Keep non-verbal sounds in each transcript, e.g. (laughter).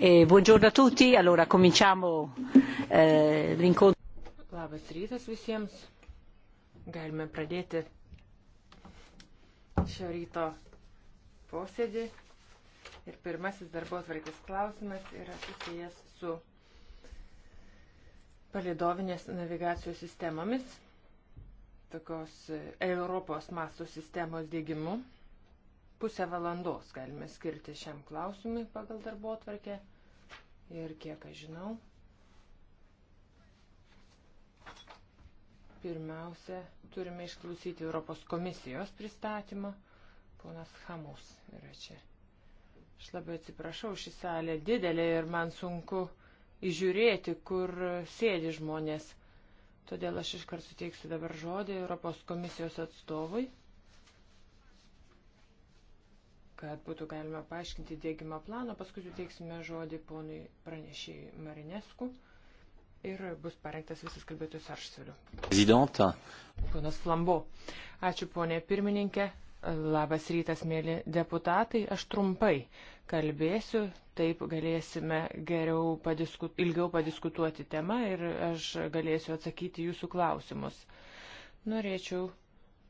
E buongiorno a tutti, allora cominciamo eh, l'incontro. Labas rytas visiems. Galime pradėti šio ryto posėdį. Ir pirmasis darbo atvarkės klausimas yra susijęs su palidovinės navigacijos sistemomis, tokios e, Europos mastų sistemos dėgymu Pusę valandos galime skirti šiam klausimui pagal darbo atvarkę. Ir kiek aš žinau, pirmiausia, turime išklausyti Europos komisijos pristatymą. Ponas Hamus yra čia. Aš labai atsiprašau, ši salė didelė ir man sunku įžiūrėti, kur sėdi žmonės. Todėl aš iškart suteiksiu dabar žodį Europos komisijos atstovui kad būtų galima paaiškinti dėgymą planą, paskui suteiksime žodį ponui pranešėjai Marinesku ir bus parengtas visas kalbėtojų sąrašas. Prezidentą. Ponas Flambo. Ačiū ponė pirmininkė. Labas rytas, mėly deputatai. Aš trumpai kalbėsiu, taip galėsime geriau padisku, ilgiau padiskutuoti temą ir aš galėsiu atsakyti jūsų klausimus. Norėčiau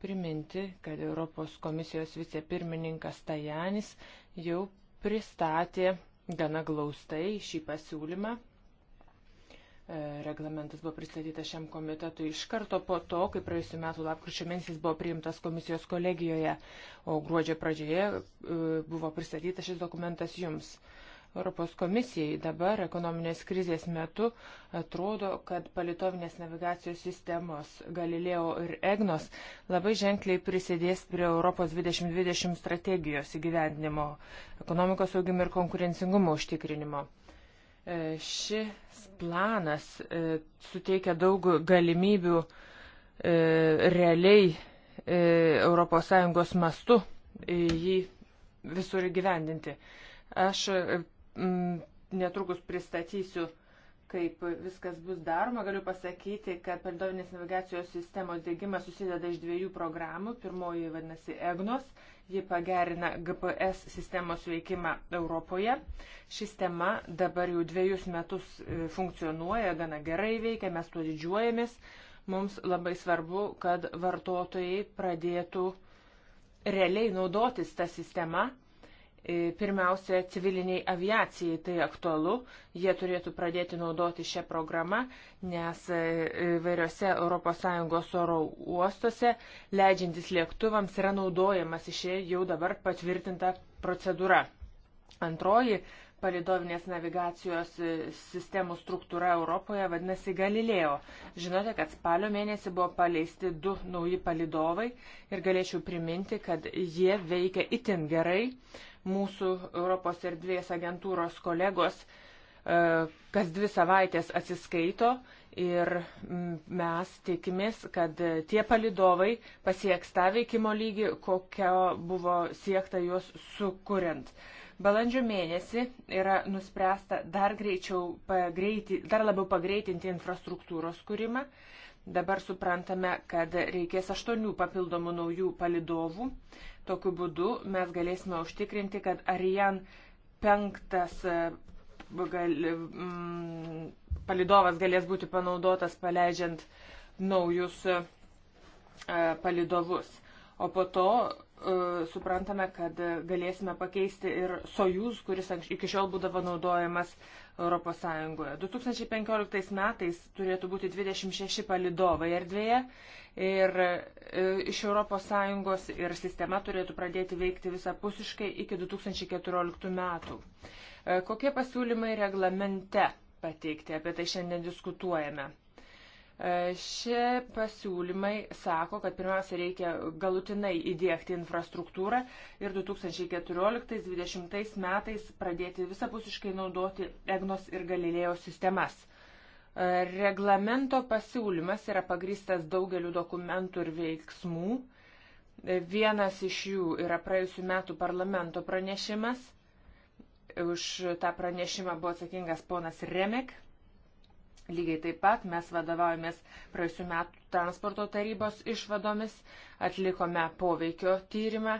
priminti, kad Europos komisijos vicepirmininkas Tajanis jau pristatė gana glaustai šį pasiūlymą. E, reglamentas buvo pristatytas šiam komitetui iš karto po to, kai praėjusiu metu lapkričio mėnesis buvo priimtas komisijos kolegijoje, o gruodžio pradžioje e, buvo pristatytas šis dokumentas jums. Europos komisijai dabar ekonominės krizės metu atrodo, kad palitovinės navigacijos sistemos Galileo ir EGNOS labai ženkliai prisidės prie Europos 2020 strategijos įgyvendinimo, ekonomikos augimo ir konkurencingumo užtikrinimo. E, šis planas e, suteikia daug galimybių e, realiai ES mastu jį visur įgyvendinti. Aš Mm, netrukus pristatysiu, kaip viskas bus daroma. Galiu pasakyti, kad palydovinės navigacijos sistemos dėgymas susideda iš dviejų programų. Pirmoji vadinasi EGNOS, ji pagerina GPS sistemos veikimą Europoje. Ši sistema dabar jau dviejus metus e, funkcionuoja, gana gerai veikia, mes tuo didžiuojamės. Mums labai svarbu, kad vartotojai pradėtų realiai naudotis tą sistemą E, pirmiausia civiliniai aviacijai tai aktualu, jie turėtų pradėti naudoti šią programą, nes e, vairiose ES oro uostose leidžiantis lėktuvams yra naudojamas iš jau dabar patvirtinta procedūra. Antroji palidovinės navigacijos e, sistemų struktūra Europoje vadinasi Galileo. Žinote, kad spalio mėnesį buvo paleisti du nauji palidovai ir galėčiau priminti, kad jie veikia itin gerai. Mūsų Europos erdvės agentūros kolegos e, kas dvi savaitės atsiskaito ir mes tikimės, kad e, tie palidovai pasieks tą veikimo lygį, kokio buvo siekta juos sukuriant. Uh, Balandžio mėnesį yra nuspręsta dar, pagreiti, dar labiau pagreitinti infrastruktūros kūrimą. Dabar suprantame, kad reikės aštuonių papildomų naujų palidovų. Tokiu būdu mes galėsime užtikrinti, kad Arijan penktas e, gal, mm, palidovas galės būti panaudotas paleidžiant naujus e, palidovus. O po to E, suprantame, kad galėsime pakeisti ir Sojus, kuris iki šiol būdavo naudojamas ES. 2015 metais turėtų būti 26 palidovai erdvėje ir e, iš ES ir sistema turėtų pradėti veikti visapusiškai iki 2014 metų. E, kokie pasiūlymai reglamente pateikti, apie tai šiandien diskutuojame. E, šie pasiūlymai sako, kad pirmiausia reikia galutinai įdėkti infrastruktūrą ir 2014-2020 metais pradėti visapusiškai naudoti EGNOS ir Galilėjo sistemas. E, reglamento pasiūlymas yra pagristas daugeliu dokumentų ir veiksmų. E, vienas iš jų yra praėjusių metų parlamento pranešimas. Už tą pranešimą buvo atsakingas ponas Remek, Lygiai taip pat mes vadovaujamės praėjusiu metu transporto tarybos išvadomis, atlikome poveikio tyrimą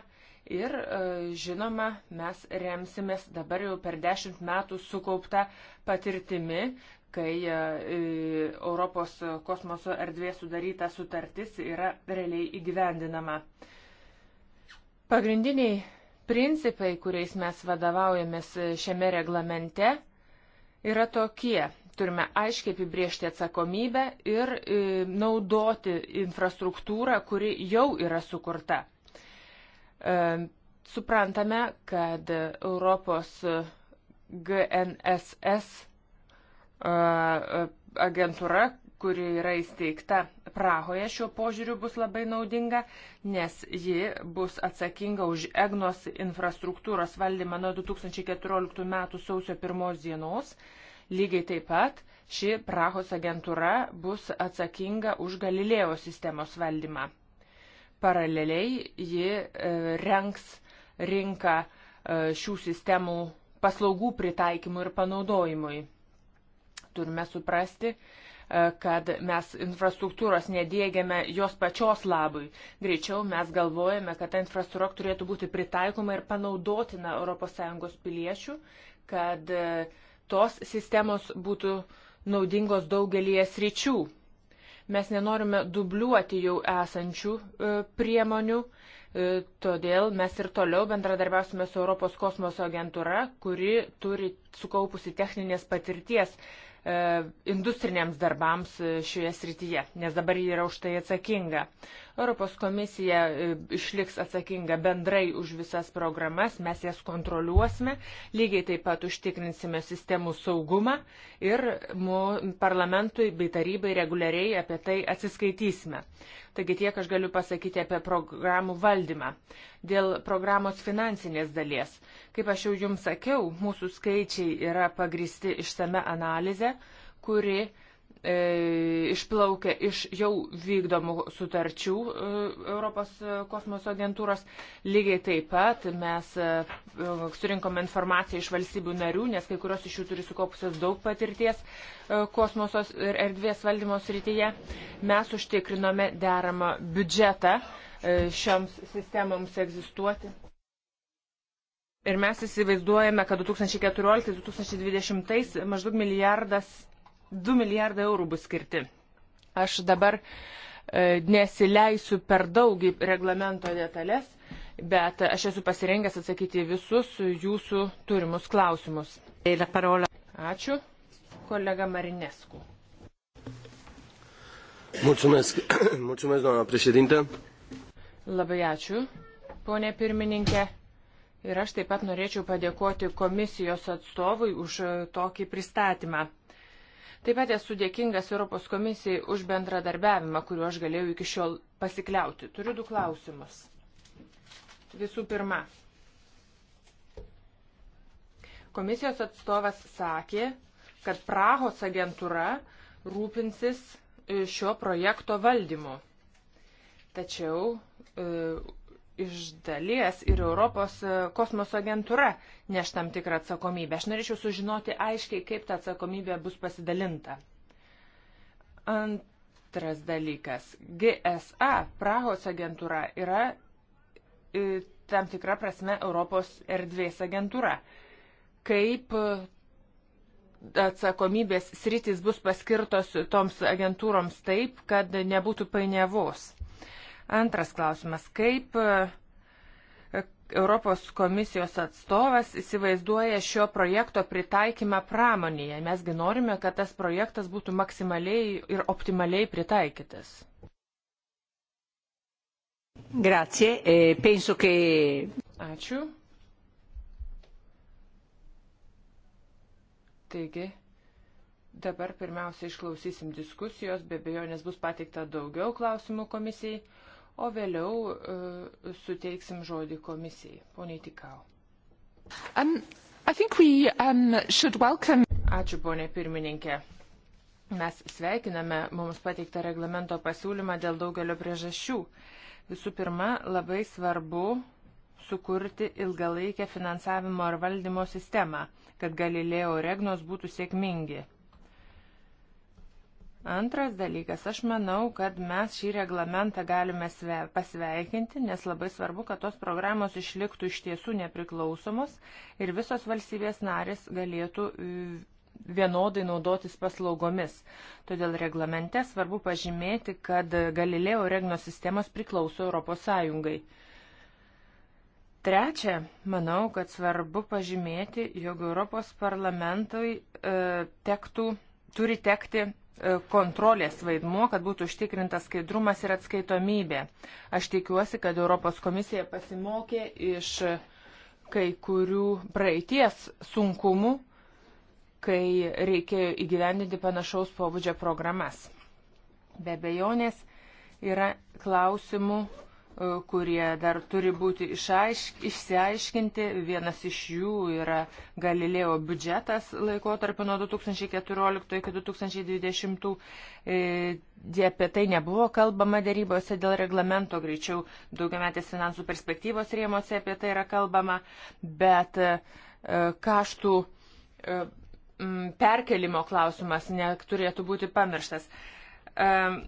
ir, e, žinoma, mes remsimės dabar jau per dešimt metų sukauptą patirtimi, kai e, e, Europos kosmoso erdvės sudaryta sutartis yra realiai įgyvendinama. Pagrindiniai principai, kuriais mes vadovaujamės šiame reglamente, yra tokie Turime aiškiai apibriežti atsakomybę ir e, naudoti infrastruktūrą, kuri jau yra sukurta. E, suprantame, kad Europos GNSS e, agentūra, kuri yra įsteigta Prahoje šiuo požiūriu bus labai naudinga, nes ji bus atsakinga už EGNOS infrastruktūros valdymą nuo 2014 m. sausio 1 dienos. Lygiai taip pat ši Prahos agentūra bus atsakinga už Galilėjo sistemos valdymą. Paraleliai ji e, renks rinką e, šių sistemų paslaugų pritaikymui ir panaudojimui. Turime suprasti, e, kad mes infrastruktūros nedėgiame jos pačios labui. Greičiau mes galvojame, kad ta infrastruktūra turėtų būti pritaikoma ir panaudotina ES piliečių, kad uh, tos sistemos būtų naudingos daugelie sričių. Mes nenorime dubliuoti jau esančių e, priemonių, e, todėl mes ir toliau bendradarbiausime su Europos kosmoso agentūra, kuri turi sukaupusi techninės patirties e, industriniams darbams šioje srityje, nes dabar ji yra už tai atsakinga. Europos komisija e, išliks atsakinga bendrai už visas programas, mes jas kontroliuosime, lygiai taip pat užtikrinsime sistemų saugumą ir parlamentui bei tarybai reguliariai apie tai atsiskaitysime. Taigi tiek aš galiu pasakyti apie programų valdymą. Dėl programos finansinės dalies. Kaip aš jau jums sakiau, mūsų skaičiai yra pagristi išsame analize, kuri e, išplaukia iš jau vykdomų sutarčių e, Europos kosmoso agentūros. Lygiai taip pat mes e, surinkome informaciją iš valstybių narių, nes kai kurios iš jų turi sukaupusios daug patirties e, kosmosos ir erdvės valdymo srityje. Mes užtikrinome deramą biudžetą e, šioms sistemoms egzistuoti. Ir mes įsivaizduojame, kad 2014-2020 maždaug milijardas 2 milijardai eurų bus skirti. Aš dabar e, nesileisiu per daug į reglamento detalės, bet aš esu pasirengęs atsakyti visus jūsų turimus klausimus. E ačiū, kolega Marinescu. Mulțumesc, (clears throat) Mulțumesc doamna președintă. Labai ačiū, ponė pirmininkė. Ir aš taip pat norėčiau padėkoti komisijos atstovui už tokį pristatymą. Taip pat esu dėkingas Europos komisijai už bendradarbiavimą, kuriuo aš galėjau iki šiol pasikliauti. Turiu du klausimus. Visų pirma, komisijos atstovas sakė, kad Prahos agentūra rūpinsis e, šio projekto valdymu. Tačiau e, iš dalies ir Europos e, kosmoso agentūra neš tam tikrą atsakomybę. Aš norėčiau sužinoti aiškiai, kaip ta atsakomybė bus pasidalinta. Antras dalykas. GSA, Prahos agentūra, yra e, tam tikra prasme Europos erdvės agentūra. Kaip e, atsakomybės sritis bus paskirtos toms agentūroms taip, kad nebūtų painiavos? Antras klausimas. Kaip e, Europos komisijos atstovas įsivaizduoja šio projekto pritaikymą pramonėje? Mesgi norime, kad tas projektas būtų maksimaliai ir optimaliai pritaikytas. Grazie. E, penso che... Ačiū. Taigi, dabar pirmiausia išklausysim diskusijos, be abejo, nes bus pateikta daugiau klausimų komisijai o vėliau uh, suteiksim žodį komisijai. Pone Tikau. Um, we, um, welcome... Ačiū, ponė pirmininkė. Mes sveikiname mums pateiktą reglamento pasiūlymą dėl daugelio priežasčių. Visų pirma, labai svarbu sukurti ilgalaikę finansavimo ar valdymo sistemą, kad Galilėjo regnos būtų sėkmingi. Antras dalykas, aš manau, kad mes šį reglamentą galime pasveikinti, nes labai svarbu, kad tos programos išliktų iš tiesų nepriklausomos ir visos valstybės narės galėtų vienodai naudotis paslaugomis. Todėl reglamente svarbu pažymėti, kad Galileo regno sistemos priklauso Europos Sąjungai. Trečia, manau, kad svarbu pažymėti, jog Europos parlamentui e, tektų, turi tekti E, kontrolės vaidmuo, kad būtų užtikrintas skaidrumas ir atskaitomybė. Aš tikiuosi, kad Europos komisija pasimokė iš kai kurių praeities sunkumų, kai reikėjo įgyvendinti panašaus pobūdžio programas. Be bejonės yra klausimų E, kurie dar turi būti išaišk, išsiaiškinti. Vienas iš jų yra Galilėjo biudžetas laikotarpiu nuo 2014 iki 2020. E, apie tai nebuvo kalbama darybose dėl reglamento, greičiau daugiametės finansų perspektyvos rėmose apie tai yra kalbama, bet e, kaštų perkelimo klausimas neturėtų būti pamirštas.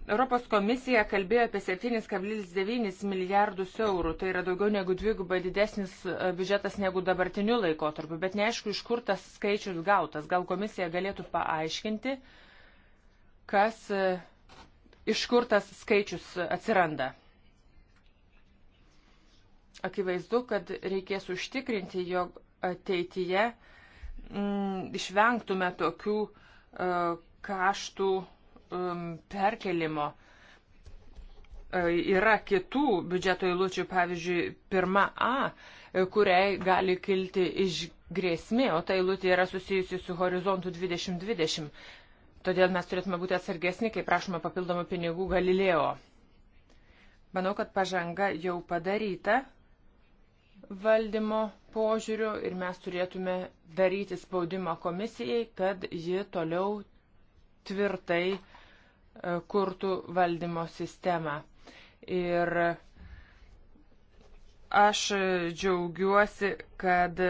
Europos komisija kalbėjo apie 7,9 milijardus eurų, tai yra daugiau negu dvigubai didesnis e, biudžetas negu dabartiniu laikotarpiu, bet neaišku, iš kur tas skaičius gautas. Gal komisija galėtų paaiškinti, kas, e, iš kur tas skaičius atsiranda. Akivaizdu, kad reikės užtikrinti, jog ateityje m, mm, išvengtume tokių uh, kaštų uh, um, perkelimo. E, yra kitų biudžeto įlučių, pavyzdžiui, pirma A, e, kuriai gali kilti iš grėsmė, o ta įlūtė yra susijusi su horizontu 2020. Todėl mes turėtume būti atsargesni, kai prašome papildomų pinigų Galileo. Manau, kad pažanga jau padaryta valdymo požiūriu ir mes turėtume daryti spaudimą komisijai, kad ji toliau tvirtai E, kurtų valdymo sistemą. Ir aš džiaugiuosi, kad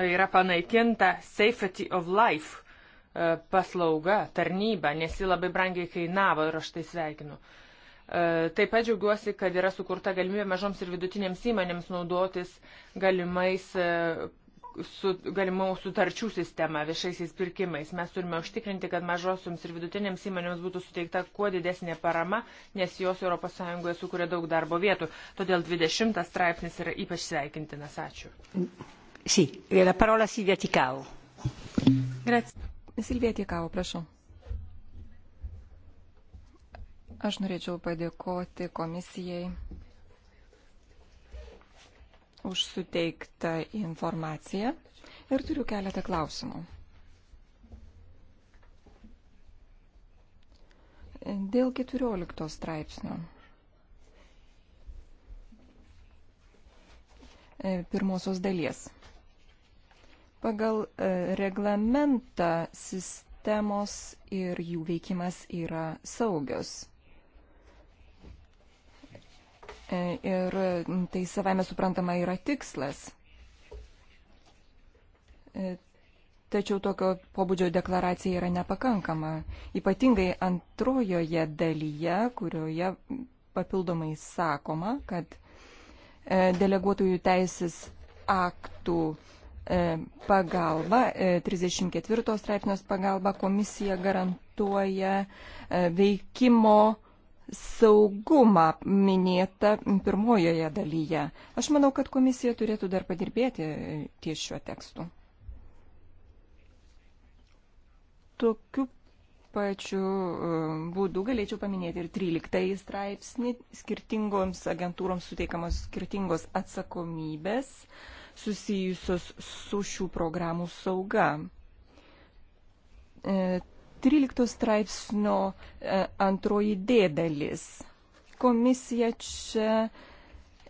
yra panaikinta Safety of Life e, paslauga, tarnyba, nes ji labai brangiai kainavo ir aš tai sveikinu. E, taip pat džiaugiuosi, kad yra sukurta galimybė mažoms ir vidutinėms įmonėms naudotis galimais su galimų sutarčių sistema viešaisiais pirkimais. Mes turime užtikrinti, kad mažosioms ir vidutinėms įmonėms būtų suteikta kuo didesnė parama, nes jos ES sukuria daug darbo vietų. Todėl 20 straipsnis yra ypač sveikintinas. Ačiū. Sì, e la parola Silvia Ticao. Grazie. Silvia Ticao, prašau. Aš norėčiau padėkoti komisijai už suteiktą informaciją ir turiu keletą klausimų. Dėl 14 straipsnio. E, pirmosios dalies. Pagal e, reglamentą sistemos ir jų veikimas yra saugios. Ir tai savame suprantama yra tikslas. Tačiau tokio pobūdžio deklaracija yra nepakankama. Ypatingai antrojoje dalyje, kurioje papildomai sakoma, kad e, deleguotojų teisės aktų e, pagalba, 34 e, straipsnios pagalba komisija garantuoja veikimo saugumą minėta pirmojoje dalyje. Aš manau, kad komisija turėtų dar padirbėti e, ties šiuo tekstu. Tokiu pačiu e, būdu galėčiau paminėti ir 13 straipsnį skirtingoms agentūroms suteikamos skirtingos atsakomybės susijusios su šių programų sauga e, 13 straipsnio e, antroji D dalis. Komisija čia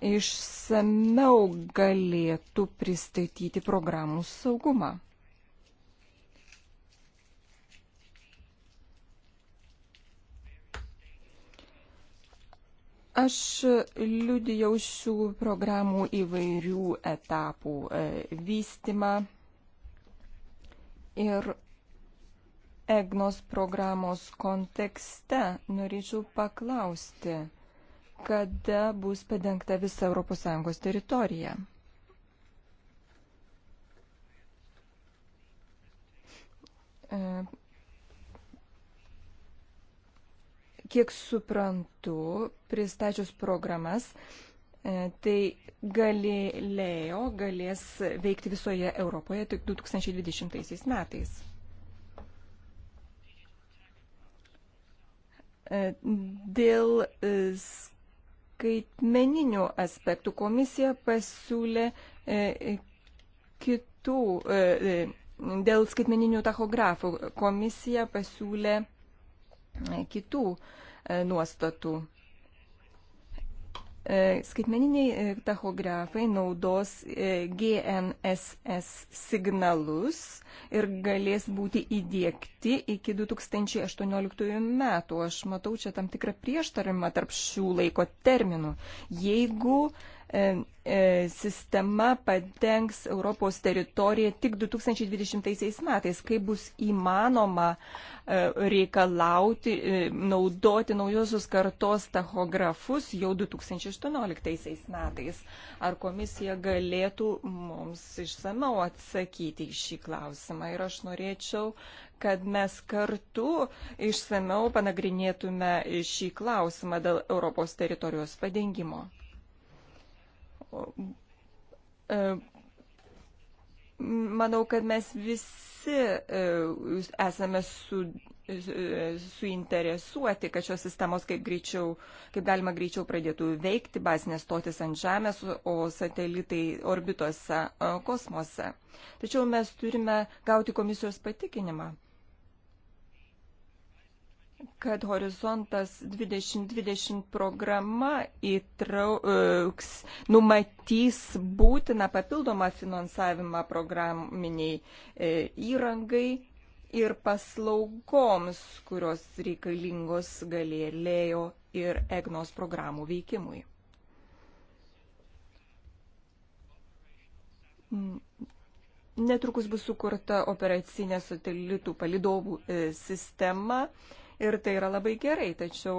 išsameu galėtų pristatyti programų saugumą. Aš liudijau šių programų įvairių etapų e, vystimą ir EGNOS programos kontekste norėčiau paklausti, kada bus padengta visa ES teritorija. E, kiek suprantu, pristačius programas, e, tai galilėjo galės veikti visoje Europoje tik 2020 metais. E, dėl e, skaitmeninių aspektų komisija pasiūlė e, kitų, dėl skaitmeninių tachografų komisija pasiūlė kitų nuostatų. E, skaitmeniniai e, tachografai naudos e, GNSS signalus ir galės būti įdėkti iki 2018 metų. Aš matau čia tam tikrą prieštarimą tarp šių laiko terminų. Jeigu uh, E, e, sistema padengs Europos teritoriją tik 2020 metais, kai bus įmanoma e, reikalauti, naudoti naujosius kartos tachografus jau 2018 metais. Ar komisija galėtų mums išsameu atsakyti į šį klausimą? Ir aš norėčiau, kad mes kartu išsameu panagrinėtume šį klausimą dėl Europos teritorijos padengimo. E, manau, kad mes visi e, esame su e, suinteresuoti, kad šios sistemos kaip, greičiau, kaip galima greičiau pradėtų veikti, bazinės stotis ant Žemės, o satelitai orbitose kosmose. Tačiau mes turime gauti komisijos patikinimą, kad Horizontas 2020 programa įtrauks, e, numatys būtiną papildomą finansavimą programiniai e, įrangai ir paslaugoms, kurios reikalingos galėlėjo ir EGNOS programų veikimui. Mm. Netrukus bus sukurta operacinė satelitų palidovų e, sistema, ir tai yra labai gerai, tačiau,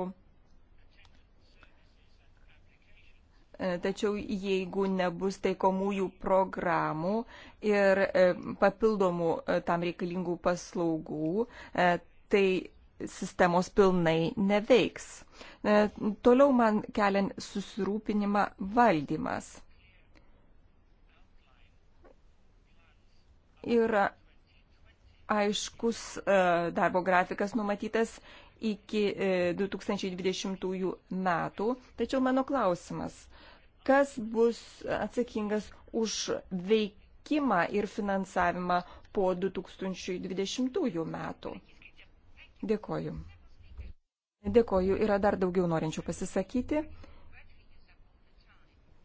e, tačiau jeigu nebus taikomųjų programų ir e, papildomų e, tam reikalingų paslaugų, tai sistemos pilnai neveiks. Toliau man kelia susirūpinimą valdymas. Yra aiškus e, darbo grafikas numatytas iki 2020 e, metų. Tačiau mano klausimas, kas bus atsakingas už veikimą ir finansavimą po 2020 metų? Dėkoju. Dėkoju, yra dar daugiau norinčių pasisakyti.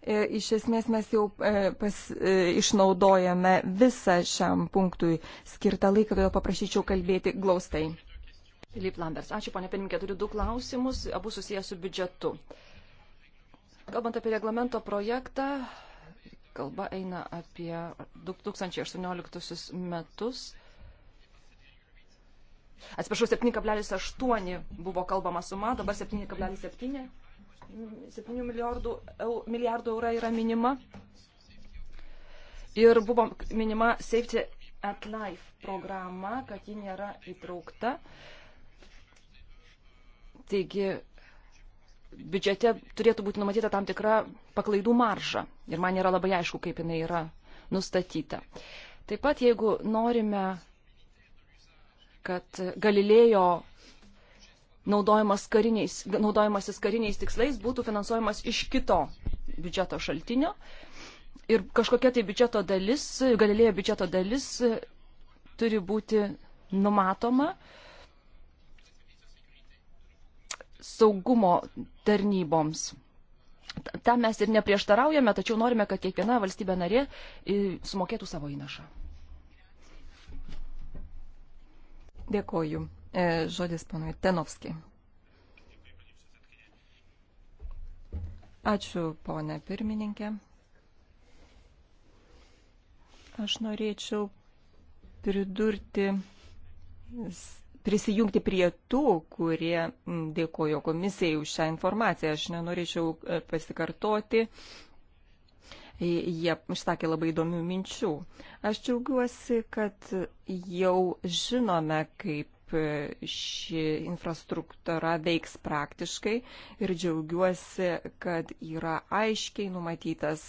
E, iš esmės mes jau e, pas, e, išnaudojame visą šiam punktui skirtą laiką, todėl paprašyčiau kalbėti glaustai. Filip Lambers, ačiū, ponė pirmininkė, turiu du klausimus, abu susijęs su biudžetu. Kalbant apie reglamento projektą, kalba eina apie 2018 metus. Atsiprašau, 7,8 buvo kalbama suma, dabar 7,7. 7 milijardų, milijardų eurų yra minima. Ir buvo minima Safety at Life programa, kad ji nėra įtraukta. Taigi biudžete turėtų būti numatyta tam tikra paklaidų marža. Ir man nėra labai aišku, kaip jinai yra nustatyta. Taip pat, jeigu norime, kad Galilėjo naudojamas kariniais, naudojimasis kariniais tikslais būtų finansuojamas iš kito biudžeto šaltinio. Ir kažkokia tai biudžeto dalis, galilėjo biudžeto dalis turi būti numatoma saugumo tarnyboms. Tam mes ir neprieštaraujame, tačiau norime, kad kiekviena valstybė narė e, sumokėtų savo įnašą. Dėkoju. E, žodis panui Tenovskiai. Ačiū, ponė pirmininkė. Aš norėčiau pridurti, prisijungti prie tų, kurie dėkojo komisijai už šią informaciją. Aš nenorėčiau e, pasikartoti. Jie išsakė labai įdomių minčių. Aš džiaugiuosi, kad jau žinome, kaip kaip e, ši infrastruktūra veiks praktiškai ir džiaugiuosi, kad yra aiškiai numatytas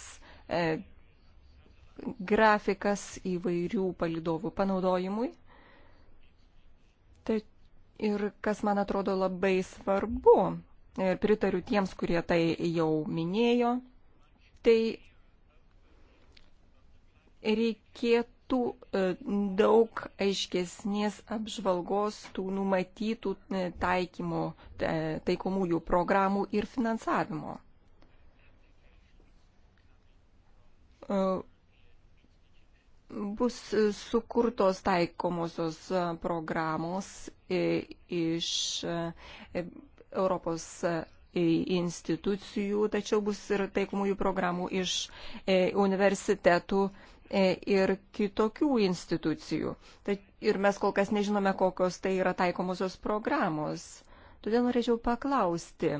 e, grafikas įvairių palidovų panaudojimui. Tai ir kas man atrodo labai svarbu, ir pritariu tiems, kurie tai jau minėjo, tai reikėtų reikėtų e, daug aiškesnės apžvalgos tų numatytų e, taikymo, e, taikomųjų programų ir finansavimo. Bus sukurtos taikomosios programos iš Europos institucijų, tačiau bus ir taikomųjų programų iš universitetų E, ir kitokių institucijų. Ir mes kol kas nežinome, kokios tai yra taikomosios programos. Todėl norėčiau paklausti,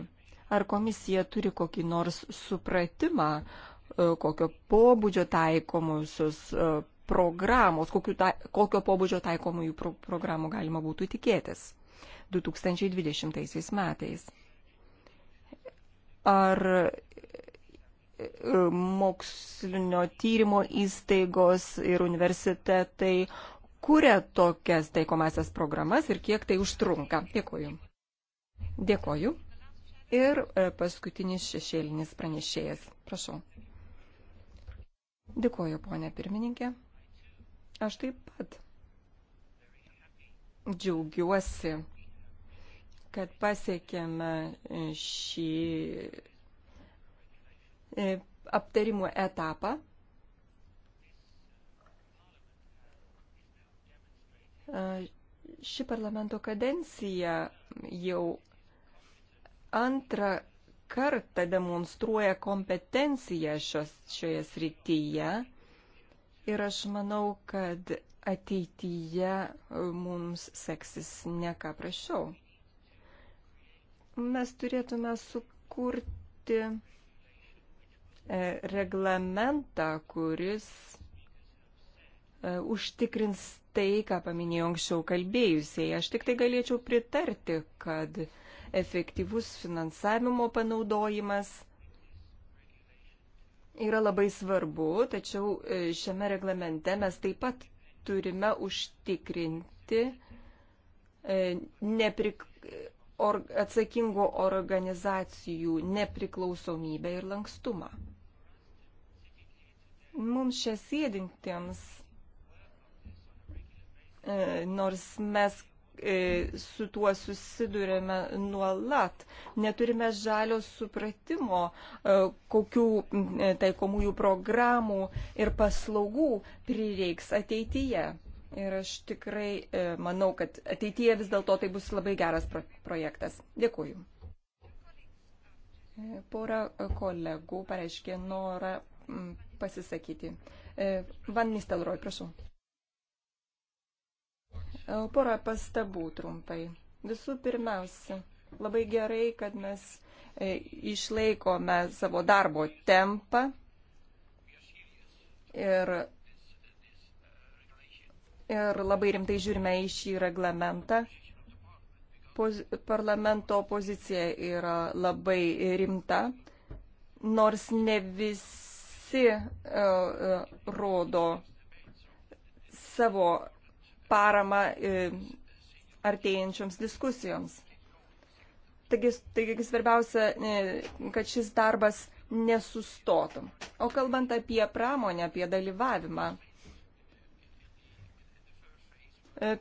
ar komisija turi kokį nors supratimą, e, kokio pobūdžio taikomosios e, programos, kokiu, ta, kokio pobūdžio taikomųjų pro, programų galima būtų tikėtis 2020 metais. Ar mokslinio tyrimo įstaigos ir universitetai kuria tokias taikomasias programas ir kiek tai užtrunka. Dėkoju. Dėkoju. Ir e, paskutinis šešėlinis pranešėjas. Prašau. Dėkoju, ponė pirmininkė. Aš taip pat džiaugiuosi, kad pasiekėme šį E, aptarimų etapą. Ši parlamento kadencija jau antrą kartą demonstruoja kompetenciją šios, šioje srityje ir aš manau, kad ateityje mums seksis ne ką prašiau. Mes turėtume sukurti kurti E, reglamentą, kuris e, užtikrins tai, ką paminėjau anksčiau kalbėjusiai. Aš tik tai galėčiau pritarti, kad efektyvus finansavimo panaudojimas yra labai svarbu, tačiau e, šiame reglamente mes taip pat turime užtikrinti neprik... or... atsakingų organizacijų nepriklausomybę ir lankstumą mums čia sėdintiems, e, nors mes e, su tuo susidurėme nuolat, neturime žalio supratimo, e, kokių taikomųjų programų ir paslaugų prireiks ateityje. Ir aš tikrai manau, kad ateityje vis dėlto tai bus labai geras pro projektas. Dėkuoju. Pora kolegų pareiškė norą pasisakyti. E, Van Nistelroj, prašau. E, porą pastabų trumpai. Visų pirmiausia, labai gerai, kad mes e, išlaikome savo darbo tempą ir, ir labai rimtai žiūrime į šį reglamentą. Poz, parlamento pozicija yra labai rimta, nors ne visi visi e, e, rodo savo paramą e, artėjančioms diskusijoms. Taigi, taigi svarbiausia, kad šis darbas nesustotų. O kalbant apie pramonę, apie dalyvavimą,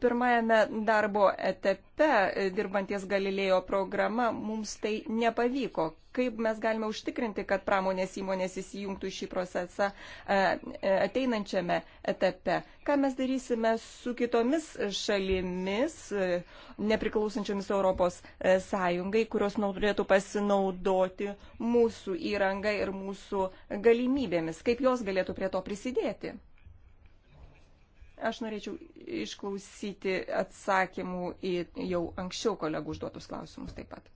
pirmajame darbo etape dirbanties Galilėjo programa mums tai nepavyko kaip mes galime užtikrinti, kad pramonės įmonės įsijungtų į šį procesą e, e, ateinančiame etape. Ką mes darysime su kitomis šalimis, e, nepriklausančiomis Europos Sąjungai, kurios norėtų pasinaudoti mūsų įrangą ir mūsų galimybėmis, kaip jos galėtų prie to prisidėti. Aš norėčiau išklausyti atsakymų į jau anksčiau kolegų užduotus klausimus taip pat.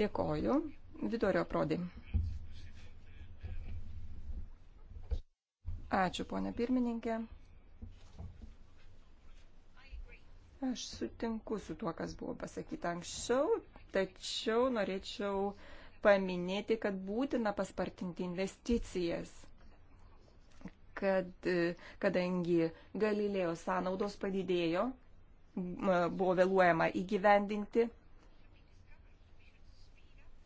Dėkoju. Vidorio Prodi. Ačiū, ponė pirmininkė. Aš sutinku su tuo, kas buvo pasakyta anksčiau, tačiau norėčiau paminėti, kad būtina paspartinti investicijas, kad, kadangi Galilėjo sąnaudos padidėjo, buvo vėluojama įgyvendinti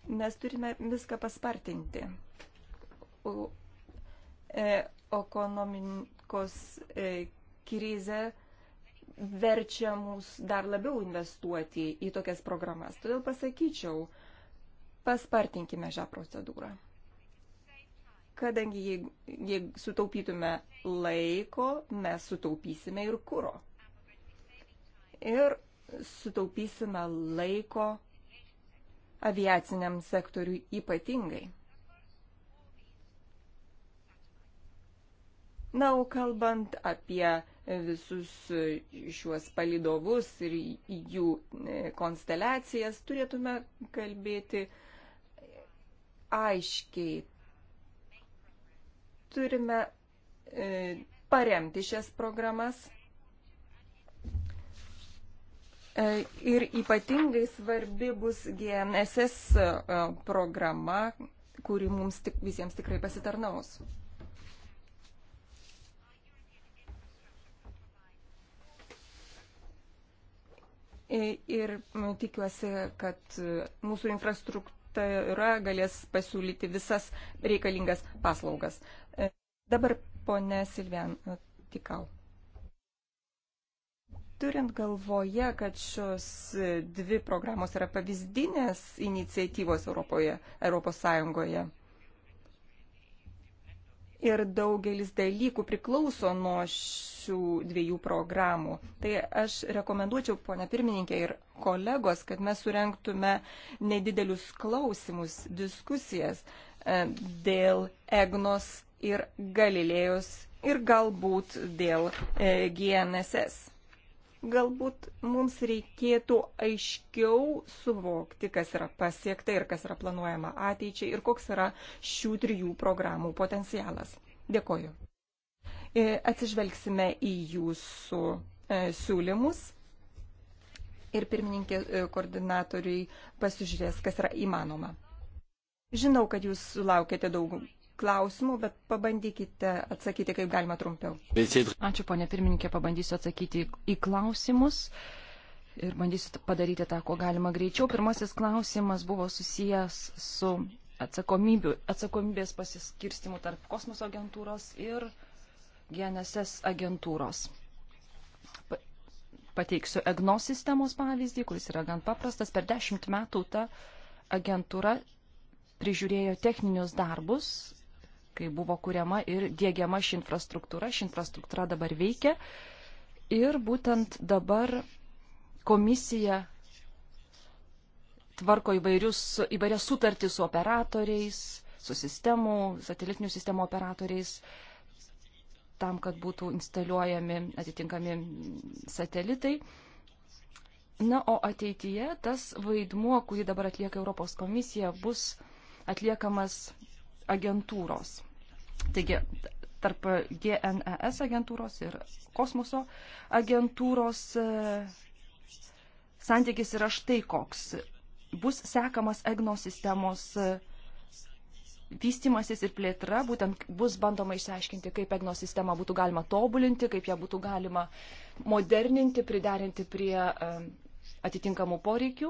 Mes turime viską paspartinti. O, e, ekonomikos e, krizė verčia mus dar labiau investuoti į tokias programas. Todėl pasakyčiau, paspartinkime šią procedūrą. Kadangi jei, jei sutaupytume laiko, mes sutaupysime ir kūro. Ir sutaupysime laiko aviaciniam sektoriui ypatingai. Na, o kalbant apie visus šiuos palidovus ir jų e, konsteliacijas, turėtume kalbėti aiškiai. Turime e, paremti šias programas E, ir ypatingai svarbi bus GNSS e, programa, kuri mums tik, visiems tikrai pasitarnaus. E, ir tikiuosi, kad mūsų infrastruktūra galės pasiūlyti visas reikalingas paslaugas. Dabar ponė Silvian Tikau. Turint galvoje, kad šios dvi programos yra pavyzdinės iniciatyvos Europoje, Europos Sąjungoje ir daugelis dalykų priklauso nuo šių dviejų programų. Tai aš rekomenduočiau, ponia pirmininkė ir kolegos, kad mes surenktume nedidelius klausimus, diskusijas e, dėl EGNOS ir Galilėjos ir galbūt dėl e, GNSS. Galbūt mums reikėtų aiškiau suvokti, kas yra pasiekta ir kas yra planuojama ateičiai ir koks yra šių trijų programų potencialas. Dėkoju. E, atsižvelgsime į jūsų e, siūlymus ir pirmininkė e, koordinatoriai pasižiūrės, kas yra įmanoma. Žinau, kad jūs sulaukėte daug klausimų, bet pabandykite atsakyti kaip galima trumpiau. Ačiū, ponė pirmininkė, pabandysiu atsakyti į klausimus ir bandysiu padaryti tą, ko galima greičiau. Pirmasis klausimas buvo susijęs su atsakomybės pasiskirstimu tarp kosmoso agentūros ir GNSS agentūros. Pateiksiu EGNOS sistemos pavyzdį, kuris yra gan paprastas. Per dešimt metų ta agentūra prižiūrėjo techninius darbus kai buvo kuriama ir dėgiama ši infrastruktūra. Ši infrastruktūra dabar veikia. Ir būtent dabar komisija tvarko įvairius, įvairias sutartys su operatoriais, su sistemų, satelitinių sistemų operatoriais, tam, kad būtų instaliuojami atitinkami satelitai. Na, o ateityje tas vaidmuo, kurį dabar atlieka Europos komisija, bus atliekamas agentūros. Taigi, tarp GNES agentūros ir kosmoso agentūros e, santykis yra štai koks. Bus sekamas EGNO sistemos e, vystimasis ir plėtra, būtent bus bandoma išsiaiškinti, kaip EGNO sistemą būtų galima tobulinti, kaip ją būtų galima moderninti, priderinti prie e, atitinkamų poreikių,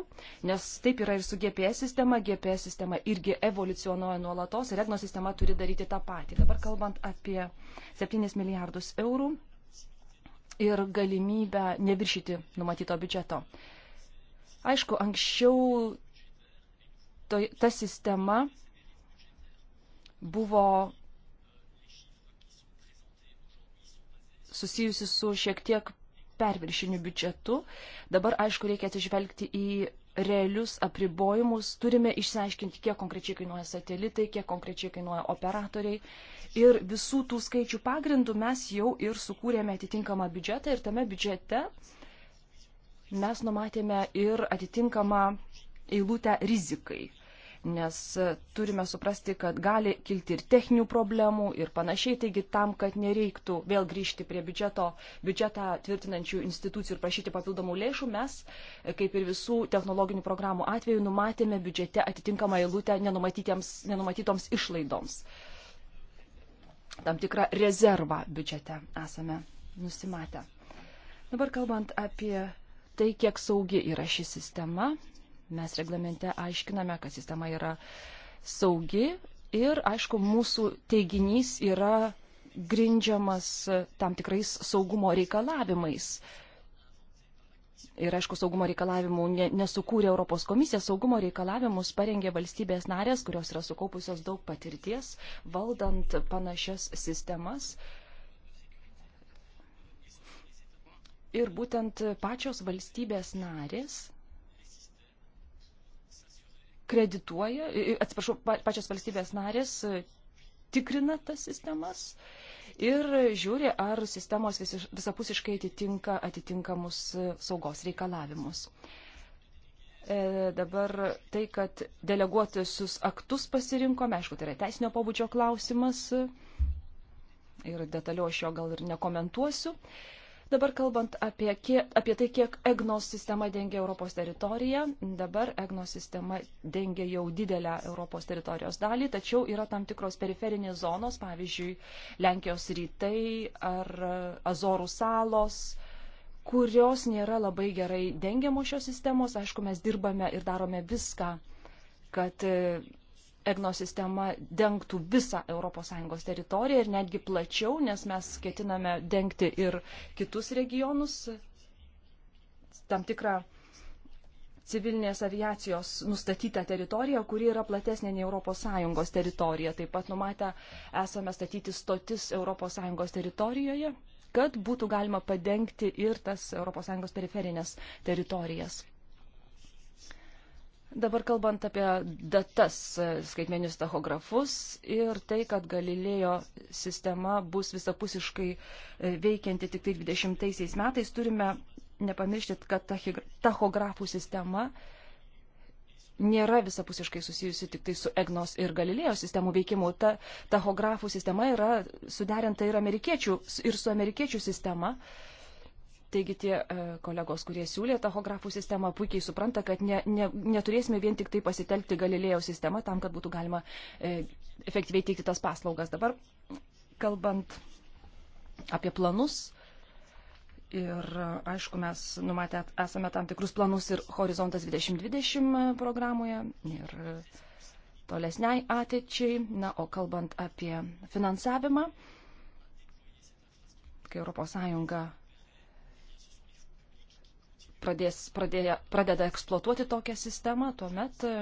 nes taip yra ir su GPS sistema, GPS sistema irgi evoliucionuoja nuolatos ir Egno sistema turi daryti tą patį. Dabar kalbant apie 7 milijardus eurų ir galimybę neviršyti numatyto biudžeto. Aišku, anksčiau to, ta sistema buvo susijusi su šiek tiek perviršiniu biudžetu. Dabar, aišku, reikia atsižvelgti į realius apribojimus, turime išsiaiškinti, kiek konkrečiai kainuoja satelitai, kiek konkrečiai kainuoja operatoriai. Ir visų tų skaičių pagrindų mes jau ir sukūrėme atitinkamą biudžetą ir tame biudžete mes numatėme ir atitinkamą eilutę rizikai nes turime suprasti, kad gali kilti ir techninių problemų ir panašiai, taigi tam, kad nereiktų vėl grįžti prie biudžeto, biudžetą tvirtinančių institucijų ir prašyti papildomų lėšų, mes, kaip ir visų technologinių programų atveju, numatėme biudžete atitinkamą eilutę nenumatytoms išlaidoms. Tam tikrą rezervą biudžete esame nusimatę. Dabar kalbant apie tai, kiek saugi yra ši sistema, Mes reglamente aiškiname, kad sistema yra saugi ir, aišku, mūsų teiginys yra grindžiamas tam tikrais saugumo reikalavimais. Ir, aišku, saugumo reikalavimų ne, nesukūrė Europos komisija, saugumo reikalavimus parengė valstybės narės, kurios yra sukaupusios daug patirties, valdant panašias sistemas. Ir būtent pačios valstybės narės kredituoja, atsiprašau, pačios valstybės narės e, tikrina tas sistemas ir žiūri, ar sistemos visi, visapusiškai atitinka atitinkamus e, saugos reikalavimus. E, dabar tai, kad deleguotusius aktus pasirinkome, aišku, tai yra teisinio pobūdžio klausimas e, ir detaliau aš jo gal ir nekomentuosiu. E, Dabar kalbant apie, kiek, apie tai, kiek EGNOS sistema dengia Europos teritoriją, dabar EGNOS sistema dengia jau didelę Europos teritorijos dalį, tačiau yra tam tikros periferinės zonos, pavyzdžiui, Lenkijos rytai ar Azorų salos kurios nėra labai gerai dengiamos šios sistemos. Aišku, mes dirbame ir darome viską, kad EGNO sistema dengtų visą ES teritoriją ir netgi plačiau, nes mes ketiname dengti ir kitus regionus, tam tikrą civilinės aviacijos nustatytą teritoriją, kuri yra platesnė nei ES teritorija. Taip pat numatę esame statyti stotis ES teritorijoje, kad būtų galima padengti ir tas ES periferinės teritorijas. Dabar kalbant apie datas, skaitmenius tachografus ir tai, kad Galilėjo sistema bus visapusiškai e, veikianti tik tai 20 metais, turime nepamiršti, kad tachografų sistema nėra visapusiškai susijusi tik tai su EGNOS ir Galilėjo sistemų veikimu. Ta tachografų sistema yra suderinta ir, ir su amerikiečių sistema. Uh, Taigi tie e, kolegos, kurie siūlė tachografų sistemą, puikiai supranta, kad ne, ne, neturėsime vien tik tai pasitelkti Galilėjo sistemą tam, kad būtų galima e, efektyviai teikti tas paslaugas. Dabar kalbant apie planus. Ir aišku, mes numatę esame tam tikrus planus ir Horizontas 2020 programoje ir tolesniai ateičiai. Na, o kalbant apie finansavimą, kai ES pradės, pradėja, pradeda eksploatuoti tokią sistemą, tuomet, e,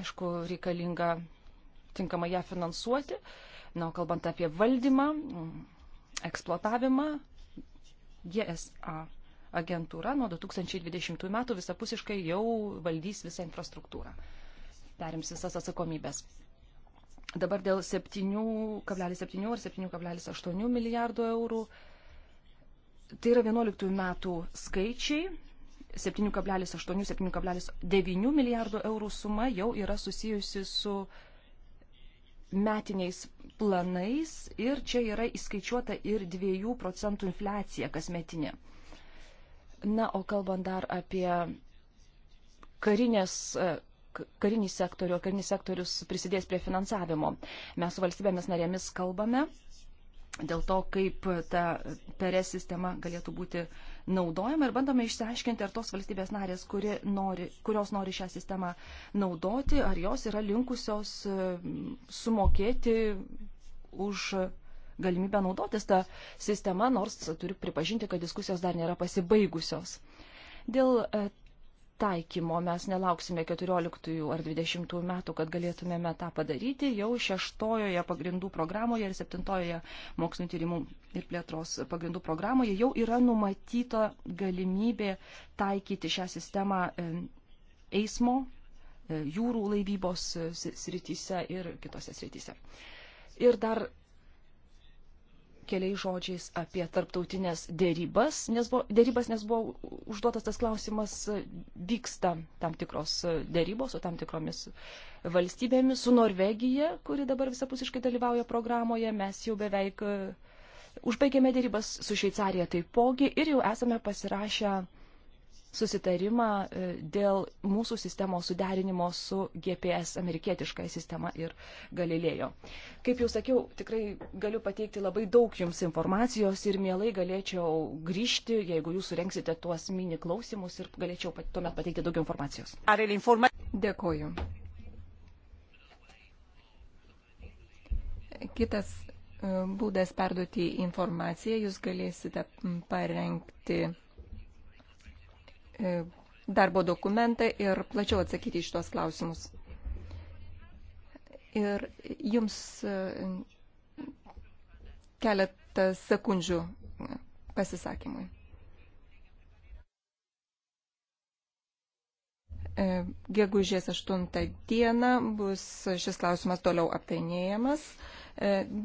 aišku, reikalinga tinkamai ją finansuoti. Na, o kalbant apie valdymą, mm, eksploatavimą, GSA agentūra nuo 2020 metų visapusiškai jau valdys visą infrastruktūrą, perims visas atsakomybės. Dabar dėl 7,7 ar 7,8 milijardų eurų Tai yra 11 metų skaičiai. 7,8-7,9 milijardų eurų suma jau yra susijusi su metiniais planais ir čia yra įskaičiuota ir 2 procentų infliacija kasmetinė. Na, o kalbant dar apie karinės, e, karinį sektorių, karinis sektorius prisidės prie finansavimo. Mes su valstybėmis narėmis kalbame dėl to, kaip ta perės sistema galėtų būti naudojama ir bandome išsiaiškinti, ar tos valstybės narės, kuri nori, kurios nori šią sistemą naudoti, ar jos yra linkusios e, sumokėti už galimybę naudotis tą sistemą, nors turiu pripažinti, kad diskusijos dar nėra pasibaigusios. Dėl e, taikymo. Mes nelauksime 14 ar 20 metų, kad galėtumėme tą padaryti. Jau šeštojoje pagrindų programoje ir septintojoje mokslinio tyrimų ir plėtros pagrindų programoje jau yra numatyta galimybė taikyti šią sistemą e, eismo, e, jūrų laivybos e, srityse ir kitose srityse. Ir dar keliais žodžiais apie tarptautinės dėrybas, nes buvo, dėrybas, nes buvo užduotas tas klausimas, vyksta tam tikros dėrybos su tam tikromis valstybėmis, su Norvegija, kuri dabar visapusiškai dalyvauja programoje, mes jau beveik užbaigėme dėrybas su Šveicarija taipogi ir jau esame pasirašę uh, susitarimą e, dėl mūsų sistemos suderinimo su GPS amerikietiškąją sistemą ir Galilėjo. Kaip jau sakiau, tikrai galiu pateikti labai daug jums informacijos ir mielai galėčiau grįžti, jeigu jūs surenksite tuos mini klausimus ir galėčiau tuomet pateikti daugiau informacijos. Dėkoju. Kitas e, būdas perduoti informaciją, jūs galėsite parengti E, darbo dokumentą ir plačiau atsakyti iš tuos klausimus. Ir jums e, keletą sekundžių pasisakymui. E, gegužės 8 dieną bus šis klausimas toliau aptainėjamas.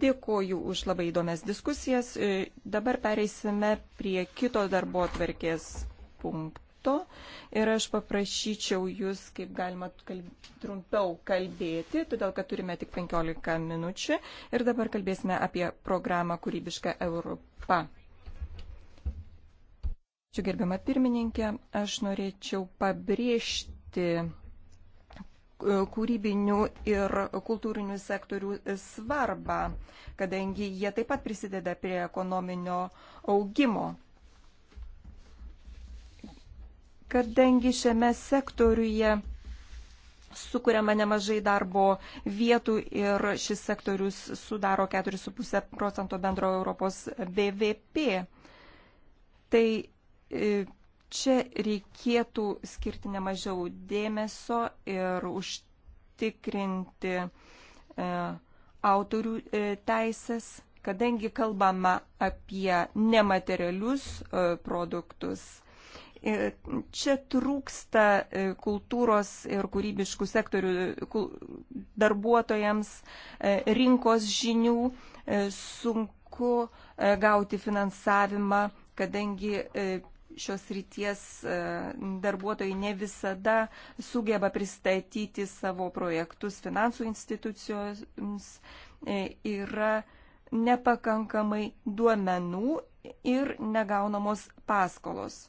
Dėkoju už labai įdomias diskusijas. Dabar pereisime prie kito darbo atverkės punkto punkto ir aš paprašyčiau jūs, kaip galima kalb... trumpiau kalbėti, todėl kad turime tik 15 minučių ir dabar kalbėsime apie programą Kūrybiška Europa. Čia gerbiama pirmininkė, aš norėčiau pabrėžti e, kūrybinių ir kultūrinių sektorių e, svarbą, kadangi jie taip pat prisideda prie ekonominio augimo kadangi šiame sektoriuje sukuriama nemažai darbo vietų ir šis sektorius sudaro 4,5 procento bendro Europos BVP. Tai e, čia reikėtų skirti nemažiau dėmesio ir užtikrinti e, autorių e, teisės, kadangi kalbama apie nematerialius produktus E, čia trūksta e, kultūros ir kūrybiškų sektorių darbuotojams, e, rinkos žinių, sunku gauti finansavimą, kadangi šios ryties darbuotojai ne visada sugeba pristatyti savo projektus finansų institucijoms, yra nepakankamai duomenų ir negaunamos paskolos.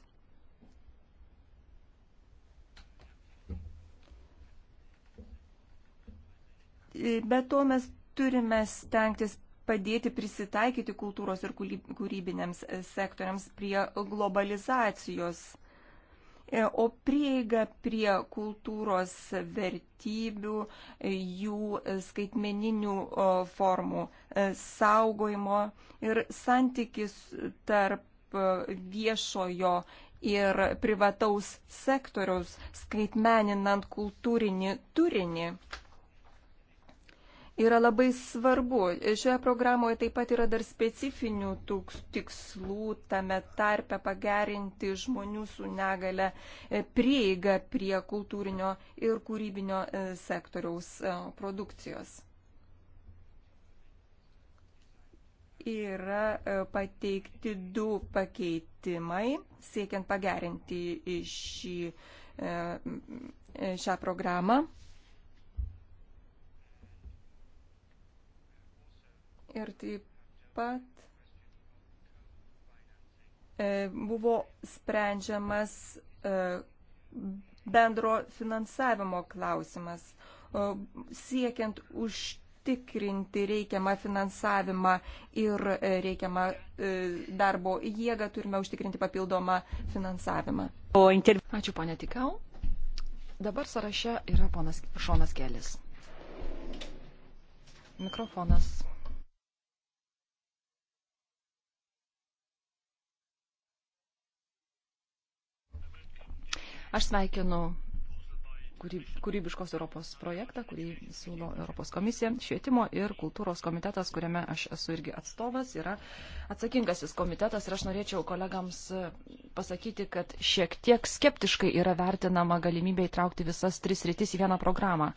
Be to mes turime stengtis padėti prisitaikyti kultūros ir kūrybinėms e, sektoriams prie globalizacijos. E, o prieiga prie kultūros vertybių, e, jų skaitmeninių formų saugojimo ir santykis tarp viešojo ir privataus sektoriaus skaitmeninant kultūrinį turinį yra labai svarbu. Šioje programoje taip pat yra dar specifinių tikslų tame tarpe pagerinti žmonių su negale e, prieigą prie kultūrinio ir kūrybinio e, sektoriaus e, produkcijos. Yra pateikti du pakeitimai, siekiant pagerinti šį, šią programą. Ir taip pat e, buvo sprendžiamas e, bendro finansavimo klausimas, siekiant užtikrinti reikiamą finansavimą ir e, reikiamą darbo jėgą, turime užtikrinti papildomą finansavimą. Ačiū, ponė Tikau. Dabar sąraše yra ponas Šonas Kelis. Mikrofonas. Aš sveikinu kūrybiškos Europos projektą, kurį siūlo Europos komisija, švietimo ir kultūros komitetas, kuriame aš esu irgi atstovas, yra atsakingasis komitetas ir aš norėčiau kolegams pasakyti, kad šiek tiek skeptiškai yra vertinama galimybė įtraukti visas tris rytis į vieną programą.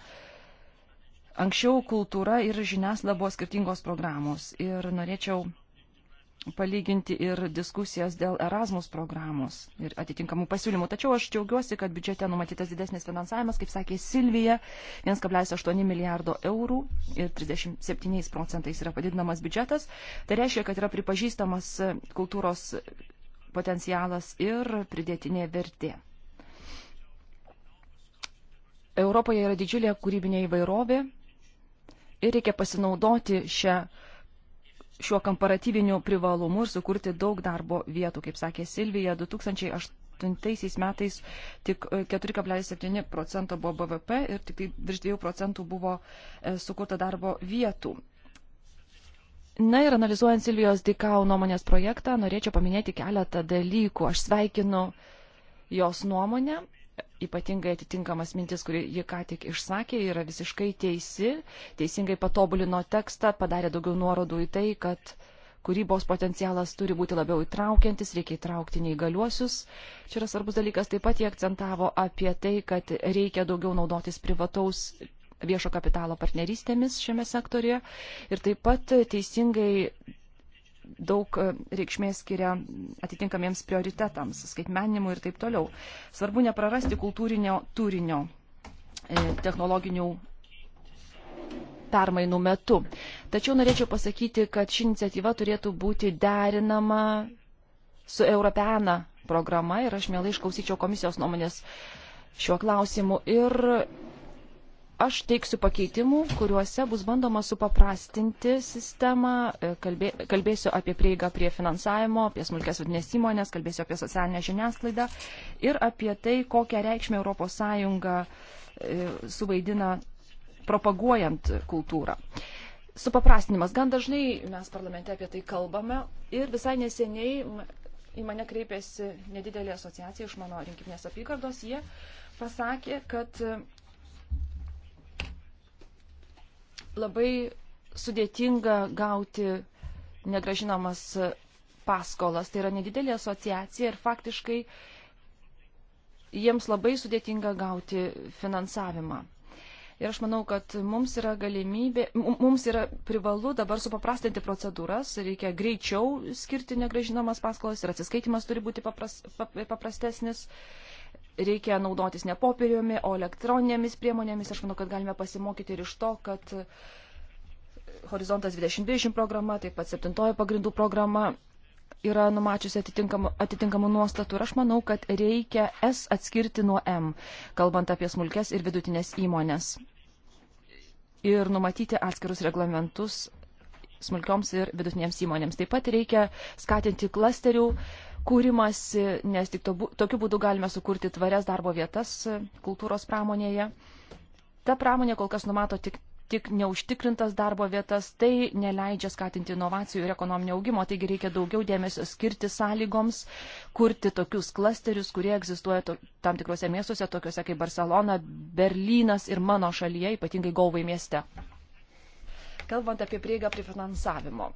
Anksčiau kultūra ir žiniasklaida buvo skirtingos programos ir norėčiau palyginti ir diskusijas dėl Erasmus programos ir atitinkamų pasiūlymų. Tačiau aš džiaugiuosi, kad biudžete numatytas didesnis finansavimas, kaip sakė Silvija, 1,8 milijardo eurų ir 37 procentais yra padidinamas biudžetas. Tai reiškia, kad yra pripažįstamas kultūros potencialas ir pridėtinė vertė. Europoje yra didžiulė kūrybinė įvairovė ir reikia pasinaudoti šią šiuo komparatyviniu privalumu ir sukurti daug darbo vietų. Kaip sakė Silvija, 2008 metais tik 4,7 e, procento buvo BVP ir tik tai virš 2 procentų buvo e, sukurta darbo vietų. Na ir analizuojant Silvijos Dikau nuomonės projektą, norėčiau paminėti keletą dalykų. Aš sveikinu jos nuomonę ypatingai atitinkamas mintis, kurį ji ką tik išsakė, yra visiškai teisi, teisingai patobulino tekstą, padarė daugiau nuorodų į tai, kad kūrybos potencialas turi būti labiau įtraukiantis, reikia įtraukti neįgaliuosius. Čia yra svarbus dalykas, taip pat jie akcentavo apie tai, kad reikia daugiau naudotis privataus viešo kapitalo partnerystėmis šiame sektorėje ir taip pat teisingai daug e, reikšmės skiria atitinkamiems prioritetams, skaitmenimui ir taip toliau. Svarbu neprarasti kultūrinio turinio e, technologinių permainų metu. Tačiau norėčiau pasakyti, kad ši iniciatyva turėtų būti derinama su Europeana programa ir aš mielai išklausyčiau komisijos nuomonės šiuo klausimu. Ir Aš teiksiu pakeitimų, kuriuose bus bandoma supaprastinti sistemą, e, kalbė, kalbėsiu apie prieigą prie finansavimo, apie smulkės vidinės įmonės, kalbėsiu apie socialinę žiniasklaidą ir apie tai, kokią reikšmę ES e, suvaidina propaguojant kultūrą. Supaprastinimas. Gan dažnai mes parlamente apie tai kalbame ir visai neseniai į mane kreipėsi nedidelė asociacija iš mano rinkiminės apygardos. Jie pasakė, kad labai sudėtinga gauti negražinamas paskolas. Tai yra nedidelė asociacija ir faktiškai jiems labai sudėtinga gauti finansavimą. Ir aš manau, kad mums yra galimybė, mums yra privalu dabar supaprastinti procedūras, reikia greičiau skirti negražinamas paskolas ir atsiskaitimas turi būti papras, pap, paprastesnis. Pap, reikia naudotis ne popieriumi, o elektroninėmis priemonėmis. Aš manau, kad galime pasimokyti ir iš to, kad Horizontas 2020 programa, taip pat septintoji pagrindų programa yra numačiusi atitinkamų, atitinkamų nuostatų ir aš manau, kad reikia S atskirti nuo M, kalbant apie smulkes ir vidutinės įmonės. Ir numatyti atskirus reglamentus smulkioms ir vidutinėms įmonėms. Taip pat reikia skatinti klasterių kūrimasi, nes tik to, tokiu būdu galime sukurti tvarias darbo vietas e, kultūros pramonėje. Ta pramonė kol kas numato tik, tik neužtikrintas darbo vietas, tai neleidžia skatinti inovacijų ir ekonominio augimo, taigi reikia daugiau dėmesio skirti sąlygoms, kurti tokius klasterius, kurie egzistuoja to, tam tikrose miestuose, tokiuose kaip Barcelona, Berlynas ir mano šalyje, ypatingai Gauvai mieste. Kalbant apie prieigą prie finansavimo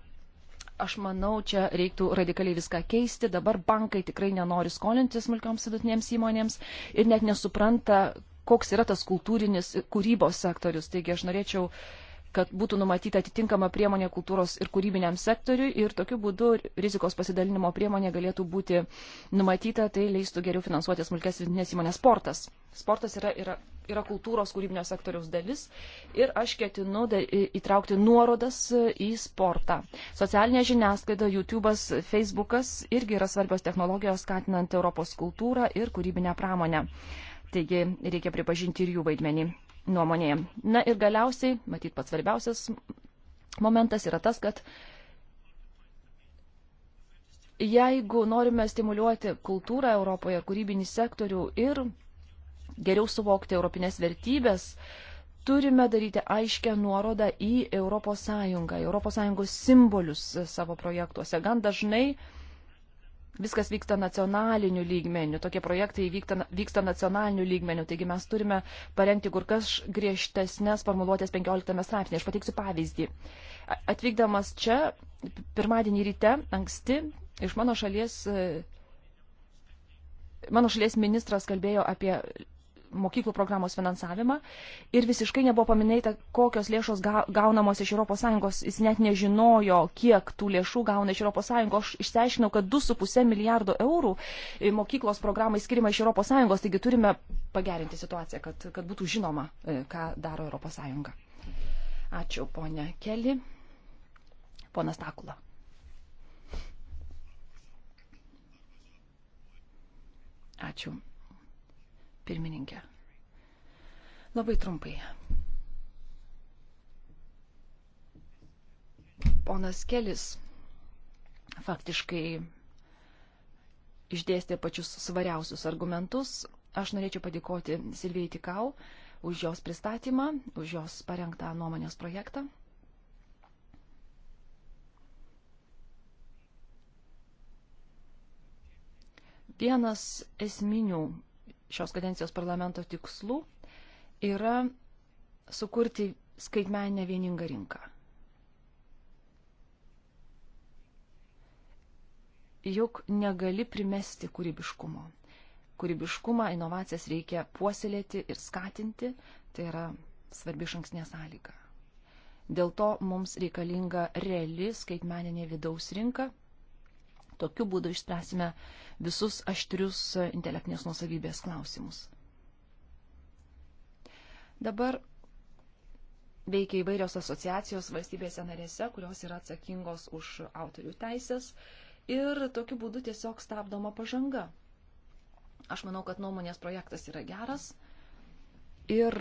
Aš manau, čia reiktų radikaliai viską keisti. Dabar bankai tikrai nenori skolinti smulkioms vidutinėms įmonėms ir net nesupranta, koks yra tas kultūrinis kūrybos sektorius. Taigi aš norėčiau kad būtų numatyta atitinkama priemonė kultūros ir kūrybiniam sektoriui ir tokiu būdu rizikos pasidalinimo priemonė galėtų būti numatyta, tai leistų geriau finansuoti smulkes vidinės įmonės sportas. Sportas yra, yra yra kultūros kūrybinio sektoriaus dalis ir aš ketinu da, įtraukti nuorodas į sportą. Socialinė žiniasklaida, YouTube'as, Facebookas irgi yra svarbios technologijos skatinant Europos kultūrą ir kūrybinę pramonę. Taigi reikia pripažinti ir jų vaidmenį nuomonėje. Na ir galiausiai, matyt, pats svarbiausias momentas yra tas, kad jeigu norime stimuliuoti kultūrą Europoje, kūrybinį sektorių ir geriau suvokti europinės vertybės, turime daryti aiškę nuorodą į ES, ES simbolius savo projektuose. Gan dažnai viskas vyksta nacionaliniu lygmeniu, tokie projektai vyksta, vyksta nacionaliniu lygmeniu, taigi mes turime parengti kur kas griežtesnės formuluotės 15 straipsnė. Aš pateiksiu pavyzdį. Atvykdamas čia, pirmadienį ryte, anksti, iš mano šalies mano šalies ministras kalbėjo apie mokyklų programos finansavimą ir visiškai nebuvo paminėta, kokios lėšos gaunamos iš ES. Jis net nežinojo, kiek tų lėšų gauna iš ES. Aš išsiaiškinau, kad 2,5 milijardo eurų e, mokyklos programai skirima iš ES, taigi turime pagerinti situaciją, kad, kad būtų žinoma, e, ką daro ES. Ačiū, ponė Keli. Ponas Takula. Ačiū pirmininkė. Labai trumpai. Ponas Kelis faktiškai išdėstė pačius svariausius argumentus. Aš norėčiau padėkoti Silvijai Tikau už jos pristatymą, už jos parengtą nuomonės projektą. Vienas esminių šios kadencijos parlamento tikslų yra sukurti skaitmeninę vieningą rinką. Juk negali primesti kūrybiškumo. Kūrybiškumą, inovacijas reikia puoselėti ir skatinti, tai yra svarbi šanksnė sąlyga. Dėl to mums reikalinga reali skaitmeninė vidaus rinka, Tokiu būdu išspręsime visus aštrius intelektinės nusavybės klausimus. Dabar veikia įvairios asociacijos valstybėse narėse, kurios yra atsakingos už autorių teisės ir tokiu būdu tiesiog stabdoma pažanga. Aš manau, kad nuomonės projektas yra geras ir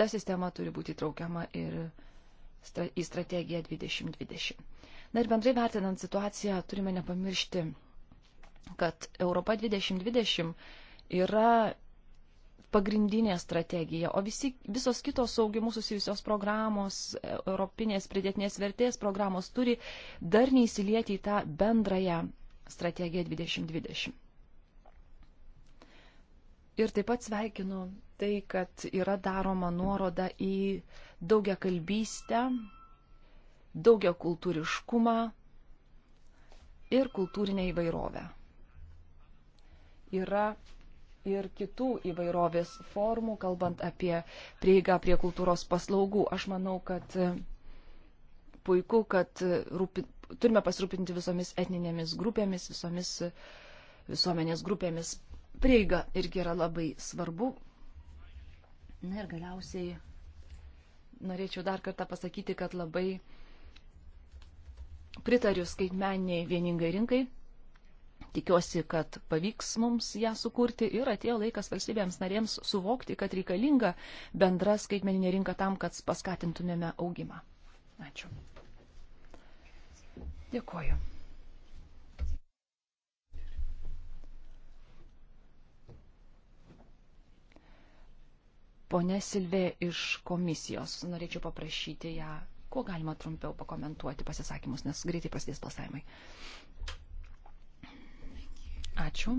ta sistema turi būti traukiama ir į strategiją 2020. Na ir bendrai vertinant situaciją, turime nepamiršti, kad Europa 2020 yra pagrindinė strategija, o visi, visos kitos saugimu susijusios programos, europinės pridėtinės vertės programos turi dar neįsilieti į tą bendrąją strategiją 2020. Ir taip pat sveikinu tai, kad yra daroma nuoroda į daugia kalbystę, daugia kultūriškumą ir kultūrinę įvairovę. Yra ir kitų įvairovės formų, kalbant apie prieigą prie kultūros paslaugų. Aš manau, kad puiku, kad rūpi, turime pasirūpinti visomis etninėmis grupėmis, visomis visuomenės grupėmis prieiga irgi yra labai svarbu. Na ir galiausiai norėčiau dar kartą pasakyti, kad labai pritariu skaitmeniai vieningai rinkai. Tikiuosi, kad pavyks mums ją sukurti ir atėjo laikas valstybėms narėms suvokti, kad reikalinga bendra skaitmeninė rinka tam, kad paskatintumėme augimą. Ačiū. Dėkuoju. Pone Silvė iš komisijos, norėčiau paprašyti ją, kuo galima trumpiau pakomentuoti pasisakymus, nes greitai prasidės balsavimai. Ačiū.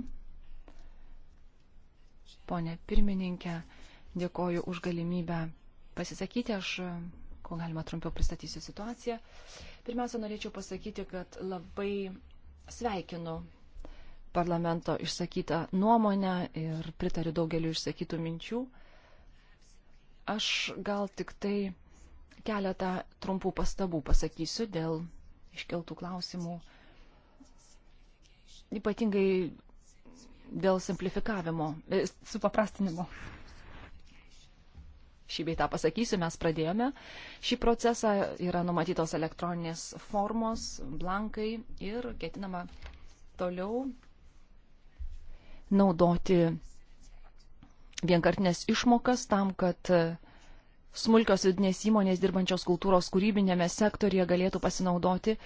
Pone pirmininkė, dėkoju už galimybę pasisakyti. Aš, kuo galima trumpiau, pristatysiu situaciją. Pirmiausia, norėčiau pasakyti, kad labai sveikinu parlamento išsakytą nuomonę ir pritariu daugeliu išsakytų minčių. Aš gal tik tai keletą trumpų pastabų pasakysiu dėl iškeltų klausimų. Ypatingai dėl simplifikavimo, e, supaprastinimo. Šį beitą pasakysiu, mes pradėjome. Šį procesą yra numatytos elektroninės formos, blankai ir ketinama toliau naudoti vienkartinės išmokas tam, kad e, smulkios vidinės įmonės dirbančios kultūros kūrybinėme sektorija galėtų pasinaudoti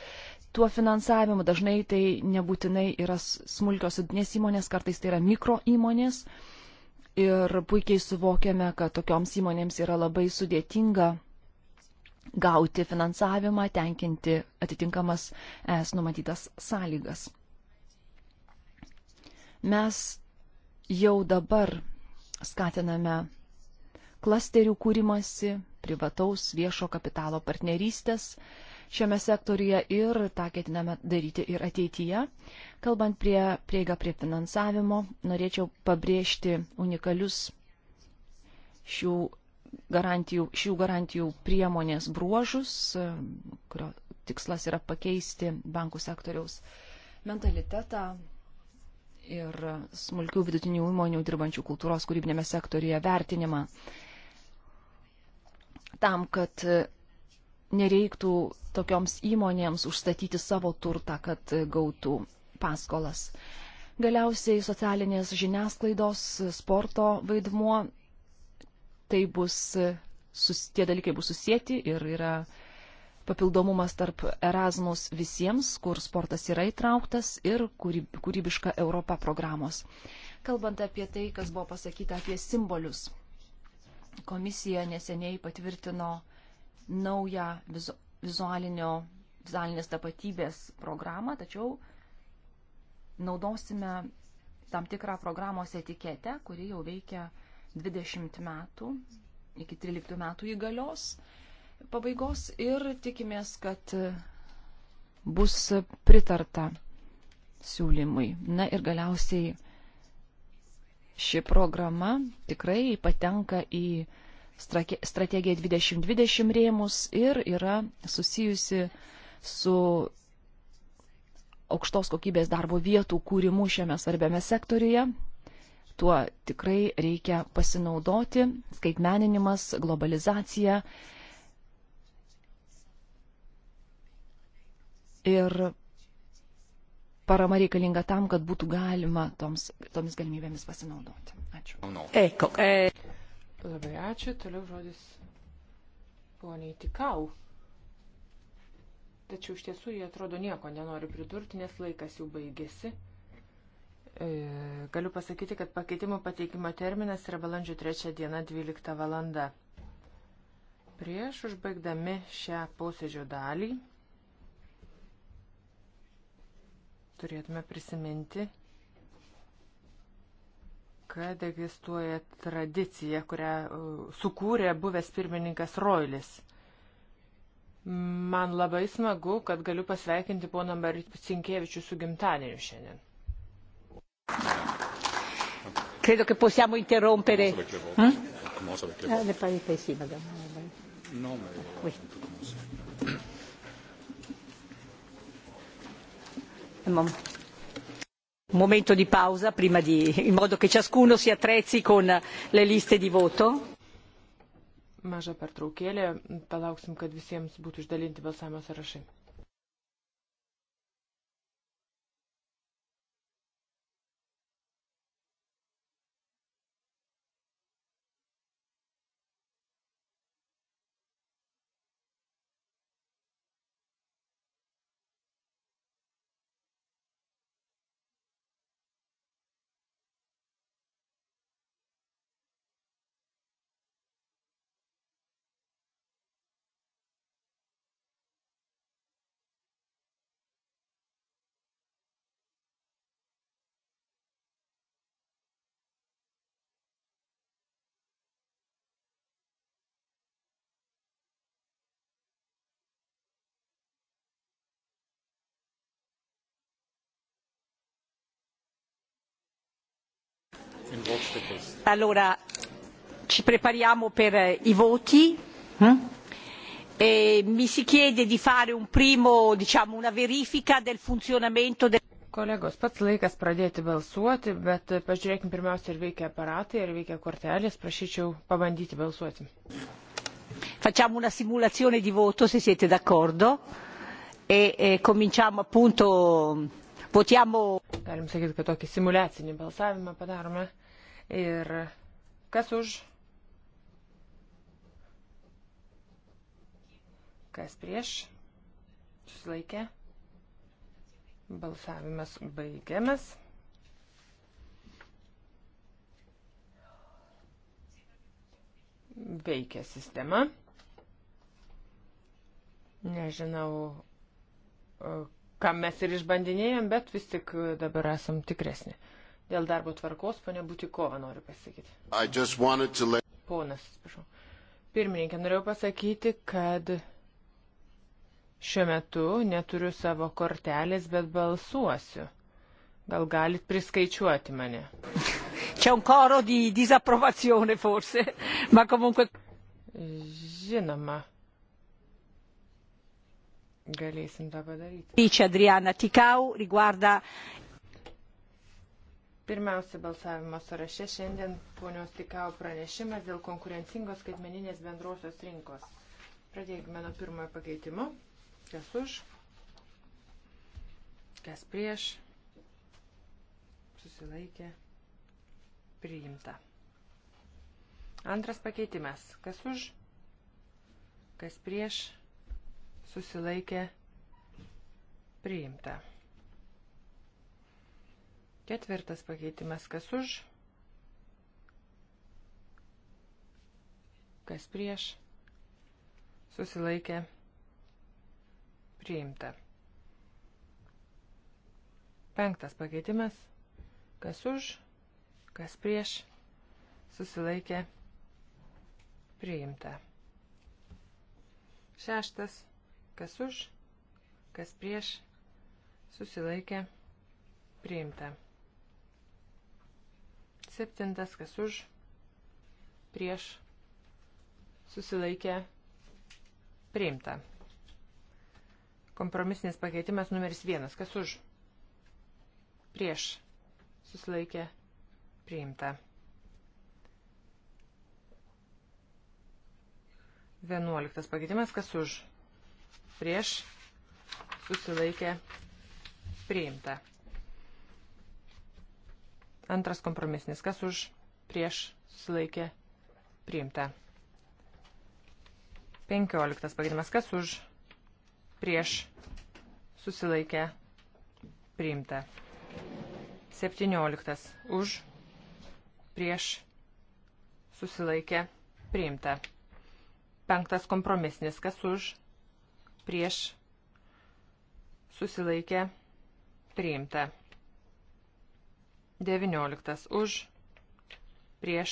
tuo finansavimu. Dažnai tai nebūtinai yra smulkios vidinės įmonės, kartais tai yra mikro įmonės. Ir puikiai suvokiame, kad tokioms įmonėms yra labai sudėtinga gauti finansavimą, tenkinti atitinkamas es numatytas sąlygas. Mes jau dabar skatiname klasterių kūrimasi, privataus viešo kapitalo partnerystės šiame sektoriuje ir tą ketiname daryti ir ateityje. Kalbant prie prieigą prie finansavimo, norėčiau pabrėžti unikalius šių garantijų, šių garantijų priemonės bruožus, kurio tikslas yra pakeisti bankų sektoriaus mentalitetą, ir smulkių vidutinių įmonių dirbančių kultūros kūrybinėme sektoriuje vertinimą. Tam, kad nereiktų tokioms įmonėms užstatyti savo turtą, kad gautų paskolas. Galiausiai socialinės žiniasklaidos, sporto vaidmuo, tai bus, sus, tie dalykai bus susijęti ir yra papildomumas tarp Erasmus visiems, kur sportas yra įtrauktas, ir kūrybiška Europa programos. Kalbant apie tai, kas buvo pasakyta apie simbolius, komisija neseniai patvirtino naują vizu, vizualinio, vizualinės tapatybės programą, tačiau naudosime tam tikrą programos etiketę, kuri jau veikia 20 metų, iki 13 metų įgalios. galios pabaigos ir tikimės, kad bus pritarta siūlymui. Na ir galiausiai ši programa tikrai patenka į strategiją 2020 rėmus ir yra susijusi su aukštos kokybės darbo vietų kūrimu šiame svarbiame sektoriuje. Tuo tikrai reikia pasinaudoti. Skaitmeninimas, globalizacija Ir parama reikalinga tam, kad būtų galima toms, tomis galimybėmis pasinaudoti. Ačiū. Eko. E. Labai ačiū. Toliau žodis poniai Tikau. Tačiau iš tiesų jie atrodo nieko nenori pridurti, nes laikas jau baigėsi. E, galiu pasakyti, kad pakeitimo pateikimo terminas yra balandžio 3 diena 12 valanda. Prieš užbaigdami šią posėdžio dalį turėtume prisiminti, kad egzistuoja tradicija, kurią uh, sukūrė buvęs pirmininkas Roilis. Man labai smagu, kad galiu pasveikinti poną Maricinkievičių su gimtadieniu šiandien. Credo che possiamo interrompere. Hmm? Ah, le parite, sì, madame. No, ma... Oui. momento di pausa prima di, in modo che ciascuno si attrezzi con le liste di voto. Maža pertraukėlė, palauksim, kad visiems būtų išdalinti balsavimo sąrašai. Allora, ci prepariamo per eh, i voti. Mm? E mi si chiede di fare un primo, diciamo, una verifica del funzionamento del. Kolegos, pats laikas pradėti balsuoti, bet e, pažiūrėkime pirmiausia, ar veikia aparatai, ar veikia kortelės, prašyčiau pabandyti balsuoti. Facciamo una simulazione di voto, se siete d'accordo, e, e cominciamo appunto, votiamo. Galim sakyti, kad tokį simulacinį balsavimą padarome. Ir kas už? Kas prieš? Susilaikė. Balsavimas baigiamas. Veikia sistema. Nežinau, e, ką mes ir išbandinėjom, bet vis tik dabar esam tikresni. Dėl darbo tvarkos, ponė Butikova noriu pasakyti. Let... Ponas, atsiprašau. Pirmininkė, norėjau pasakyti, kad šiuo metu neturiu savo kortelės, bet balsuosiu. Gal galit priskaičiuoti mane? Čia (laughs) un coro di disapprovazione forse, (laughs) ma comunque. Žinoma. Galėsim tą padaryti. Dice Adriana Tikau riguarda Pirmiausia, balsavimo sąraše šiandien ponios Tikau pranešimas dėl konkurencingos skaitmeninės bendrosios rinkos. Pradėkime nuo pirmojo pakeitimo. Kas už? Kas prieš? Susilaikė. Priimta. Antras pakeitimas. Kas už? Kas prieš? Susilaikė. Priimta. Ketvirtas pakeitimas. Kas už? Kas prieš? Susilaikė. Priimta. Penktas pakeitimas. Kas už? Kas prieš? Susilaikė. Priimta. Šeštas. Kas už? Kas prieš? Susilaikė. Priimta. Septintas, kas už, prieš, susilaikė, priimta. Kompromisinis pakeitimas numeris vienas, kas už, prieš, susilaikė, priimta. Vienuoliktas pakeitimas, kas už, prieš, susilaikė, priimta. Antras kompromisinis. Kas už prieš susilaikė priimta. 15 pagrindimas. Kas už prieš susilaikė priimta. 17 už prieš susilaikė priimta. Penktas kompromisinis. Kas už prieš susilaikė priimta. 19 už, prieš,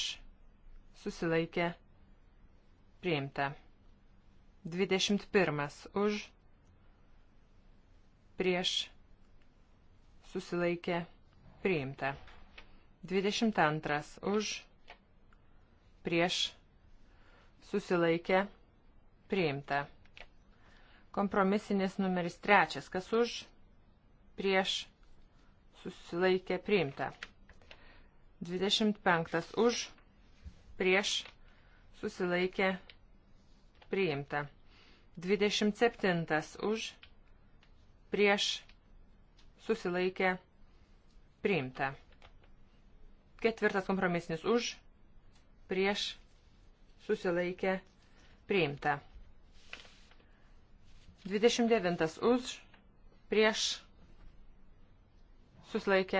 susilaikė, priimta. 21 už, prieš, susilaikė, priimta. 22 už, prieš, susilaikė, priimta. Kompromisinis numeris 3, kas už, prieš, susilaikė susilaikė priimta. 25 už, prieš, susilaikė priimta. 27 už, prieš, susilaikė priimta. Ketvirtas kompromisnis už, prieš, susilaikė priimta. 29 už, prieš, susilaikė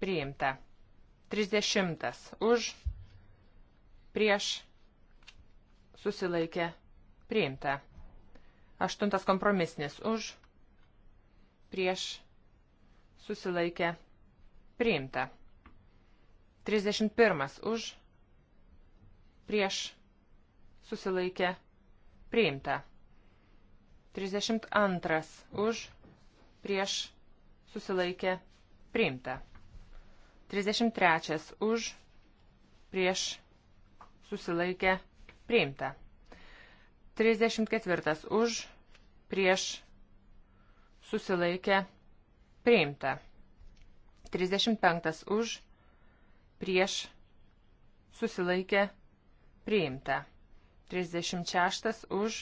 priimta. 30 už, prieš susilaikė priimta. 8 kompromisnis už, prieš susilaikė priimta. 31 už, prieš susilaikė priimta. 32 už, prieš susilaikė priimta susilaikė priimta. 33 už prieš susilaikė priimta. 34 už prieš susilaikė priimta. 35 už prieš susilaikė priimta. 36 už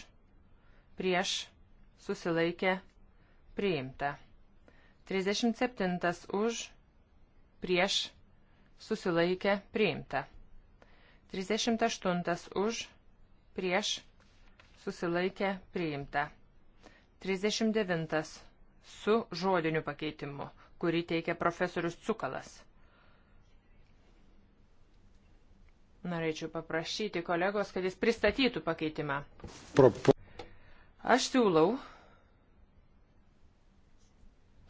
prieš susilaikė priimta. 37 už, prieš, susilaikė, priimta. 38 už, prieš, susilaikė, priimta. 39 su žodiniu pakeitimu, kurį teikia profesorius Cukalas. Norėčiau paprašyti kolegos, kad jis pristatytų pakeitimą. Aš siūlau,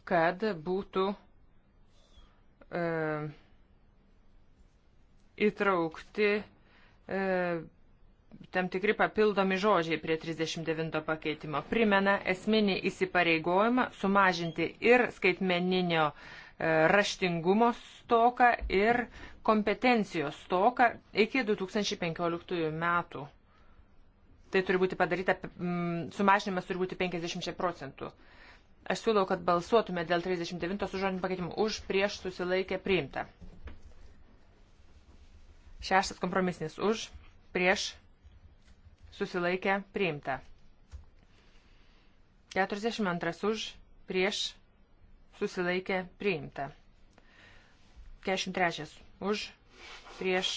kad būtų e, įtraukti e, tam tikri papildomi žodžiai prie 39 pakeitimo. Primena esminį įsipareigojimą sumažinti ir skaitmeninio e, raštingumo stoką ir kompetencijos stoką iki 2015 metų. Tai turi būti padaryta, sumažinimas turi būti 50 procentų. Aš siūlau, kad balsuotume dėl 39 su žodiniu pakeitimu. Už prieš susilaikę priimta. Šeštas kompromisinis. Už prieš susilaikę priimta. 42 už prieš susilaikę priimta. 43 už prieš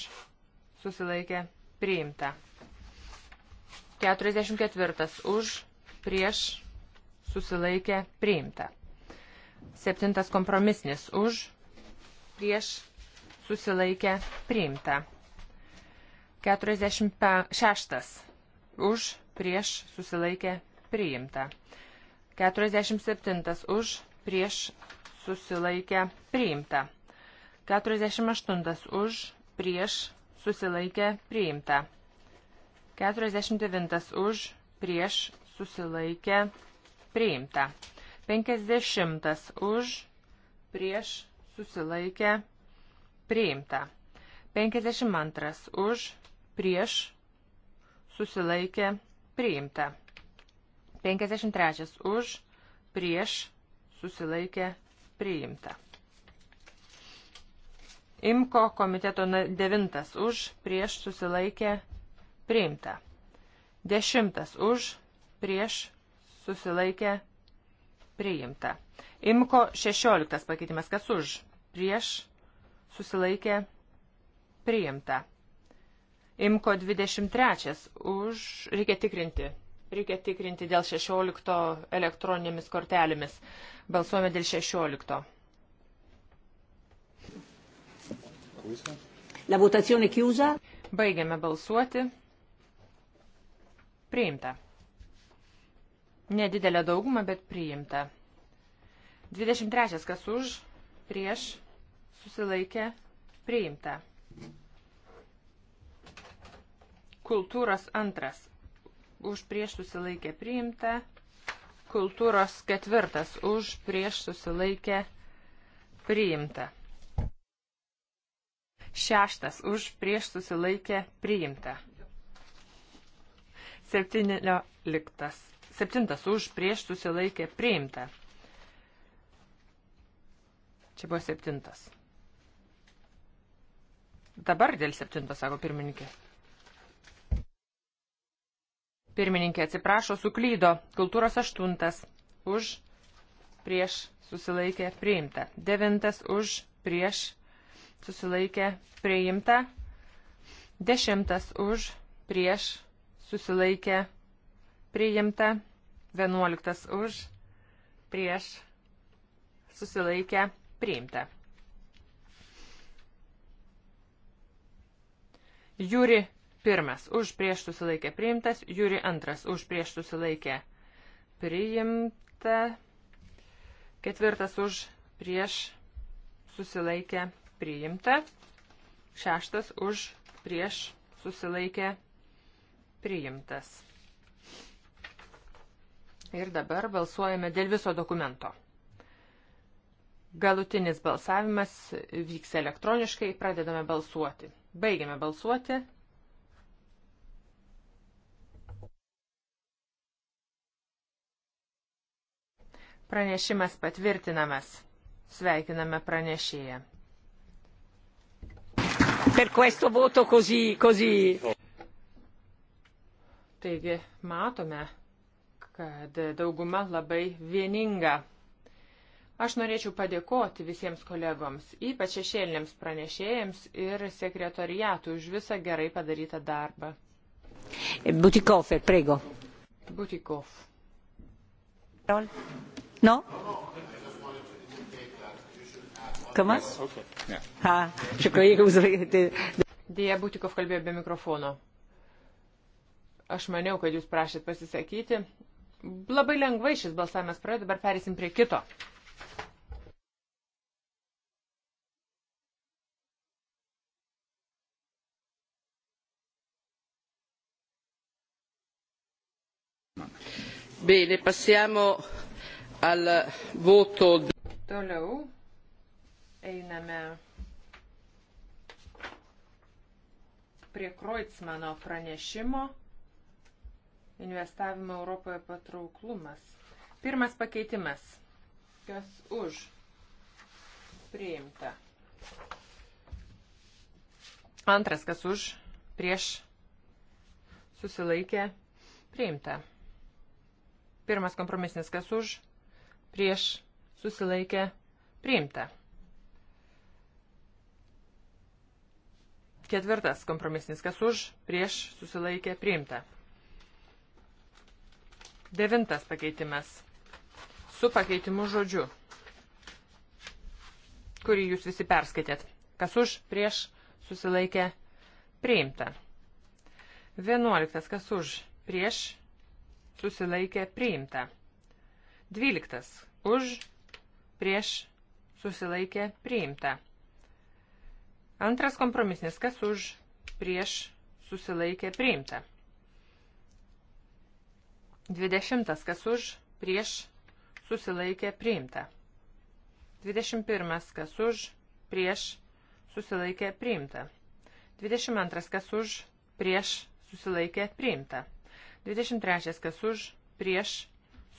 susilaikę priimta. 44 už prieš susilaikė priimta. Septintas kompromisnis už, prieš susilaikė priimta. 46 už, prieš susilaikė priimta. 47 už, prieš susilaikė priimta. 48 už, prieš susilaikė priimta. 49 už, prieš susilaikė priimta priimta. 50 už, prieš, susilaikę, priimta. 52 už, prieš, susilaikę, priimta. 53 už, prieš, susilaikę, priimta. Imko komiteto 9 už, prieš, susilaikė, priimta. 10 už, prieš, susilaikė priimta. Imko 16 pakeitimas, kas už, prieš, susilaikė priimta. Imko 23 už, reikia tikrinti, reikia tikrinti dėl 16 elektroninėmis kortelėmis. Balsuojame dėl 16. La votazione chiusa. Baigiame balsuoti. Priimta. Nedidelė dauguma, bet priimta. 23. Kas už, prieš, susilaikė, priimta. Kultūros antras. Už prieš susilaikė priimta. Kultūros ketvirtas. Už prieš susilaikė priimta. Šeštas. Už prieš susilaikė priimta. Septynioliktas. Septintas už prieš susilaikė priimta. Čia buvo septintas. Dabar dėl septinto, sako pirmininkė. Pirmininkė atsiprašo, suklydo. Kultūros aštuntas. Už prieš susilaikė priimta. Devintas už prieš susilaikė priimta. Dešimtas už prieš susilaikė priimta priimta, 11 už, prieš, susilaikę, priimta. Jūri pirmas už prieš susilaikę priimtas, Jūri antras už prieš susilaikę priimta, ketvirtas už prieš susilaikę priimta, šeštas už prieš susilaikę priimtas. Ir dabar balsuojame dėl viso dokumento. Galutinis balsavimas vyks elektroniškai, pradedame balsuoti. Baigiame balsuoti. Pranešimas patvirtinamas. Sveikiname pranešėją. Per questo voto così, così. Taigi, matome, kad dauguma labai vieninga. Aš norėčiau padėkoti visiems kolegoms, ypač šešėlinėms pranešėjams ir sekretoriatui už visą gerai padarytą darbą. Butikov, prego. Butikov. No? Kamas? Ah, Dėja, Butikov kalbėjo be mikrofono. Aš maniau, kad jūs prašėt pasisakyti. Labai lengvai šis balsavimas praėjo, dabar perėsim prie kito. Bene, passiamo al voto. Toliau einame prie Kreutzmano pranešimo investavimo Europoje patrauklumas. Pirmas pakeitimas. Kas už? Priimta. Antras, kas už? Prieš? Susilaikė? Priimta. Pirmas kompromisinis, kas už? Prieš? Susilaikė? Priimta. Ketvirtas kompromisinis, kas už? Prieš? Susilaikė? Priimta. Devintas pakeitimas. Su pakeitimu žodžiu, kurį jūs visi perskaitėt. Kas už, prieš, susilaikė, priimta. Vienuoliktas. Kas už, prieš, susilaikė, priimta. Dvyliktas. Už, prieš, susilaikė, priimta. Antras kompromisnis. Kas už, prieš, susilaikė, priimta. 20. Kas už, prieš, susilaikė, priimta. 21. Kas už, prieš, susilaikė, priimta. 22. Kas už, prieš, susilaikė, priimta. 23. Kas už, prieš,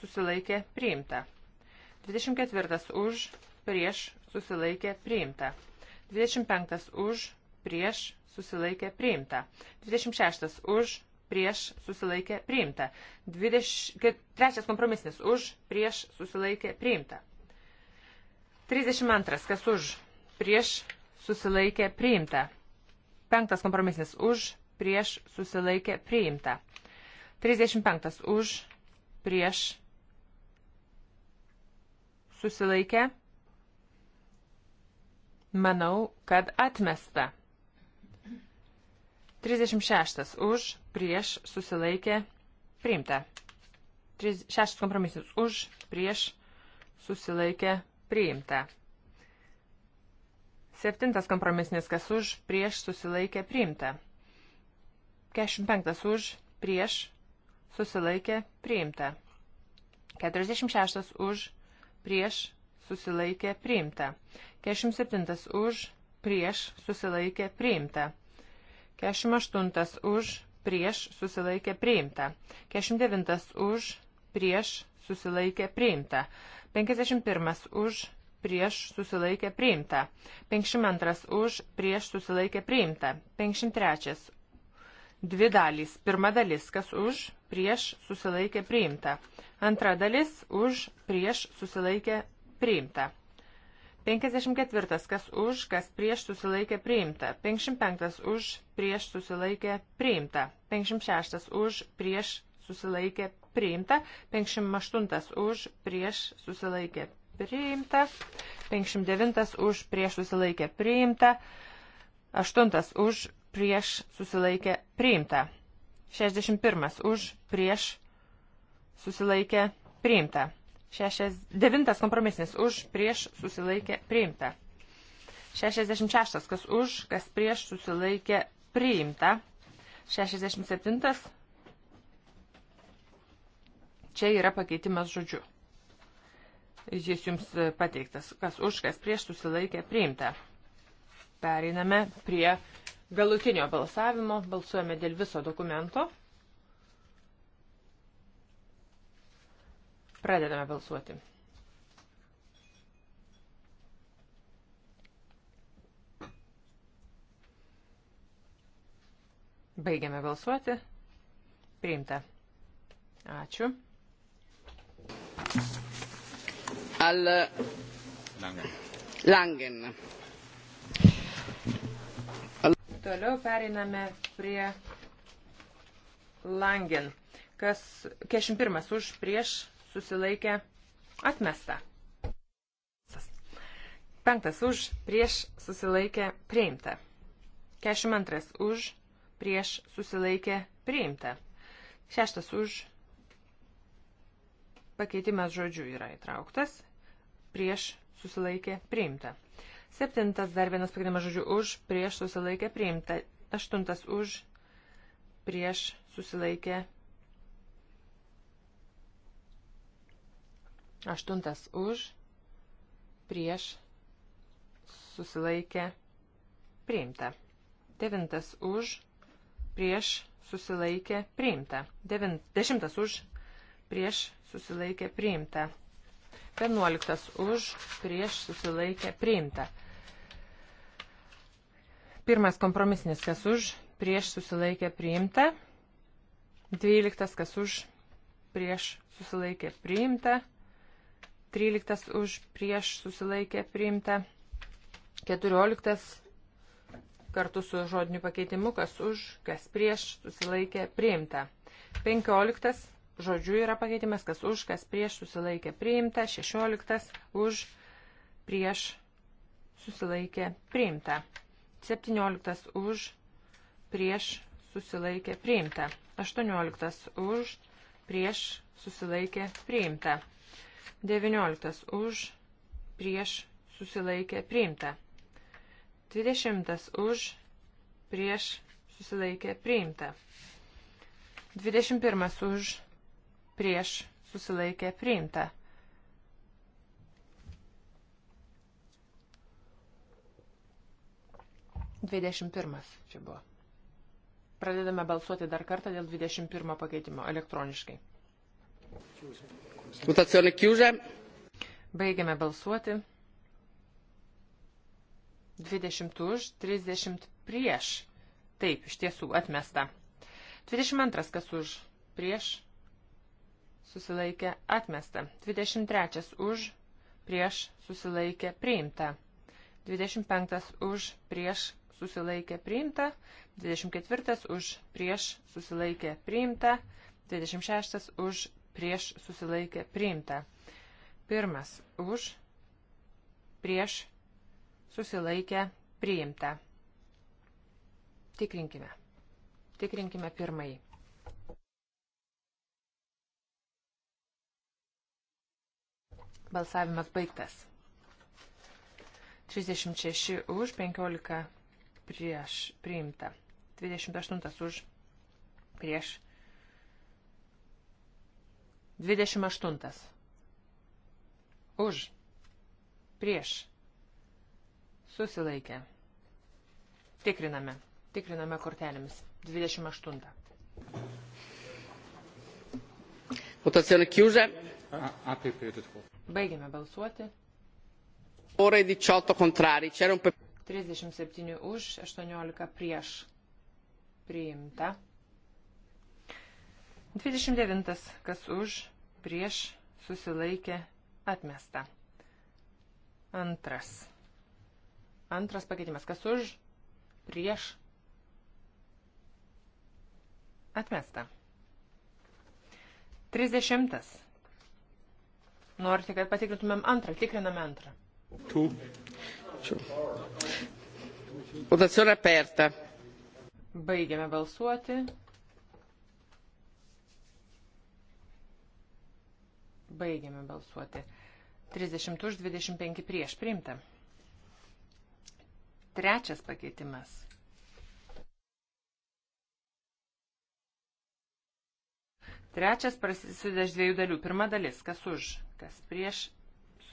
susilaikė, priimta. 24. Už, prieš, susilaikė, priimta. 25. Už, prieš, susilaikė, priimta. 26. Už, prieš susilaikė priimta. 20, trečias kompromisinis už, prieš susilaikė priimta. 32. Kas už, prieš susilaikė priimta. Penktas kompromisinis už, prieš susilaikė priimta. 35. Už, prieš susilaikė. Manau, kad atmesta. 36 už, prieš, susilaikė, priimta. 6 kompromisas už, prieš, susilaikė, priimta. 7 kompromisnis kas už, prieš, susilaikė, priimta. 45 už, prieš, susilaikė, priimta. 46 už, prieš, susilaikė, priimta. 47 už, prieš, susilaikė, priimta. 48 už, prieš, susilaikė priimta. 49 už, prieš, susilaikė priimta. 51 už, prieš, susilaikė priimta. 52 už, prieš, susilaikė priimta. 53. Dvi dalys. Pirma dalis, kas už, prieš, susilaikė priimta. Antra dalis, už, prieš, susilaikė priimta. 54. Kas už, kas prieš susilaikė priimta. 55. Už, prieš susilaikė priimta. 56. Už, prieš susilaikė priimta. 58. Už, prieš susilaikė priimta. 59. Už, prieš susilaikė priimta. 8. Už, prieš susilaikė priimta. 61. Už, prieš susilaikė priimta. 69 kompromisinis už, prieš susilaikė priimta. 66 kas už, kas prieš susilaikė priimta. 67 čia yra pakeitimas žodžiu. Jis jums pateiktas, kas už, kas prieš susilaikė priimta. Pereiname prie galutinio balsavimo, balsuojame dėl viso dokumento. Pradedame balsuoti. Baigiame balsuoti. Priimta. Ačiū. Al Langen. Al... Toliau pereiname prie Langen. Kas 41 už prieš susilaikė atmesta. Penktas už, prieš susilaikė priimta. 42 už, prieš susilaikė priimta. Šeštas už, pakeitimas žodžių yra įtrauktas, prieš susilaikė priimta. Septintas dar vienas pakeitimas žodžių už, prieš susilaikė priimta. Aštuntas už, prieš susilaikė Aštuntas už, prieš, susilaikė, priimta. Devintas už, prieš, susilaikė, priimta. Devint, dešimtas už, prieš, susilaikė, priimta. Vienuoliktas už, prieš, susilaikė, priimta. Pirmas kompromisinis, kas už, prieš, susilaikė, priimta. Dvyliktas, kas už, prieš, susilaikė, priimta. 13 už prieš susilaikė priimta. 14 kartu su žodiniu pakeitimu, kas už, kas prieš susilaikė priimta. 15 žodžiu yra pakeitimas, kas už, kas prieš susilaikė priimta. 16 už prieš susilaikė priimta. 17 už prieš susilaikė priimta. 18 už prieš susilaikė priimta. 19 už, prieš, susilaikė, priimta. 20 už, prieš, susilaikė, priimta. 21 už, prieš, susilaikė, priimta. Dvidešimt pirmas čia buvo. Pradedame balsuoti dar kartą dėl 21 pakeitimo elektroniškai. Čia Votazione chiusa. Baigiame balsuoti. 20 už, 30 prieš. Taip, iš tiesų atmesta. 22 kas už, prieš. Susilaikė atmesta. 23 už, prieš susilaikė priimta. 25 už prieš susilaikė priimta, 24 už prieš susilaikė priimta, 26 už prieš susilaikė priimta. Pirmas už, prieš susilaikė priimta. Tikrinkime. Tikrinkime pirmąjį. Balsavimas baigtas. 36 už, 15 prieš priimta. 28 už, prieš priimta 28. Už. Prieš. Susilaikę. Tikriname. Tikriname kortelėmis. 28. Votazione chiusa. Baigiame balsuoti. Ore 18 contrari. C'era un 37 už, 18 prieš. Priimta. 29. Kas už, prieš, susilaikė, atmesta. Antras. Antras pakeitimas. Kas už, prieš, atmesta. 30. Norite, kad patikrintumėm antrą. Tikriname antrą. Tu. Čia. Votazione aperta. Baigiame balsuoti. Baigiame balsuoti. 30 už 25 prieš priimta. Trečias pakeitimas. Trečias prasideda iš dviejų dalių. Pirma dalis, kas už, kas prieš,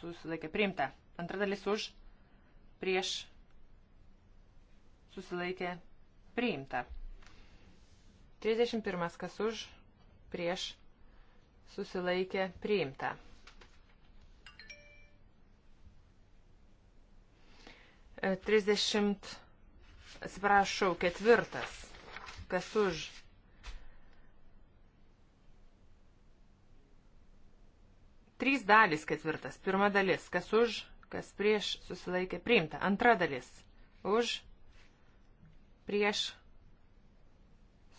susilaikė priimta. Antra dalis už, prieš, susilaikė priimta. 31. Kas už, prieš, susilaikė priimta. E, trisdešimt, atsiprašau, ketvirtas, kas už. Trys dalys ketvirtas. Pirma dalis, kas už, kas prieš, susilaikė priimta. Antra dalis, už, prieš,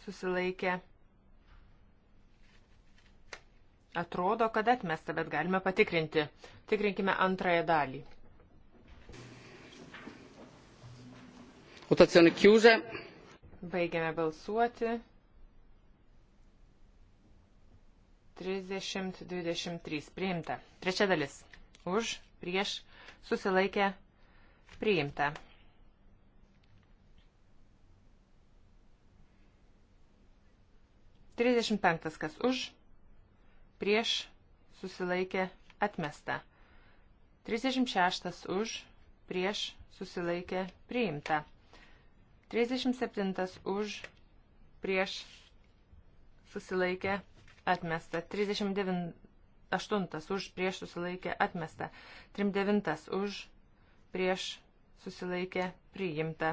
susilaikė priimta Atrodo, kad atmesta, bet galime patikrinti. Tikrinkime antrąją dalį. Votazione chiusa. Baigiame balsuoti. 30-23. Priimta. Trečia dalis. Už, prieš, susilaikę, priimta. Trisdešimt penktas, kas už, prieš susilaikė atmesta. 36 už prieš susilaikė priimta. 37 už prieš susilaikė atmesta. 39 8 už prieš susilaikė atmesta, 39 už prieš susilaikė priimta.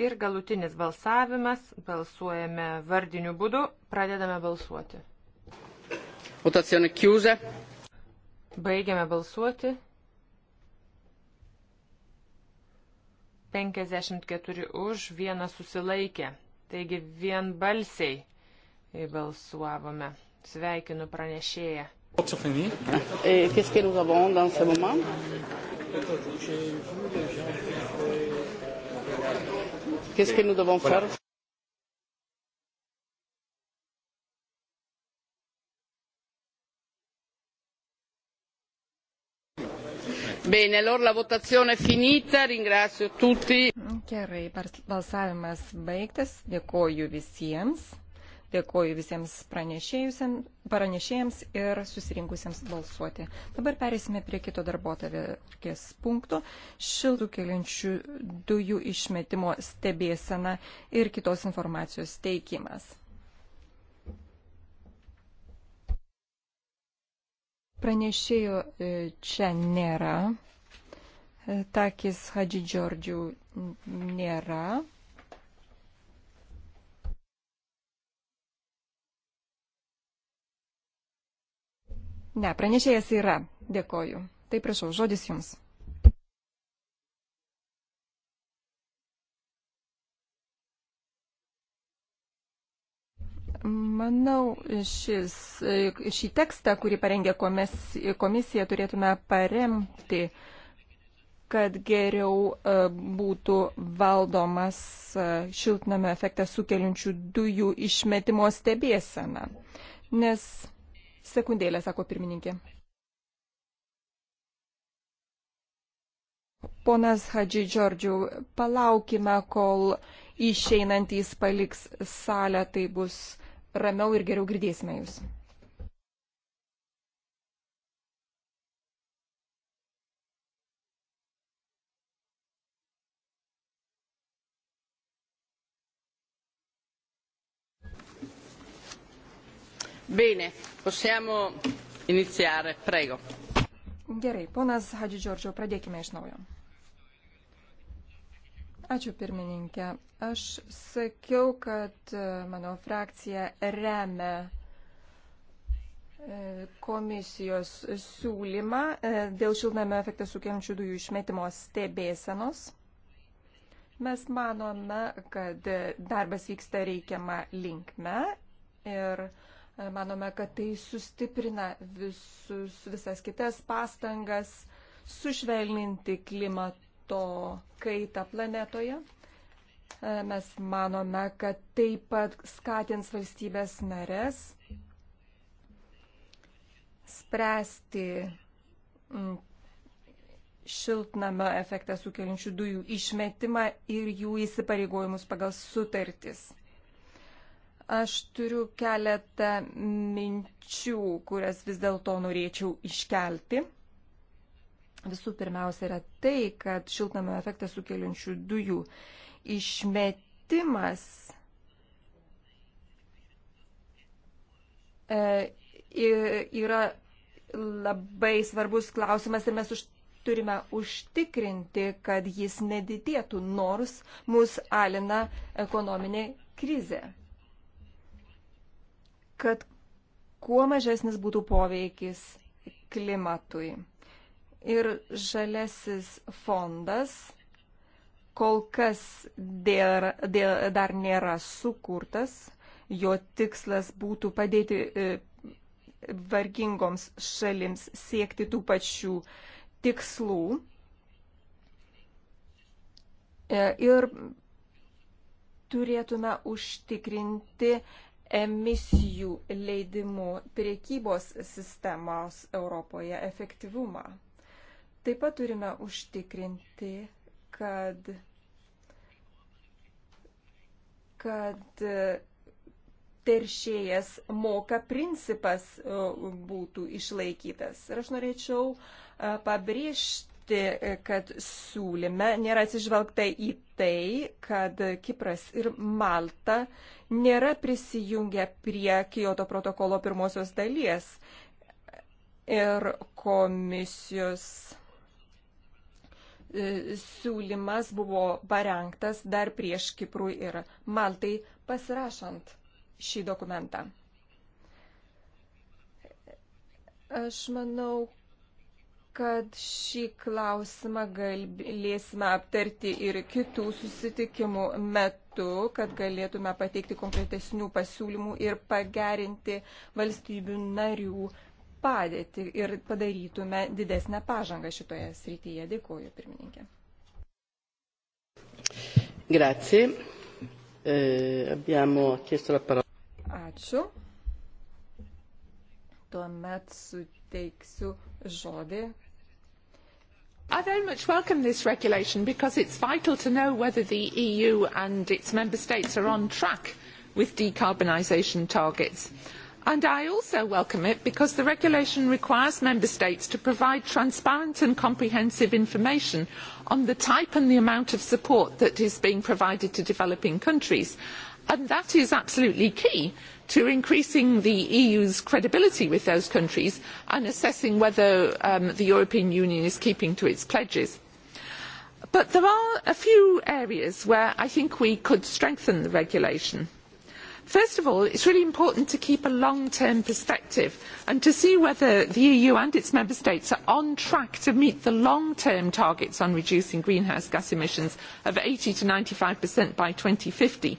Ir galutinis balsavimas, balsuojame vardiniu būdu, pradedame balsuoti. Votazione chiusa. Baigiame balsuoti. 54 už, vieną susilaikė. Taigi vienbalsiai balsuavome. Sveikinu pranešėją. Qu'est-ce que nous avons dans ce moment Qu'est-ce que nous devons faire Bene, allora la votazione è finita, ringrazio tutti. Gerai, balsavimas baigtas, dėkoju visiems, dėkoju visiems pranešėjams ir susirinkusiems balsuoti. Dabar perėsime prie kito darbo tavėkės punkto - šiltų keliančių dujų išmetimo stebėsena ir kitos informacijos teikimas. Pranešėjo e, čia nėra. E, Takis Hadži Džordžių nėra. Ne, pranešėjas yra. Dėkoju. Tai prašau, žodis jums. Manau, šis, šį tekstą, kurį parengė komisija, turėtume paremti, kad geriau e, būtų valdomas e, šiltnamio efektą sukeliančių dujų išmetimo stebėsena. Nes sekundėlę, sako pirmininkė. Ponas Hadži Džordžių, palaukime, kol išeinantys paliks salę, tai bus ramiau ir geriau girdėsime jūs. Bene, possiamo iniziare, prego. Gerai, ponas Hadži Džordžio, pradėkime iš naujo. Ačiū pirmininkė. Aš sakiau, kad e, mano frakcija remia e, komisijos siūlymą e, dėl šiltnamio efektą sukeliančių dujų išmetimo stebėsenos. Mes manome, kad darbas vyksta reikiama linkme ir manome, kad tai sustiprina visus, visas kitas pastangas sušvelninti klimato klimato kaitą planetoje. E, mes manome, kad taip pat skatins valstybės narės spręsti mm, šiltnamio efektą sukeliančių dujų išmetimą ir jų įsipareigojimus pagal sutartis. Aš turiu keletą minčių, kurias vis dėlto norėčiau iškelti visų pirmiausia yra tai, kad šiltnamio efektą sukeliančių dujų išmetimas e, yra labai svarbus klausimas ir mes už, turime užtikrinti, kad jis nedidėtų, nors mus alina ekonominė krizė. Kad kuo mažesnis būtų poveikis klimatui ir žalesis fondas kol kas dėl, dėl, dar nėra sukurtas. Jo tikslas būtų padėti e, vargingoms šalims siekti tų pačių tikslų. E, ir turėtume užtikrinti emisijų leidimų priekybos sistemos Europoje efektyvumą. Taip pat turime užtikrinti, kad, kad teršėjas moka principas e, būtų išlaikytas. Ir aš norėčiau e, pabrėžti, e, kad siūlyme nėra atsižvelgta į tai, kad Kipras ir Malta nėra prisijungę prie Kyoto protokolo pirmosios dalies. Ir komisijos E, siūlymas buvo parengtas dar prieš Kiprui ir Maltai pasirašant šį dokumentą. Aš manau, kad šį klausimą galėsime aptarti ir kitų susitikimų metu, kad galėtume pateikti konkretesnių pasiūlymų ir pagerinti valstybių narių padėtį ir padarytume didesnę pažangą šitoje srityje. Dėkuoju, pirmininkė. Grazie. E, abbiamo chiesto la parola. Ačiū. Tuomet suteiksiu žodį. I very much welcome this regulation because it's vital to know whether the EU and its member states are on track with decarbonisation targets. Uh, and I also welcome it because the regulation requires Member States to provide transparent and comprehensive information on the type and the amount of support that is being provided to developing countries. And that is absolutely key to increasing the EU's credibility with those countries and assessing whether um, the European Union is keeping to its pledges. But there are a few areas where I think we could strengthen the regulation First of all, it's really important to keep a long-term perspective and to see whether the EU and its member states are on track to meet the long-term targets on reducing greenhouse gas emissions of 80 to 95% by 2050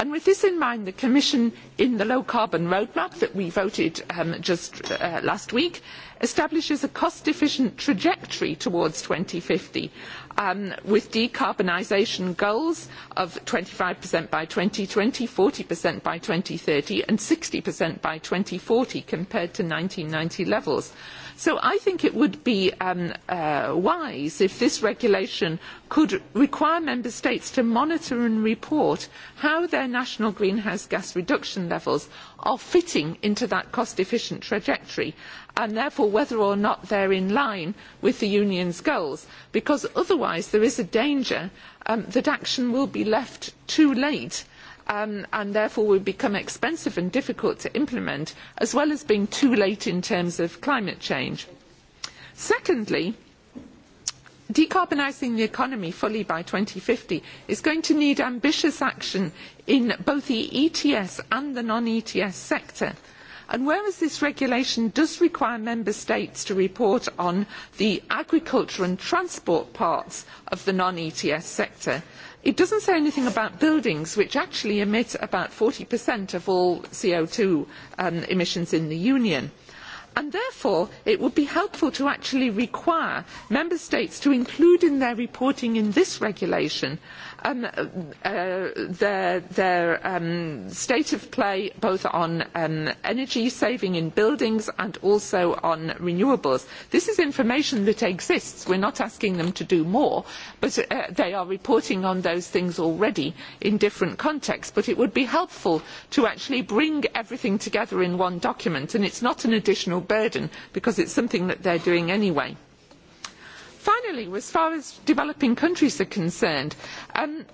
And with this in mind, the Commission, in the low carbon roadmap that we voted um, just uh, last week, establishes a cost-efficient trajectory towards 2050 um, with decarbonisation goals of 25% by 2020, 40% by 2030 and 60% by 2040 compared to 1990 levels. Uh, So I think it would be um, uh, wise if this regulation could require member states to monitor and report how their national greenhouse gas reduction levels are fitting into that cost efficient trajectory and therefore whether or not they're in line with the union's goals because otherwise there is a danger um, that action will be left too late uh, um, and therefore will become expensive and difficult to implement, as well as being too late in terms of climate change. Secondly, decarbonising the economy fully by 2050 is going to need ambitious action in both the ETS and the non-ETS sector. And whereas this regulation does require member states to report on the agriculture and transport parts of the non-ETS sector, It doesn't say anything about buildings, which actually emit about 40% of all CO2 um, emissions in the Union. And therefore, it would be helpful to actually require Member States to include in their reporting in this regulation um, uh, their, their um, state of play both on um, energy saving in buildings and also on renewables. This is information that exists. We're not asking them to do more, but uh, they are reporting on those things already in different contexts. But it would be helpful to actually bring everything together in one document, and it's not an additional burden because it's something that they're doing anyway. Finally, as far as developing countries are concerned, um,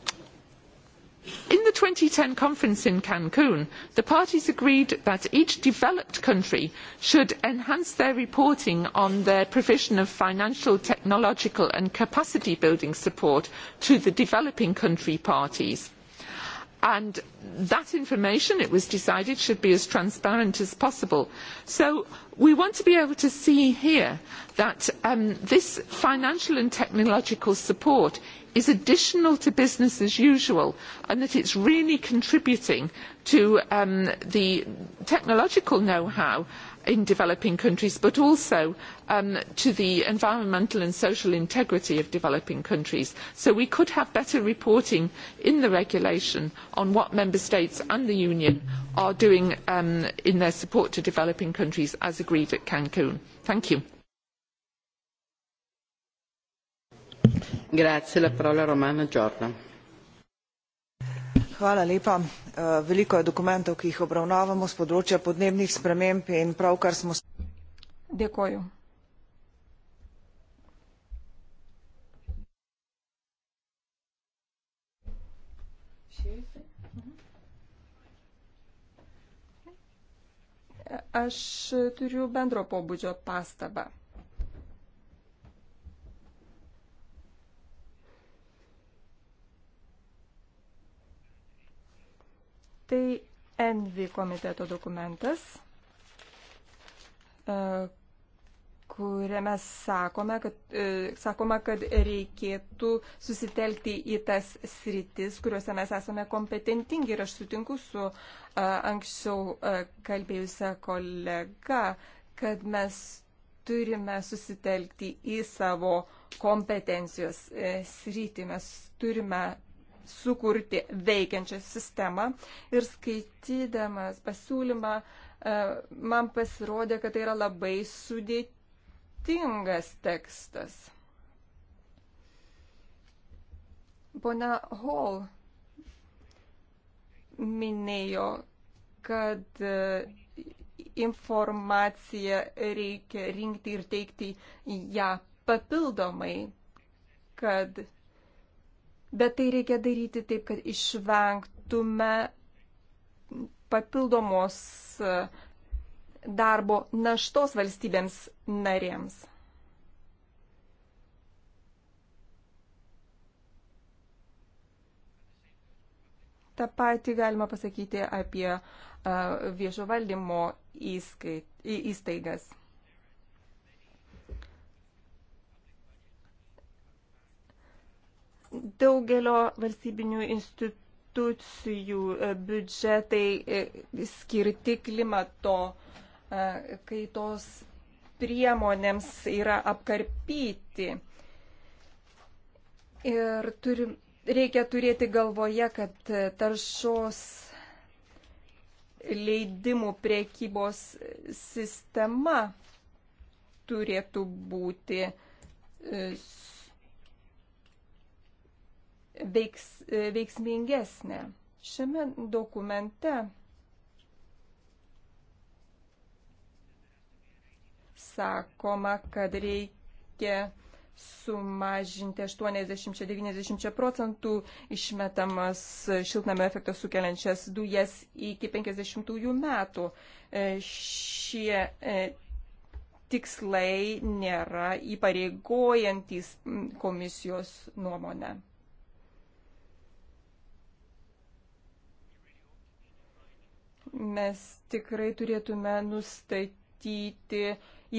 in the 2010 conference in Cancun, the parties agreed that each developed country should enhance their reporting on their provision of financial, technological and capacity building support to the developing country parties and that information, it was decided, should be as transparent as possible. So we want to be able to see here that um, this financial and technological support is additional to business as usual and that it's really contributing to um, the technological know-how in developing countries, but also um, to the environmental and social integrity of developing countries. So we could have better reporting in the regulation on what Member States and the Union are doing um, in their support to developing countries as agreed at Cancun. Thank you. Grazie, la parola Romana Giorda Hvala lepa. Eh, veliko je dokumentov, ki jih obravnavamo z področja podnebnih sprememb in pravkar smo. Dėkoju. Aš turiu bendro pobūdžio pastabą. tai Envi komiteto dokumentas, e, kuriame sakome kad, e, sakoma, kad reikėtų susitelkti į tas sritis, kuriuose mes esame kompetentingi. Ir aš sutinku su e, anksčiau kalbėjusią kolegą, kad mes turime susitelkti į savo kompetencijos sritį. Mes turime sukurti veikiančią sistemą ir skaitydamas pasiūlymą e, man pasirodė, kad tai yra labai sudėtingas tekstas. Pone Hall minėjo, kad e, informaciją reikia rinkti ir teikti ją papildomai, kad bet tai reikia daryti taip, kad išvengtume papildomos e, darbo naštos valstybėms narėms. Ta pati galima pasakyti apie e, viešo valdymo įskait, įstaigas. Daugelio valstybinių institucijų e, biudžetai e, skirti klimato e, kaitos priemonėms yra apkarpyti. Ir turim, reikia turėti galvoje, kad taršos leidimų priekybos sistema turėtų būti veiks, e, veiksmingesnė. Šiame dokumente sakoma, kad reikia sumažinti 80-90 procentų išmetamas šiltnamio efektą sukeliančias dujas iki 50 metų. E, šie e, tikslai nėra įpareigojantis komisijos nuomonę. mes tikrai turėtume nustatyti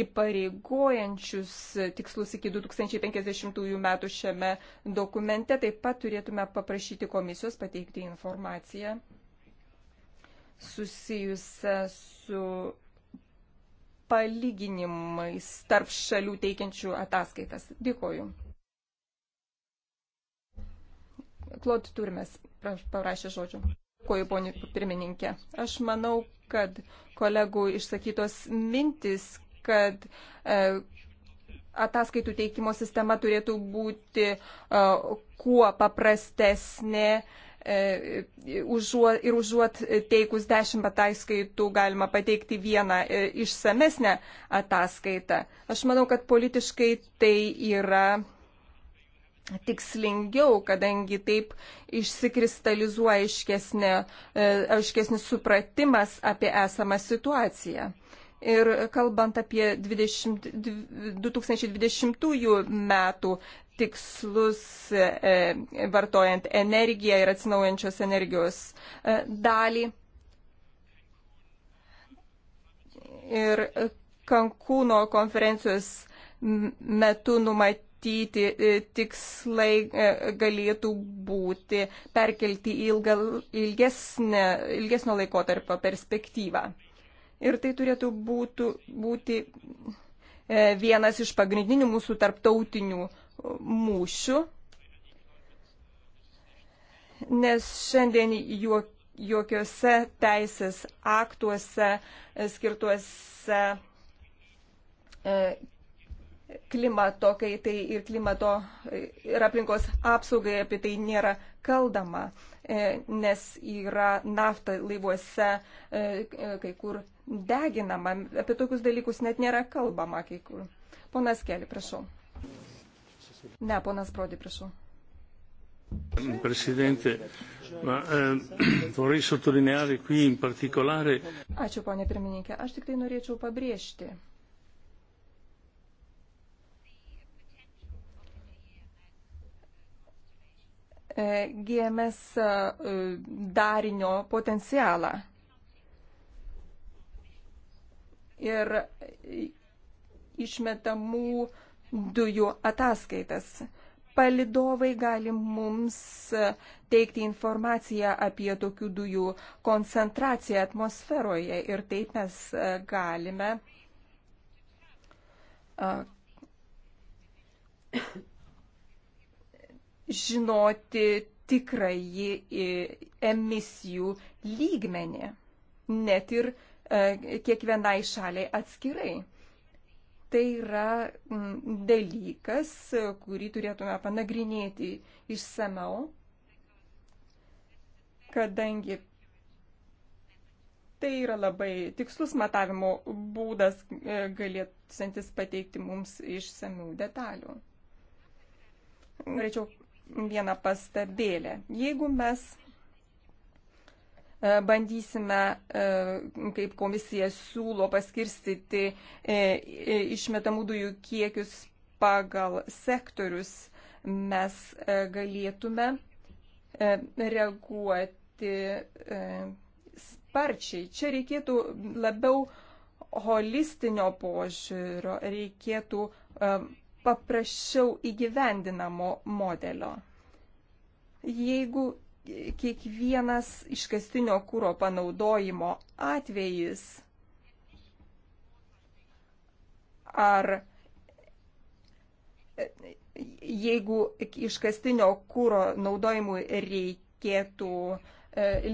įpareigojančius tikslus iki 2050 metų šiame dokumente. Taip pat turėtume paprašyti komisijos pateikti informaciją susijusią su palyginimais tarp šalių teikiančių ataskaitas. Dėkoju. Klod Turmes parašė žodžių. Dėkuoju, ponė pirmininkė. Aš manau, kad kolegų išsakytos mintis, kad e, ataskaitų teikimo sistema turėtų būti e, kuo paprastesnė. E, užuot, ir užuot teikus dešimt ataskaitų galima pateikti vieną e, išsamesnę ataskaitą. Aš manau, kad politiškai tai yra tikslingiau, kadangi taip išsikristalizuoja aiškesnė, e, aiškesnis supratimas apie esamą situaciją. Ir kalbant apie 20, 2020 metų tikslus e, e, vartojant energiją ir atsinaujančios energijos dalį. Ir Kankūno konferencijos metu numat, nustatyti e, tikslai e, galėtų būti perkelti į ilga, ilgesnę, ilgesnio laikotarpio perspektyvą. Ir tai turėtų būtų, būti e, vienas iš pagrindinių mūsų tarptautinių mūšių, nes šiandien juok jokiuose teisės aktuose skirtuose klimato kaitai ir klimato ir aplinkos apsaugai apie tai nėra kaldama, e, nes yra nafta laivuose e, e, kai kur deginama. Apie tokius dalykus net nėra kalbama kai kur. Ponas Keli, prašau. Ne, ponas Prodi, prašau. Presidente, ma eh, (clears throat) vorrei sottolineare qui in particolare. Ačiū, ponė pirmininkė. Aš tik tai norėčiau pabrėžti E, GMS e, darinio potencialą. Ir išmetamų dujų ataskaitas. Palidovai gali mums teikti informaciją apie tokių dujų koncentraciją atmosferoje ir taip mes e, galime žinoti tikrąjį emisijų lygmenį, net ir e, kiekvienai šaliai atskirai. Tai yra dalykas, kurį turėtume panagrinėti išsameu, kadangi tai yra labai tikslus matavimo būdas, e, galėsantis pateikti mums išsamių detalių. Norėčiau vieną pastabėlę. Jeigu mes e, bandysime, e, kaip komisija siūlo, paskirstyti e, išmetamų dujų kiekius pagal sektorius, mes galėtume reaguoti sparčiai. Čia reikėtų labiau holistinio požiūrio, reikėtų paprasčiau įgyvendinamo modelio. Jeigu kiekvienas iškastinio kūro panaudojimo atvejis ar jeigu iškastinio kūro naudojimui reikėtų e,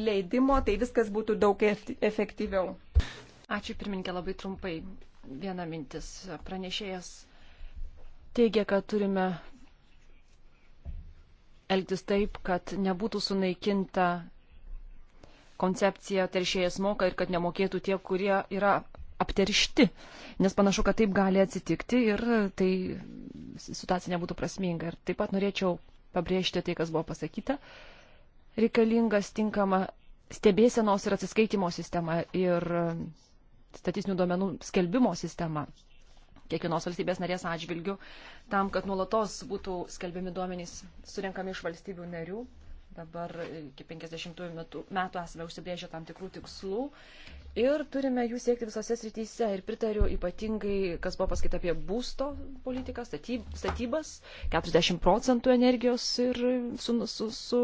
leidimo, tai viskas būtų daug efektyviau. Ačiū pirmininkė labai trumpai. Viena mintis. Pranešėjas teigia, kad turime elgtis taip, kad nebūtų sunaikinta koncepcija teršėjas moka ir kad nemokėtų tie, kurie yra apteršti, nes panašu, kad taip gali atsitikti ir tai situacija nebūtų prasminga. Ir taip pat norėčiau pabrėžti tai, kas buvo pasakyta. Reikalingas tinkama stebėsenos ir atsiskaitimo sistema ir statistinių duomenų skelbimo sistema kiekvienos valstybės narės atžvilgių, tam, kad nuolatos būtų skelbiami duomenys surinkami iš valstybių narių. Dabar iki 50 metų, metų esame užsibrėžę tam tikrų tikslų ir turime jų siekti visose srityse. Ir pritariu ypatingai, kas buvo pasakyta apie būsto politiką, statyb, statybas, 40 procentų energijos ir su, su, su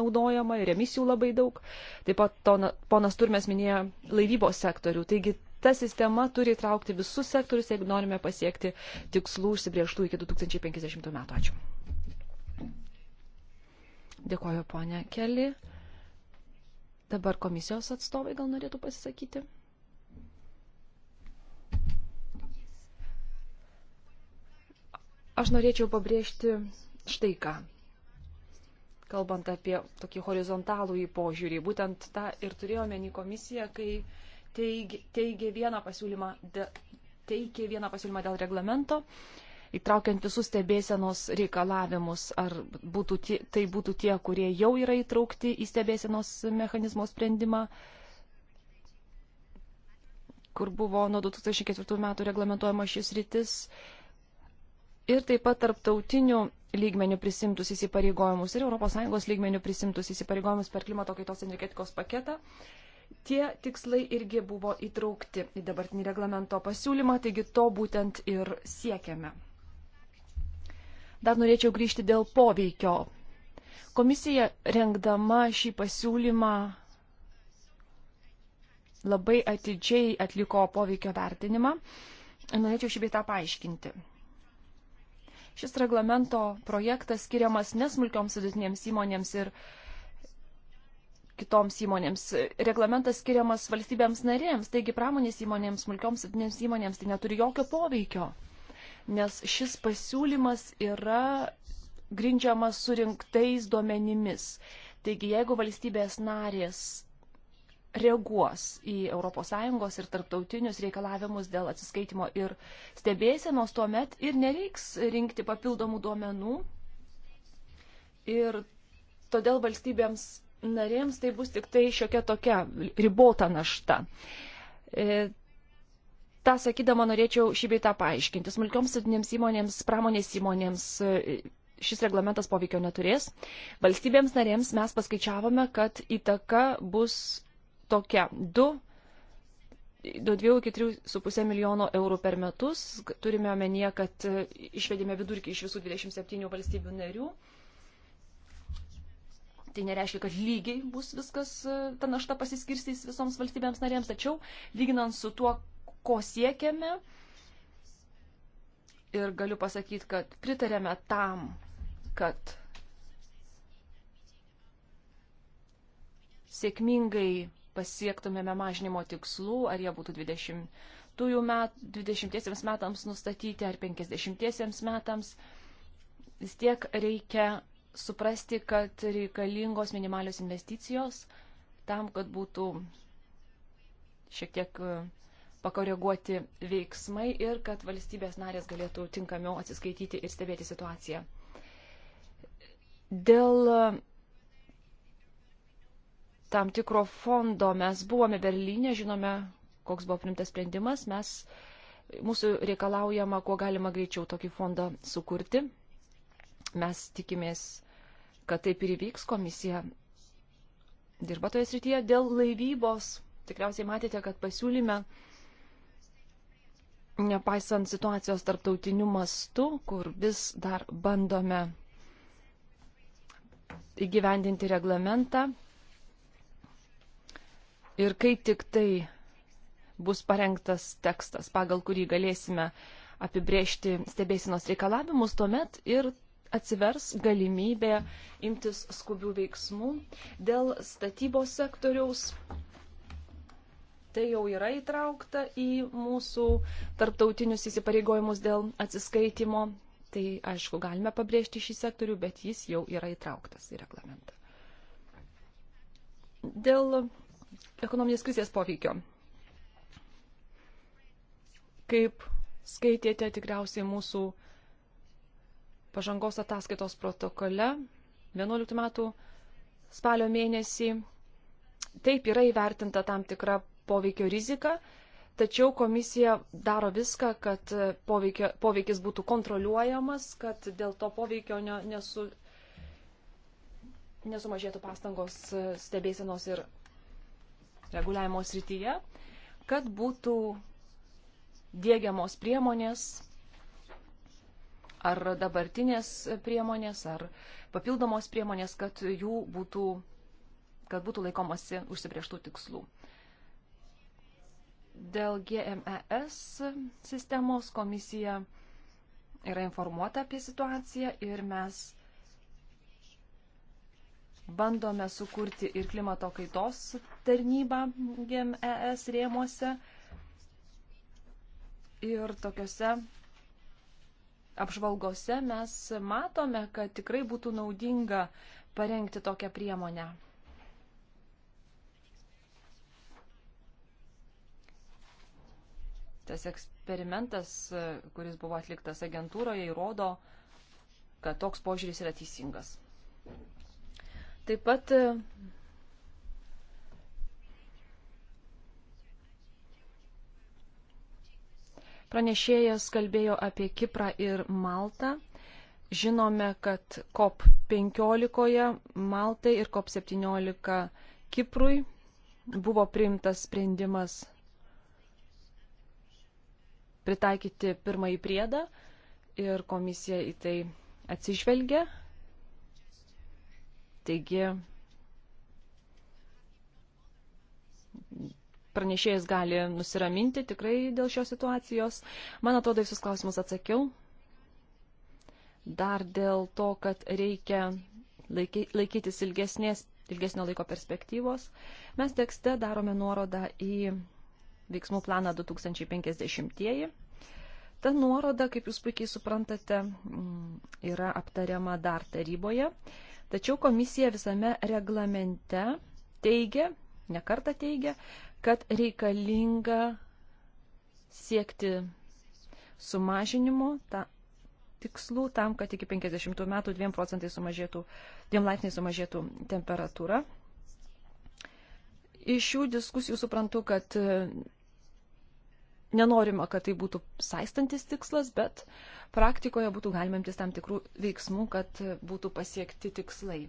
naudojama ir emisijų labai daug. Taip pat to, ponas Turmes minėjo laivybos sektorių. Taigi ta sistema turi įtraukti visus sektorius, jeigu norime pasiekti tikslų užsibrieštų iki 2050 metų. Ačiū. Dėkoju, ponė Keli. Dabar komisijos atstovai gal norėtų pasisakyti. Aš norėčiau pabrėžti štai ką kalbant apie tokį horizontalų į požiūrį. Būtent tą ir turėjo meni komisija, kai teigė, teigė vieną pasiūlymą, de, teikė vieną pasiūlymą dėl reglamento, įtraukiant visus stebėsenos reikalavimus, ar būtų tie, tai būtų tie, kurie jau yra įtraukti į stebėsenos mechanizmo sprendimą, kur buvo nuo 2004 metų reglamentuojama šis rytis, ir taip pat tarptautinių lygmenių prisimtus įsipareigojimus ir ES lygmenių prisimtus įsipareigojimus per klimato kaitos energetikos paketą. Uh, Tie tikslai irgi buvo įtraukti į dabartinį reglamento pasiūlymą, taigi to būtent ir siekiame. Dar norėčiau grįžti dėl poveikio. Komisija rengdama šį pasiūlymą labai atidžiai atliko poveikio vertinimą. Norėčiau šį beitą paaiškinti. Šis reglamento projektas skiriamas nesmulkioms vidutinėms įmonėms ir uh, kitoms įmonėms. Reglamentas skiriamas valstybėms narėms, taigi pramonės įmonėms, smulkioms vidinėms įmonėms tai neturi jokio poveikio, nes šis pasiūlymas yra grindžiamas surinktais duomenimis. Taigi jeigu valstybės narės reaguos į ES ir tarptautinius reikalavimus dėl atsiskaitimo ir stebėsienos, tuomet ir nereiks rinkti papildomų duomenų. Ir todėl valstybėms narėms tai bus tik tai šiokia tokia ribota našta. E, tą sakydama norėčiau šį beitą paaiškinti. Smulkioms sudinėms įmonėms, pramonės įmonėms e, šis reglamentas poveikio neturės. Valstybėms narėms mes paskaičiavome, kad įtaka bus tokia 2. Nuo 2 iki 3,5 milijono eurų per metus turime omenyje, kad e, išvedėme vidurkį iš visų 27 valstybių narių. Tai nereiškia, kad lygiai bus viskas, e, ta našta pasiskirstys visoms valstybėms narėms, tačiau lyginant su tuo, ko siekiame, ir galiu pasakyti, kad pritarėme tam, kad sėkmingai pasiektumėme mažinimo tikslų, ar jie būtų 20, met, 20 metams nustatyti ar 50 metams, vis tiek reikia suprasti, kad reikalingos minimalios investicijos tam, kad būtų šiek tiek e, pakoreguoti veiksmai ir kad valstybės narės galėtų tinkamiau atsiskaityti ir stebėti situaciją. Dėl e, tam tikro fondo mes buvome Berlyne, žinome, koks buvo primtas sprendimas, mes, mūsų reikalaujama, kuo galima greičiau tokį fondą sukurti, Mes tikimės, kad taip ir įvyks komisija. Dirba toje srityje dėl laivybos. Tikriausiai matėte, kad pasiūlyme, nepaisant situacijos tarptautiniu mastu, kur vis dar bandome įgyvendinti reglamentą. Ir kai tik tai bus parengtas tekstas, pagal kurį galėsime apibriežti stebėsinos reikalavimus, tuomet ir atsivers galimybė imtis skubių veiksmų dėl statybos sektoriaus. Tai jau yra įtraukta į mūsų tarptautinius įsipareigojimus dėl atsiskaitimo. Tai aišku, galime pabrėžti šį sektorių, bet jis jau yra įtrauktas į reglamentą. Dėl ekonominės krizės poveikio. Kaip skaitėte tikriausiai mūsų uh, pažangos ataskaitos protokole 11 metų spalio mėnesį. Taip yra įvertinta tam tikra poveikio rizika, tačiau komisija daro viską, kad poveikio, poveikis būtų kontroliuojamas, kad dėl to poveikio ne, nesu, nesumažėtų pastangos stebėsenos ir reguliavimo srityje, kad būtų dėgiamos priemonės ar dabartinės priemonės, ar papildomos priemonės, kad jų būtų, kad būtų laikomasi užsibrieštų tikslų. Dėl GMES sistemos komisija yra informuota apie situaciją ir mes bandome sukurti ir klimato kaitos tarnybą GMES rėmuose ir tokiuose apžvalgose mes matome, kad tikrai būtų naudinga parengti tokią priemonę. Tas eksperimentas, kuris buvo atliktas agentūroje, įrodo, kad toks požiūris yra teisingas. Taip pat Pranešėjas kalbėjo apie Kiprą ir Maltą. Žinome, kad COP15 Maltai ir COP17 Kiprui buvo priimtas sprendimas pritaikyti pirmąjį priedą ir komisija į tai atsižvelgia. Taigi pranešėjas gali nusiraminti tikrai dėl šios situacijos. Man atrodo, visus klausimus atsakiau. Dar dėl to, kad reikia laikytis ilgesnės, ilgesnio laiko perspektyvos, mes tekste darome nuorodą į veiksmų planą 2050-ieji. Ta nuoroda, kaip jūs puikiai suprantate, mm, yra aptariama dar taryboje, tačiau komisija visame reglamente teigia, nekarta teigia, kad reikalinga siekti sumažinimo ta, tikslų tam, kad iki 50 metų 2 procentai sumažėtų, 2 laipsniai sumažėtų temperatūra. Iš šių diskusijų suprantu, kad e, nenorima, kad tai būtų saistantis tikslas, bet praktikoje būtų galima imtis tam tikrų veiksmų, kad e, būtų pasiekti tikslai.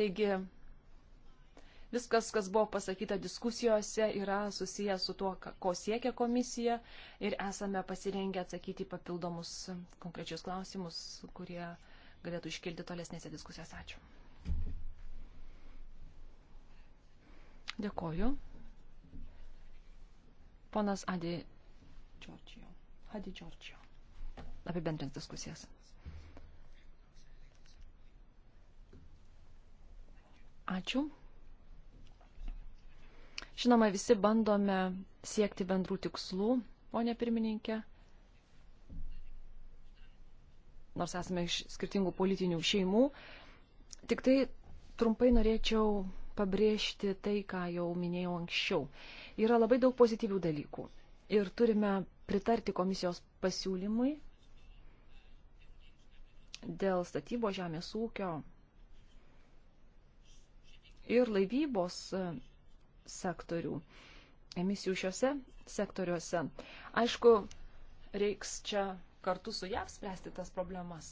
Taigi viskas, kas buvo pasakyta diskusijose, yra susijęs su tuo, ko siekia komisija ir esame pasirengę atsakyti papildomus konkrečius klausimus, kurie galėtų iškilti tolesnėse diskusijose. Ačiū. Dėkoju. Ponas Adi Džordžio. Adi Džordžio. Apibendrins diskusijas. Ačiū. Žinoma, visi bandome siekti bendrų tikslų, ponė pirmininkė. Nors esame iš skirtingų politinių šeimų. Tik tai trumpai norėčiau pabrėžti tai, ką jau minėjau anksčiau. Yra labai daug pozityvių dalykų. Ir turime pritarti komisijos pasiūlymui dėl statybo žemės ūkio ir laivybos e, sektorių, emisijų šiuose sektoriuose. Aišku, reiks čia kartu su JAV spręsti tas problemas.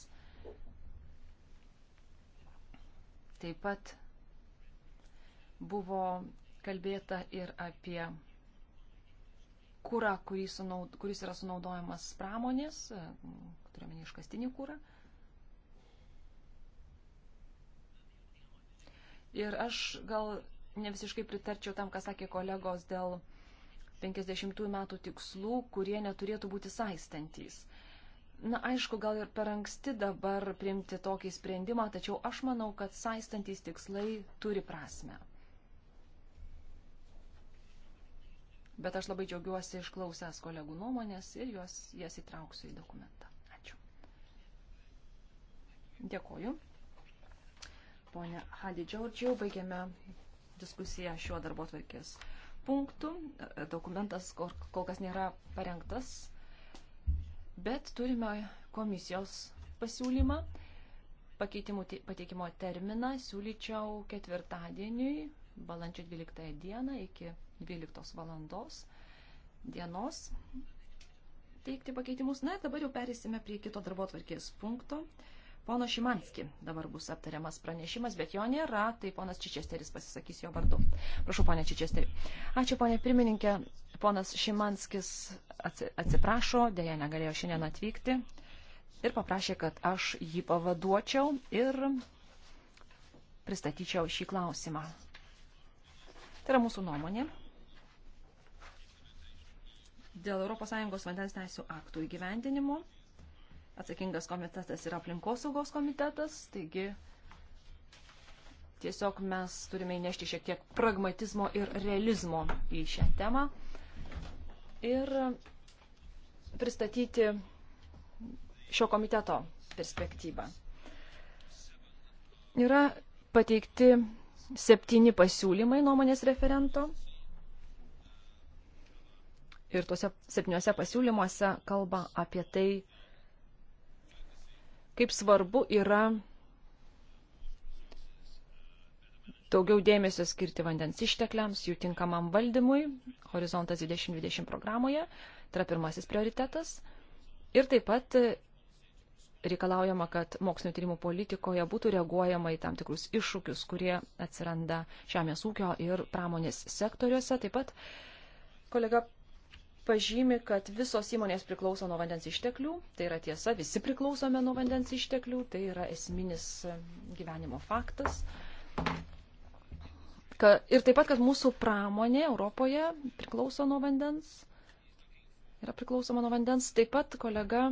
Taip pat buvo kalbėta ir apie kūrą, kuris yra sunaudojamas pramonės, e, turiuomenį iškastinį kūrą. Kūrą Ir aš gal ne visiškai pritarčiau tam, ką sakė kolegos dėl 50 metų tikslų, kurie neturėtų būti saistantys. Na, aišku, gal ir per anksti dabar priimti tokį sprendimą, tačiau aš manau, kad saistantys tikslai turi prasme. Bet aš labai džiaugiuosi išklausęs kolegų nuomonės ir juos, jas įtrauksiu į dokumentą. Ačiū. Dėkoju ponė Hadi Džiordžiau. Baigiame diskusiją šiuo darbo tvarkės punktu. Dokumentas kol kas nėra parengtas, bet turime komisijos pasiūlymą. Pakeitimų pateikimo terminą siūlyčiau ketvirtadieniui, balandžio 12 dieną iki 12 valandos dienos teikti pakeitimus. Na ir dabar jau perėsime prie kito darbo tvarkės punkto. Pono Šimanski dabar bus aptariamas pranešimas, bet jo nėra, tai ponas Čičesteris pasisakys jo vardu. Prašau, ponė Čičesteri. Ačiū, ponė pirmininkė. Ponas Šimanskis atsiprašo, dėja negalėjo šiandien atvykti ir paprašė, kad aš jį pavaduočiau ir pristatyčiau šį klausimą. Tai yra mūsų nuomonė dėl ES vandens teisų aktų įgyvendinimo atsakingas komitetas yra aplinkosaugos komitetas, taigi tiesiog mes turime įnešti šiek tiek pragmatizmo ir realizmo į šią temą ir pristatyti šio komiteto perspektyvą. Yra pateikti septyni pasiūlymai nuomonės referento. Ir tuose septyniuose pasiūlymuose kalba apie tai, kaip svarbu yra daugiau dėmesio skirti vandens ištekliams, jų tinkamam valdymui, horizontas 2020 programoje, tai yra pirmasis prioritetas. Ir taip pat reikalaujama, kad mokslinio tyrimų politikoje būtų reaguojama į tam tikrus iššūkius, kurie atsiranda žemės ūkio ir pramonės sektoriuose. Taip pat kolega pažymi, kad visos įmonės priklauso nuo vandens išteklių, tai yra tiesa, visi priklausome nuo vandens išteklių, tai yra esminis e, gyvenimo faktas. Ka, ir taip pat, kad mūsų pramonė Europoje priklauso nuo vandens, yra priklausoma nuo vandens, taip pat kolega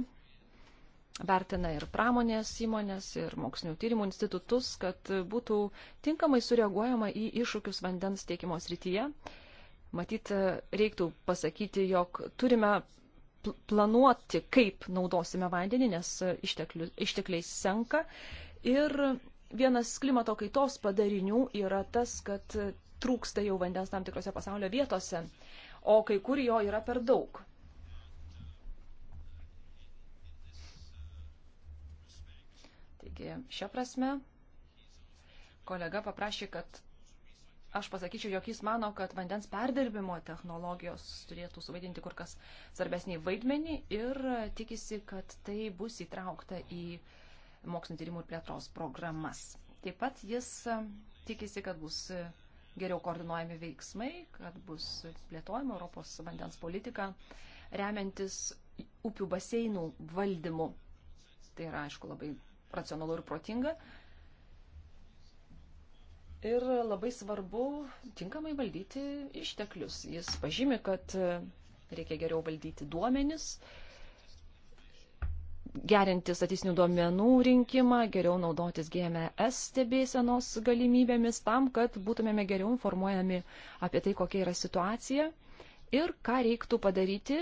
vertina ir pramonės įmonės, ir mokslinio tyrimų institutus, kad būtų tinkamai sureaguojama į iššūkius vandens tiekimo srityje matyt, reiktų pasakyti, jog turime planuoti, kaip naudosime vandenį, nes išteklių, ištekliai senka. Ir vienas klimato kaitos padarinių yra tas, kad trūksta jau vandens tam tikrose pasaulio vietose, o kai kur jo yra per daug. Taigi, šią prasme, kolega paprašė, kad aš pasakyčiau, jog jis mano, kad vandens perdirbimo technologijos turėtų suvaidinti kur kas svarbesnį vaidmenį ir tikisi, kad tai bus įtraukta į mokslinio tyrimų ir plėtros programas. Taip pat jis e, tikisi, kad bus e, geriau koordinuojami veiksmai, kad bus plėtojama Europos vandens politika, remiantis upių baseinų valdymu. Tai yra, aišku, labai racionalu ir protinga ir labai svarbu tinkamai valdyti išteklius. Jis pažymi, kad reikia geriau valdyti duomenis, gerinti statistinių duomenų rinkimą, geriau naudotis GMS e stebėsenos galimybėmis tam, kad būtumėme geriau informuojami apie tai, kokia yra situacija ir ką reiktų padaryti,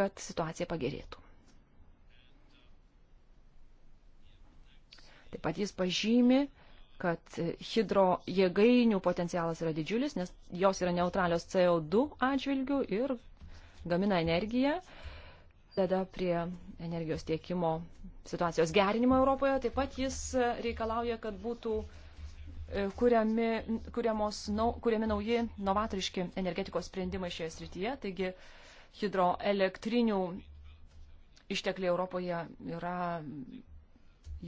kad situacija pagerėtų. Taip pat jis pažymi, kad hidro jėgainių potencialas yra didžiulis, nes jos yra neutralios CO2 atžvilgių ir gamina energiją. Tada prie energijos tiekimo situacijos gerinimo Europoje taip pat jis reikalauja, kad būtų e, kuriami, kuriamos, nau, kuriami nauji novatoriški energetikos sprendimai šioje srityje. Taigi hidroelektrinių ištekliai Europoje yra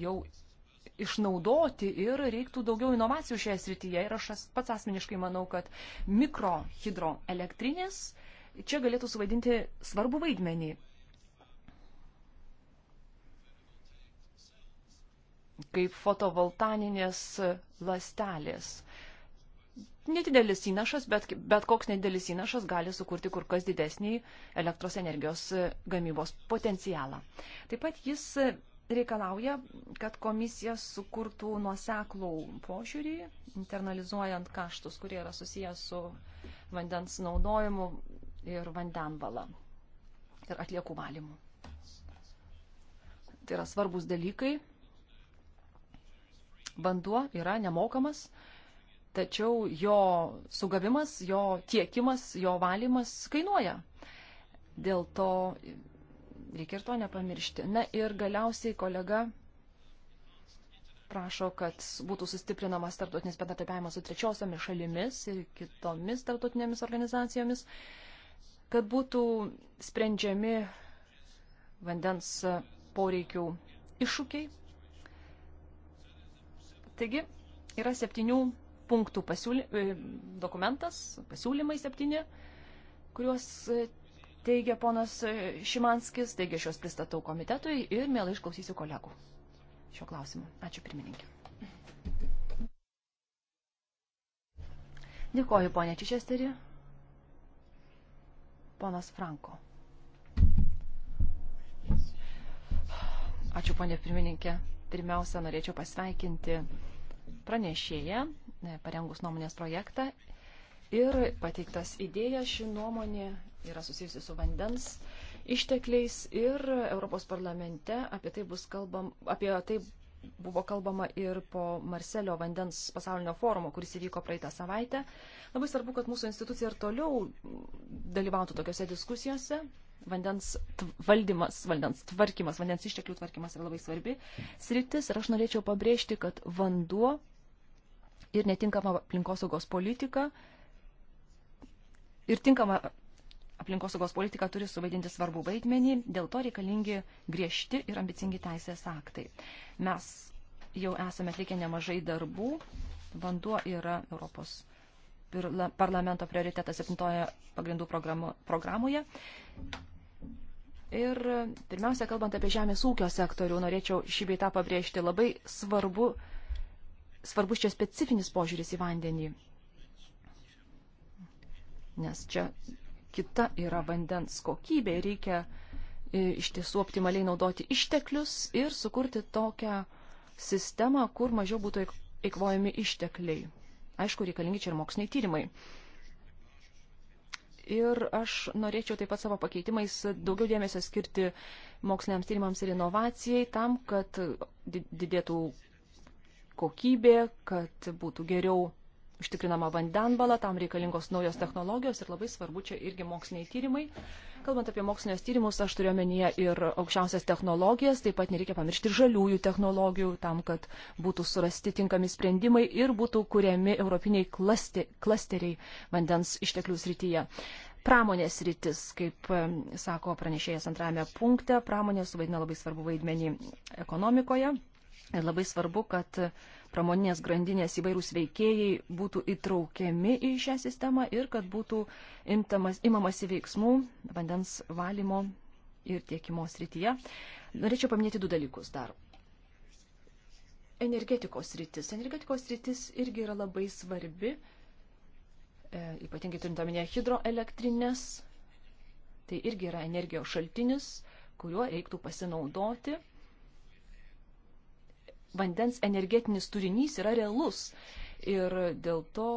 jau išnaudoti ir reiktų daugiau inovacijų šioje srityje. Ir aš pats asmeniškai manau, kad mikrohidroelektrinės čia galėtų suvaidinti svarbų vaidmenį. kaip fotovoltaninės lastelės. Nedidelis įnašas, bet, bet koks nedidelis įnašas gali sukurti kur kas didesnį elektros energijos gamybos potencialą. Taip pat jis reikalauja, kad komisija sukurtų nuoseklų požiūrį, internalizuojant kaštus, kurie yra susijęs su vandens naudojimu ir vandenvalą ir atliekų valymu. Tai yra svarbus dalykai. Vanduo yra nemokamas, tačiau jo sugavimas, jo tiekimas, jo valymas kainuoja. Dėl to Reikia ir to nepamiršti. Na ir galiausiai kolega prašo, kad būtų sustiprinamas tarptautinis bendradarbiavimas su trečiosiomis šalimis ir kitomis tarptautinėmis organizacijomis, kad būtų sprendžiami vandens poreikių iššūkiai. Taigi, yra septynių punktų pasiūly, e, dokumentas, pasiūlymai septyni, kuriuos teigia ponas Šimanskis, taigi aš juos pristatau komitetui ir mielai išklausysiu kolegų šio klausimu. Ačiū pirmininkė. Dėkoju, ponė Čičesterį. Ponas Franko. Ačiū, ponė pirmininkė. Pirmiausia, norėčiau pasveikinti pranešėją, parengus nuomonės projektą ir pateiktas idėja ši nuomonė yra susijusi su vandens ištekliais ir Europos parlamente apie tai, bus kalbam, apie tai buvo kalbama ir po Marselio vandens pasaulinio forumo, kuris įvyko praeitą savaitę. Labai svarbu, kad mūsų institucija ir toliau dalyvautų tokiuose diskusijose. Vandens valdymas, vandens tvarkymas, vandens išteklių tvarkymas yra labai svarbi sritis ir aš norėčiau pabrėžti, kad vanduo ir netinkama aplinkosaugos politika uh, Ir tinkama aplinkosaugos politika turi suvaidinti svarbų vaidmenį, dėl to reikalingi griežti ir ambicingi teisės aktai. Mes jau esame atlikę nemažai darbų, vanduo yra Europos parlamento prioritetas 7 pagrindų programo, programoje. Ir pirmiausia, kalbant apie žemės ūkio sektorių, norėčiau šį beitą pabrėžti labai svarbu, svarbus čia specifinis požiūris į vandenį nes čia kita yra vandens kokybė, reikia e, iš tiesų optimaliai naudoti išteklius ir sukurti tokią sistemą, kur mažiau būtų eikvojami ištekliai. Aišku, reikalingi čia ir moksliniai tyrimai. Ir aš norėčiau taip pat savo pakeitimais daugiau dėmesio skirti moksliniams tyrimams ir inovacijai tam, kad didėtų kokybė, kad būtų geriau užtikrinama vandenbalą, tam reikalingos naujos technologijos ir labai svarbu čia irgi moksliniai tyrimai. Kalbant apie mokslinius tyrimus, aš turiu omenyje ir aukščiausias technologijas, taip pat nereikia pamiršti ir žaliųjų technologijų, tam, kad būtų surasti tinkami sprendimai ir būtų kuriami europiniai klasti, klasteriai vandens išteklių srityje pramonės rytis, kaip sako pranešėjas antrame punkte, pramonė suvaidina labai svarbu vaidmenį ekonomikoje ir labai svarbu, kad pramoninės grandinės įvairūs veikėjai būtų įtraukiami į šią sistemą ir kad būtų imtamas, imamasi veiksmų vandens valymo ir tiekimo srityje. Norėčiau paminėti du dalykus dar. Energetikos sritis. Energetikos sritis irgi yra labai svarbi, e, ypatingai turint omenyje hidroelektrinės. Tai irgi yra energijos šaltinis, kuriuo reiktų pasinaudoti vandens energetinis turinys yra realus. Ir dėl to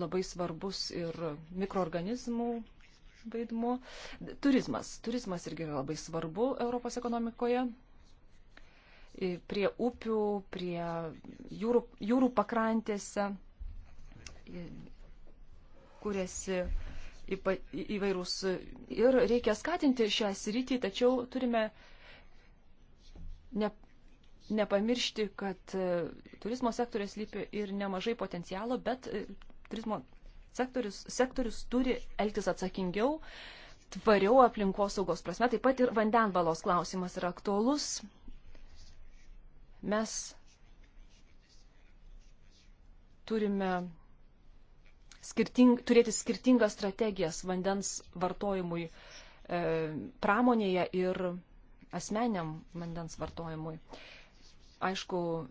labai svarbus ir mikroorganizmų vaidmuo. Turizmas. Turizmas irgi yra labai svarbu Europos ekonomikoje. Prie upių, prie jūrų, jūrų pakrantėse kuriasi įvairūs. Ir reikia skatinti šią sritį, tačiau turime uh, ne, nepamiršti, kad e, turizmo sektorius lypi ir nemažai potencialo, bet e, turizmo sektorius, sektorius turi elgtis atsakingiau, tvariau aplinkosaugos prasme. Taip pat ir vandenvalos klausimas yra aktuolus. Mes turime skirting, turėti skirtingas strategijas vandens vartojimui e, pramonėje ir asmeniam vandens vartojimui. Aišku,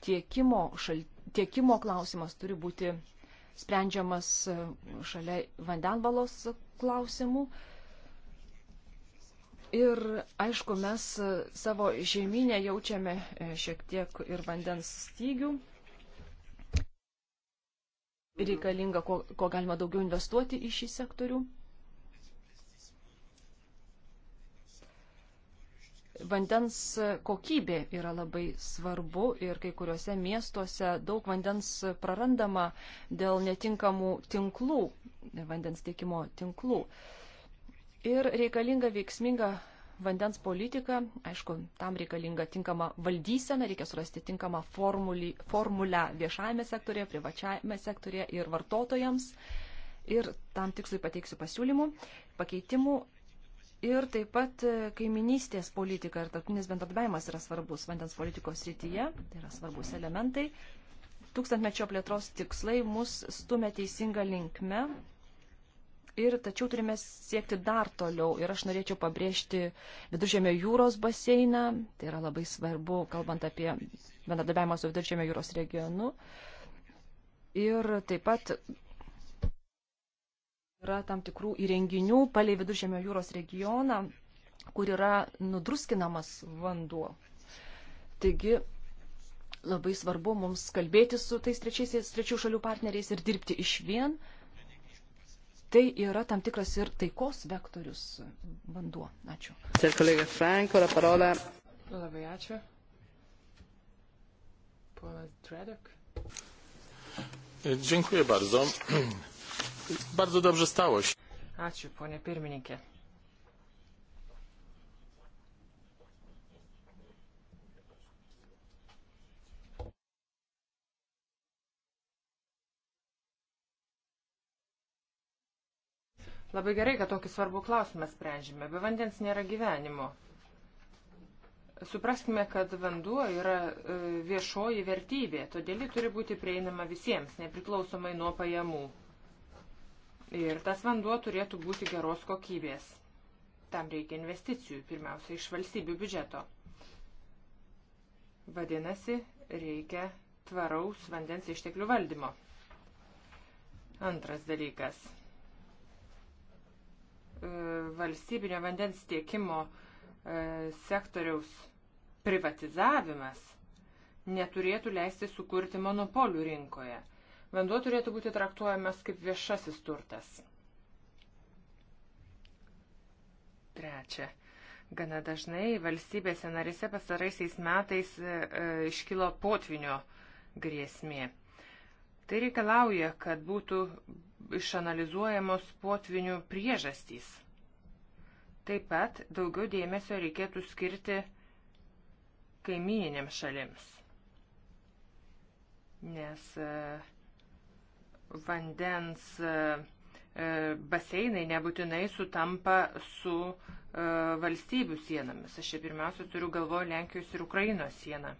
tiekimo, šal, tiekimo klausimas turi būti sprendžiamas e, šalia vandenvalos klausimų. Ir aišku, mes e, savo žemynę jaučiame e, šiek tiek ir vandens stygių. Reikalinga, ko, ko galima daugiau investuoti į šį sektorių. vandens kokybė yra labai svarbu ir kai kuriuose miestuose daug vandens prarandama dėl netinkamų tinklų, vandens tiekimo tinklų. Ir reikalinga veiksminga vandens politika, aišku, tam reikalinga tinkama valdysena, reikia surasti tinkamą formulį, formulę viešajame sektorėje, privačiajame sektorėje ir vartotojams. Ir tam tikslui pateiksiu pasiūlymų, pakeitimų Ir taip pat e, kaiminystės politika ir tarptautinis bendradarbiavimas yra svarbus vandens politikos srityje, tai yra svarbus elementai. Tūkstantmečio plėtros tikslai mus stumia teisinga linkme. Ir tačiau turime siekti dar toliau. Ir aš norėčiau pabrėžti Viduržėmio jūros baseiną. Tai yra labai svarbu, kalbant apie bendradarbiavimą su Viduržėmio jūros regionu. Ir taip pat Yra tam tikrų įrenginių palei viduržėmio jūros regioną, kur yra nudruskinamas vanduo. Taigi labai svarbu mums kalbėti su tais trečių šalių partneriais ir dirbti iš vien. Tai yra tam tikras ir taikos vektorius vanduo. Ačiū. Franco, la parola. Labai ačiū. Ponas Dredek. Dziękuję bardzo bardzo dobrze stało się. Ačiū, ponė pirmininkė. Labai gerai, kad tokį svarbų klausimą sprendžiame. Be vandens nėra gyvenimo. Supraskime, kad vanduo yra e, viešoji vertybė, todėl ji turi būti prieinama visiems, nepriklausomai nuo pajamų. Ir tas vanduo turėtų būti geros kokybės. Tam reikia investicijų, pirmiausia, iš valstybių biudžeto. Vadinasi, reikia tvaraus vandens išteklių valdymo. Antras dalykas. E, valstybinio vandens tiekimo e, sektoriaus privatizavimas neturėtų leisti sukurti monopolių rinkoje – Vanduo turėtų būti traktuojamas kaip viešasis turtas. Trečia. Gana dažnai valstybėse narise pasaraisiais metais e, e, iškilo potvinio grėsmė. Tai reikalauja, kad būtų išanalizuojamos potvinių priežastys. Taip pat daugiau dėmesio reikėtų skirti kaimininėms šalims, nes e, vandens e, e, baseinai nebūtinai sutampa su e, valstybių sienomis. Aš čia pirmiausia turiu galvoje Lenkijos ir Ukrainos sieną.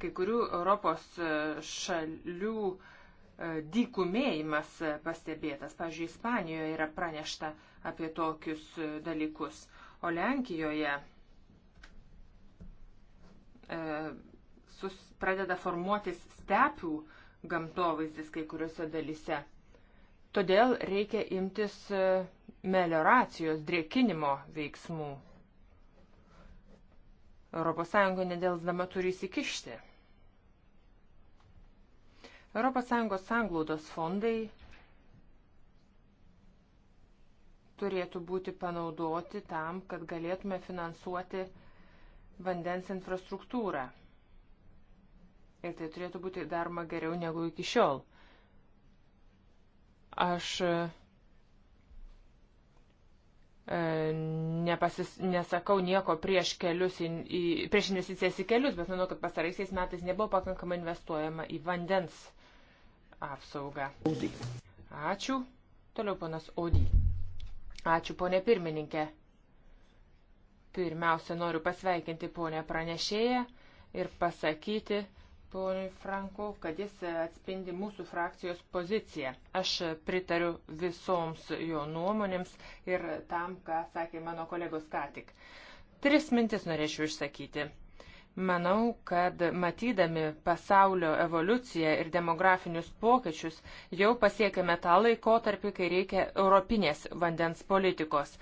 Kai kurių Europos šalių dykumėjimas pastebėtas. Pavyzdžiui, Ispanijoje yra pranešta apie tokius dalykus, o Lenkijoje sus, pradeda formuotis stepių gamtovaizdis kai kuriuose dalyse. Todėl reikia imtis e, melioracijos, drėkinimo veiksmų. ES nedėlsdama turi įsikišti. ES sanglaudos fondai turėtų būti panaudoti tam, kad galėtume finansuoti vandens infrastruktūrą. Ir tai turėtų būti daroma geriau negu iki šiol. Aš e, nepasis, nesakau nieko prieš, kelius in, į, prieš investicijas į kelius, bet manau, kad pastaraisiais metais nebuvo pakankamai investuojama į vandens apsaugą. Audį. Ačiū. Toliau panas Audį. Ačiū, ponė pirmininkė. Pirmiausia, noriu pasveikinti ponę pranešėją ir pasakyti, ponui Franku, kad jis atspindi mūsų frakcijos poziciją. Aš pritariu visoms jo nuomonėms ir tam, ką sakė mano kolegos ką tik. Tris mintis norėčiau išsakyti. Manau, kad matydami pasaulio evoliuciją ir demografinius pokyčius jau pasiekėme tą laikotarpį, kai reikia europinės vandens politikos.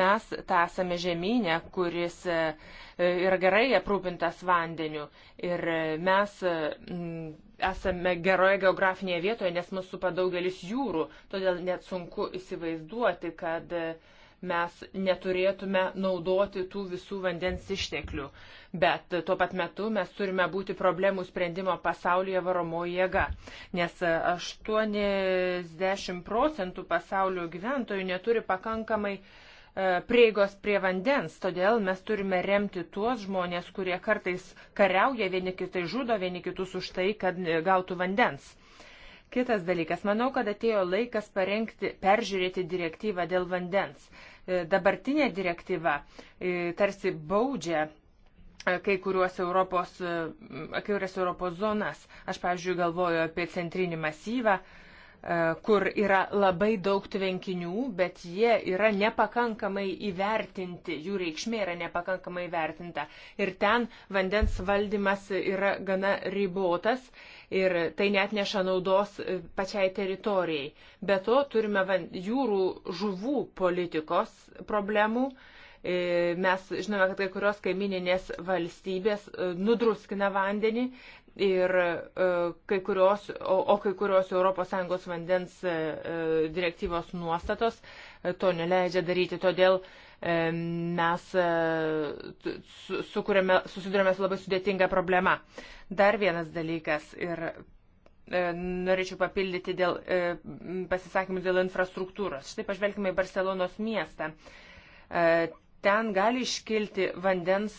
Mes tąsame žemynę, kuris e, yra gerai aprūpintas vandeniu ir e, mes esame geroje geografinėje vietoje, nes mūsų supa daugelis jūrų, todėl net sunku įsivaizduoti, kad uh, mes neturėtume naudoti tų visų vandens išteklių. Bet tuo pat metu mes turime būti problemų sprendimo pasaulyje varomoji jėga, nes 80 procentų pasaulio gyventojų neturi pakankamai e, prieigos prie vandens, todėl mes turime remti tuos žmonės, kurie kartais kariauja vieni kitai, žudo vieni kitus už tai, kad e, gautų vandens. Kitas dalykas, manau, kad atėjo laikas parengti, peržiūrėti direktyvą dėl vandens. Dabartinė direktyva e, tarsi baudžia e, kai kuriuos Europos, e, kai kurias Europos zonas. Aš, pavyzdžiui, galvoju apie centrinį masyvą, kur yra labai daug tvenkinių, bet jie yra nepakankamai įvertinti, jų reikšmė yra nepakankamai įvertinta. Ir ten vandens valdymas yra gana ribotas ir tai net neša naudos e, pačiai teritorijai. Be to turime jūrų žuvų politikos problemų. E, mes žinome, kad kai kurios kaimininės valstybės e, nudruskina vandenį ir kai kurios, o, o kai kurios ES vandens direktyvos nuostatos to neleidžia daryti. Todėl uh, E, mes e, susidurėme su labai sudėtinga problema. Dar vienas dalykas ir e, norėčiau papildyti dėl pasisakymų dėl infrastruktūros. Štai pažvelgime į Barcelonos miestą. Ten gali iškilti vandens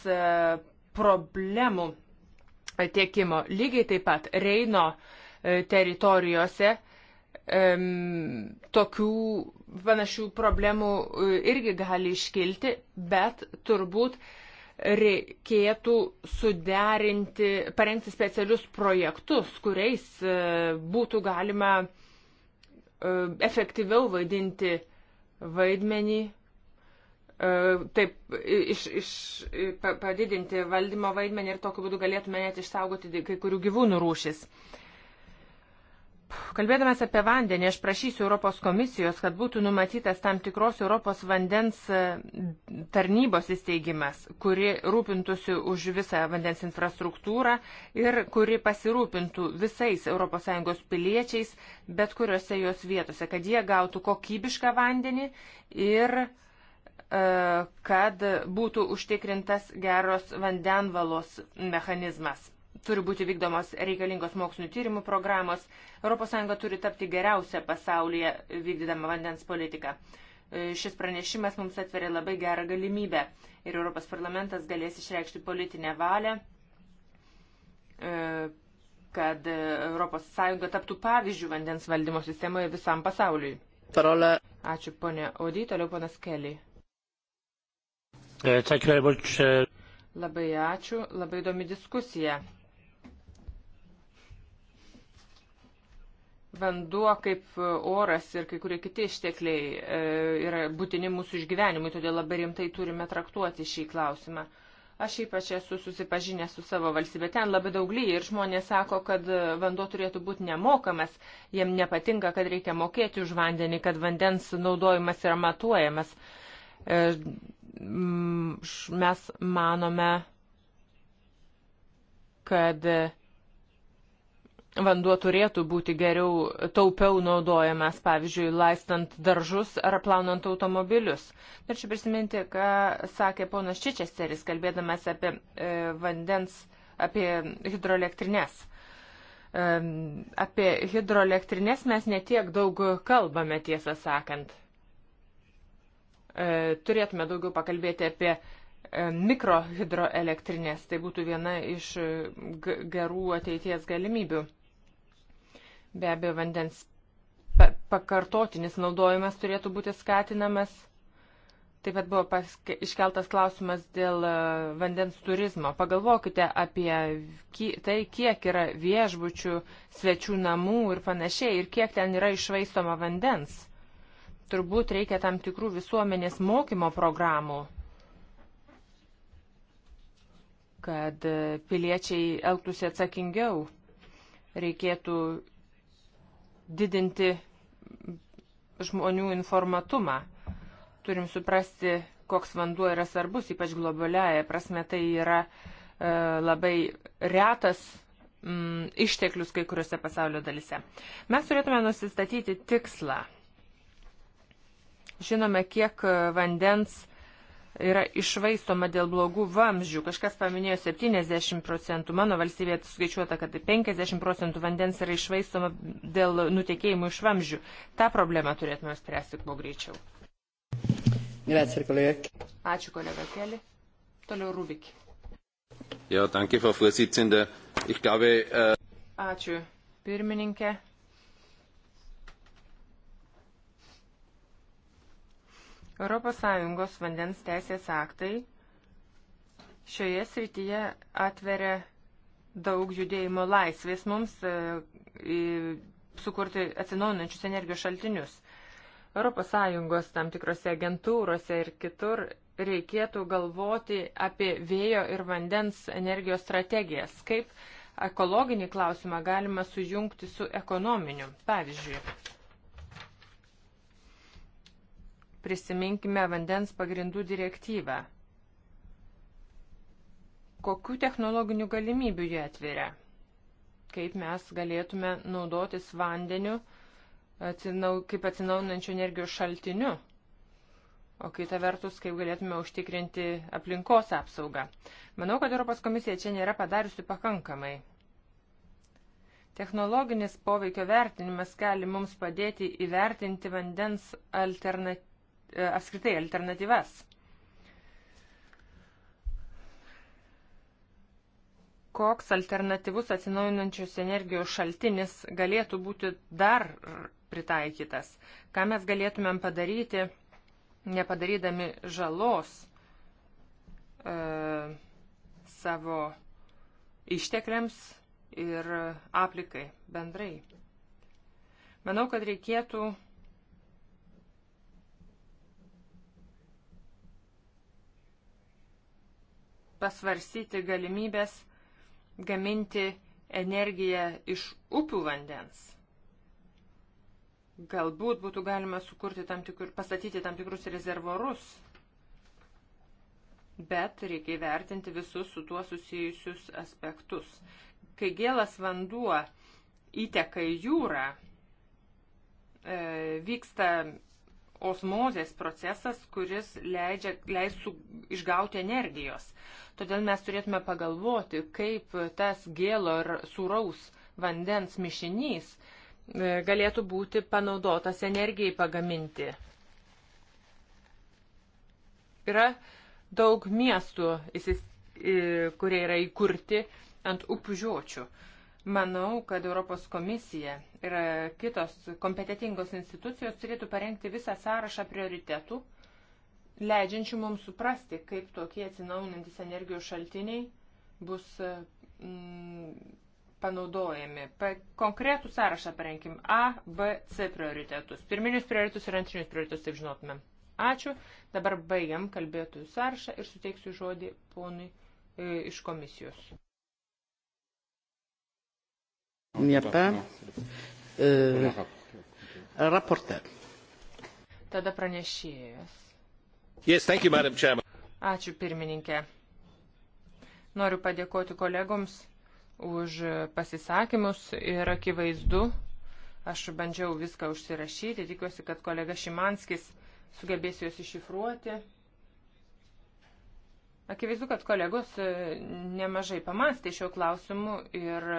problemų tiekimo. Lygiai taip pat Reino teritorijose tokių panašių problemų e, irgi gali iškilti, bet turbūt reikėtų suderinti, parengti specialius projektus, kuriais e, būtų galima e, efektyviau vaidinti vaidmenį, taip iš, iš, padidinti valdymo vaidmenį ir tokiu būdu galėtume net išsaugoti kai kurių gyvūnų rūšis. Uh, Kalbėdamas apie vandenį, aš prašysiu Europos komisijos, kad būtų numatytas tam tikros Europos vandens e, tarnybos įsteigimas, kuri rūpintųsi už visą vandens infrastruktūrą ir kuri pasirūpintų visais ES piliečiais, bet kuriuose jos vietose, kad jie gautų kokybišką vandenį ir e, kad būtų užtikrintas geros vandenvalos mechanizmas turi būti vykdomos reikalingos mokslinių tyrimų programos. ES turi tapti geriausia pasaulyje vykdydama vandens politiką. E, šis pranešimas mums atveria labai gerą galimybę ir Europos parlamentas galės išreikšti politinę valią, e, kad ES taptų pavyzdžių vandens valdymo sistemoje visam pasauliui. Parola. Ačiū, ponė Audy, toliau ponas Kelly. E, labai ačiū, labai įdomi diskusija. vanduo kaip oras ir kai kurie kiti ištekliai e, yra būtini mūsų išgyvenimui, todėl labai rimtai turime traktuoti šį klausimą. Aš ypač esu susipažinęs su savo valstybė, ten labai daug lyja ir žmonės sako, kad vanduo turėtų būti nemokamas, jiem nepatinka, kad reikia mokėti už vandenį, kad vandens naudojimas yra matuojamas. E, mes manome, kad vanduo turėtų būti geriau taupiau naudojamas, pavyzdžiui, laistant daržus ar plaunant automobilius. Norėčiau prisiminti, ką sakė ponas Čičesteris, kalbėdamas apie e, vandens, apie hidroelektrinės. E, apie hidroelektrinės mes netiek daug kalbame, tiesą sakant. E, turėtume daugiau pakalbėti apie e, mikrohidroelektrinės. Tai būtų viena iš e, gerų ateities galimybių. Be abejo, vandens pakartotinis naudojimas turėtų būti skatinamas. Taip pat buvo paske, iškeltas klausimas dėl e, vandens turizmo. Pagalvokite apie tai, kiek yra viešbučių, svečių namų ir panašiai, ir kiek ten yra išvaistoma vandens. Turbūt reikia tam tikrų visuomenės mokymo programų, kad e, piliečiai elgtųsi atsakingiau. Reikėtų didinti žmonių informatumą. Turim suprasti, koks vanduo yra svarbus, ypač globaliaja prasme tai yra e, labai retas m, mm, išteklius kai kuriuose pasaulio dalise. Mes turėtume nusistatyti tikslą. Žinome, kiek e, vandens yra išvaistoma dėl blogų vamzdžių. Kažkas paminėjo 70 procentų, mano valstybėje skaičiuota, kad 50 procentų vandens yra išvaistoma dėl nutekėjimų iš vamzdžių. Ta problema turėtume spręsti kuo greičiau. Grazie, kolega. Ačiū, kolega Keli. Toliau Rubik. Ja, danke, Frau Vorsitzende. Ich glaube, äh... Ačiū, pirmininkė ES vandens teisės aktai šioje srityje atveria daug judėjimo laisvės mums e, sukurti atsinaujinančius energijos šaltinius. ES tam tikrose agentūrose ir kitur reikėtų galvoti apie vėjo ir vandens energijos strategijas, kaip ekologinį klausimą galima sujungti su ekonominiu. Pavyzdžiui, Prisiminkime vandens pagrindų direktyvą. Kokių technologinių galimybių jie atveria? Kaip mes galėtume naudotis vandeniu atsinau, kaip atsinaunančių energijos šaltiniu? o kita vertus, kaip galėtume užtikrinti aplinkos apsaugą. Manau, kad Europos komisija čia nėra padariusi pakankamai. Technologinis poveikio vertinimas gali mums padėti įvertinti vandens alternat apskritai alternatyvas. Koks alternatyvus atsinaujinančios energijos šaltinis galėtų būti dar pritaikytas? Ką mes galėtumėm padaryti, nepadarydami žalos e, savo ištekliams ir aplikai bendrai? Manau, kad reikėtų pasvarsyti galimybės gaminti energiją iš upių vandens. Galbūt būtų galima sukurti tam tikrus, pastatyti tam tikrus rezervorus, bet reikia įvertinti visus su tuo susijusius aspektus. Kai gėlas vanduo įteka į jūrą, e, vyksta osmozės procesas, kuris leidžia, leis su, išgauti energijos. Todėl mes turėtume pagalvoti, kaip tas gėlo ir sūraus vandens mišinys e, galėtų būti panaudotas energijai pagaminti. Yra daug miestų, e, kurie yra įkurti ant upių žiočių. Manau, kad Europos komisija ir kitos kompetitingos institucijos turėtų parengti visą sąrašą prioritetų, leidžiančių mums suprasti, kaip tokie atsinaujantis energijos šaltiniai bus mm, panaudojami. Pa, konkretų sąrašą parenkim A, B, C prioritetus. Pirminius prioritetus ir antrinius prioritetus, taip žinotumėm. Ačiū. Dabar baigiam kalbėtojų sąrašą ir suteiksiu žodį ponui e, iš komisijos. Il n'y a pas. Euh, rapporteur. Tada pranešėjas. Yes, thank you, Madam Chairman. Ačiū pirmininkė. Noriu padėkoti kolegoms už pasisakymus ir akivaizdu, aš bandžiau viską užsirašyti, tikiuosi, kad kolega Šimanskis sugebės juos iššifruoti. Akivaizdu, kad kolegos e, nemažai pamastė šio klausimu ir e,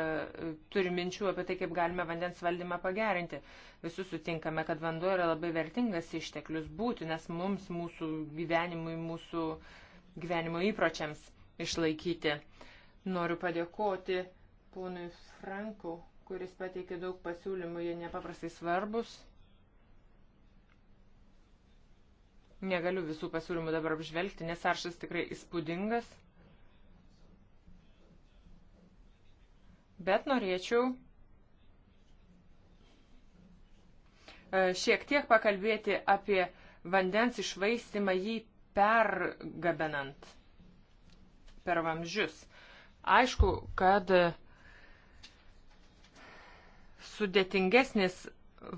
turi minčių apie tai, kaip galime vandens valdymą pagerinti. Visus sutinkame, kad vanduo yra labai vertingas išteklius, būtinas mums, mūsų gyvenimui, mūsų gyvenimo įpročiams išlaikyti. Noriu padėkoti ponui Franku, kuris pateikė daug pasiūlymų, jie nepaprastai svarbus. Negaliu visų pasiūlymų dabar apžvelgti, nes aršas tikrai įspūdingas. Bet norėčiau e, šiek tiek pakalbėti apie vandens išvaistimą jį pergabenant per vamzdžius. Aišku, kad sudėtingesnis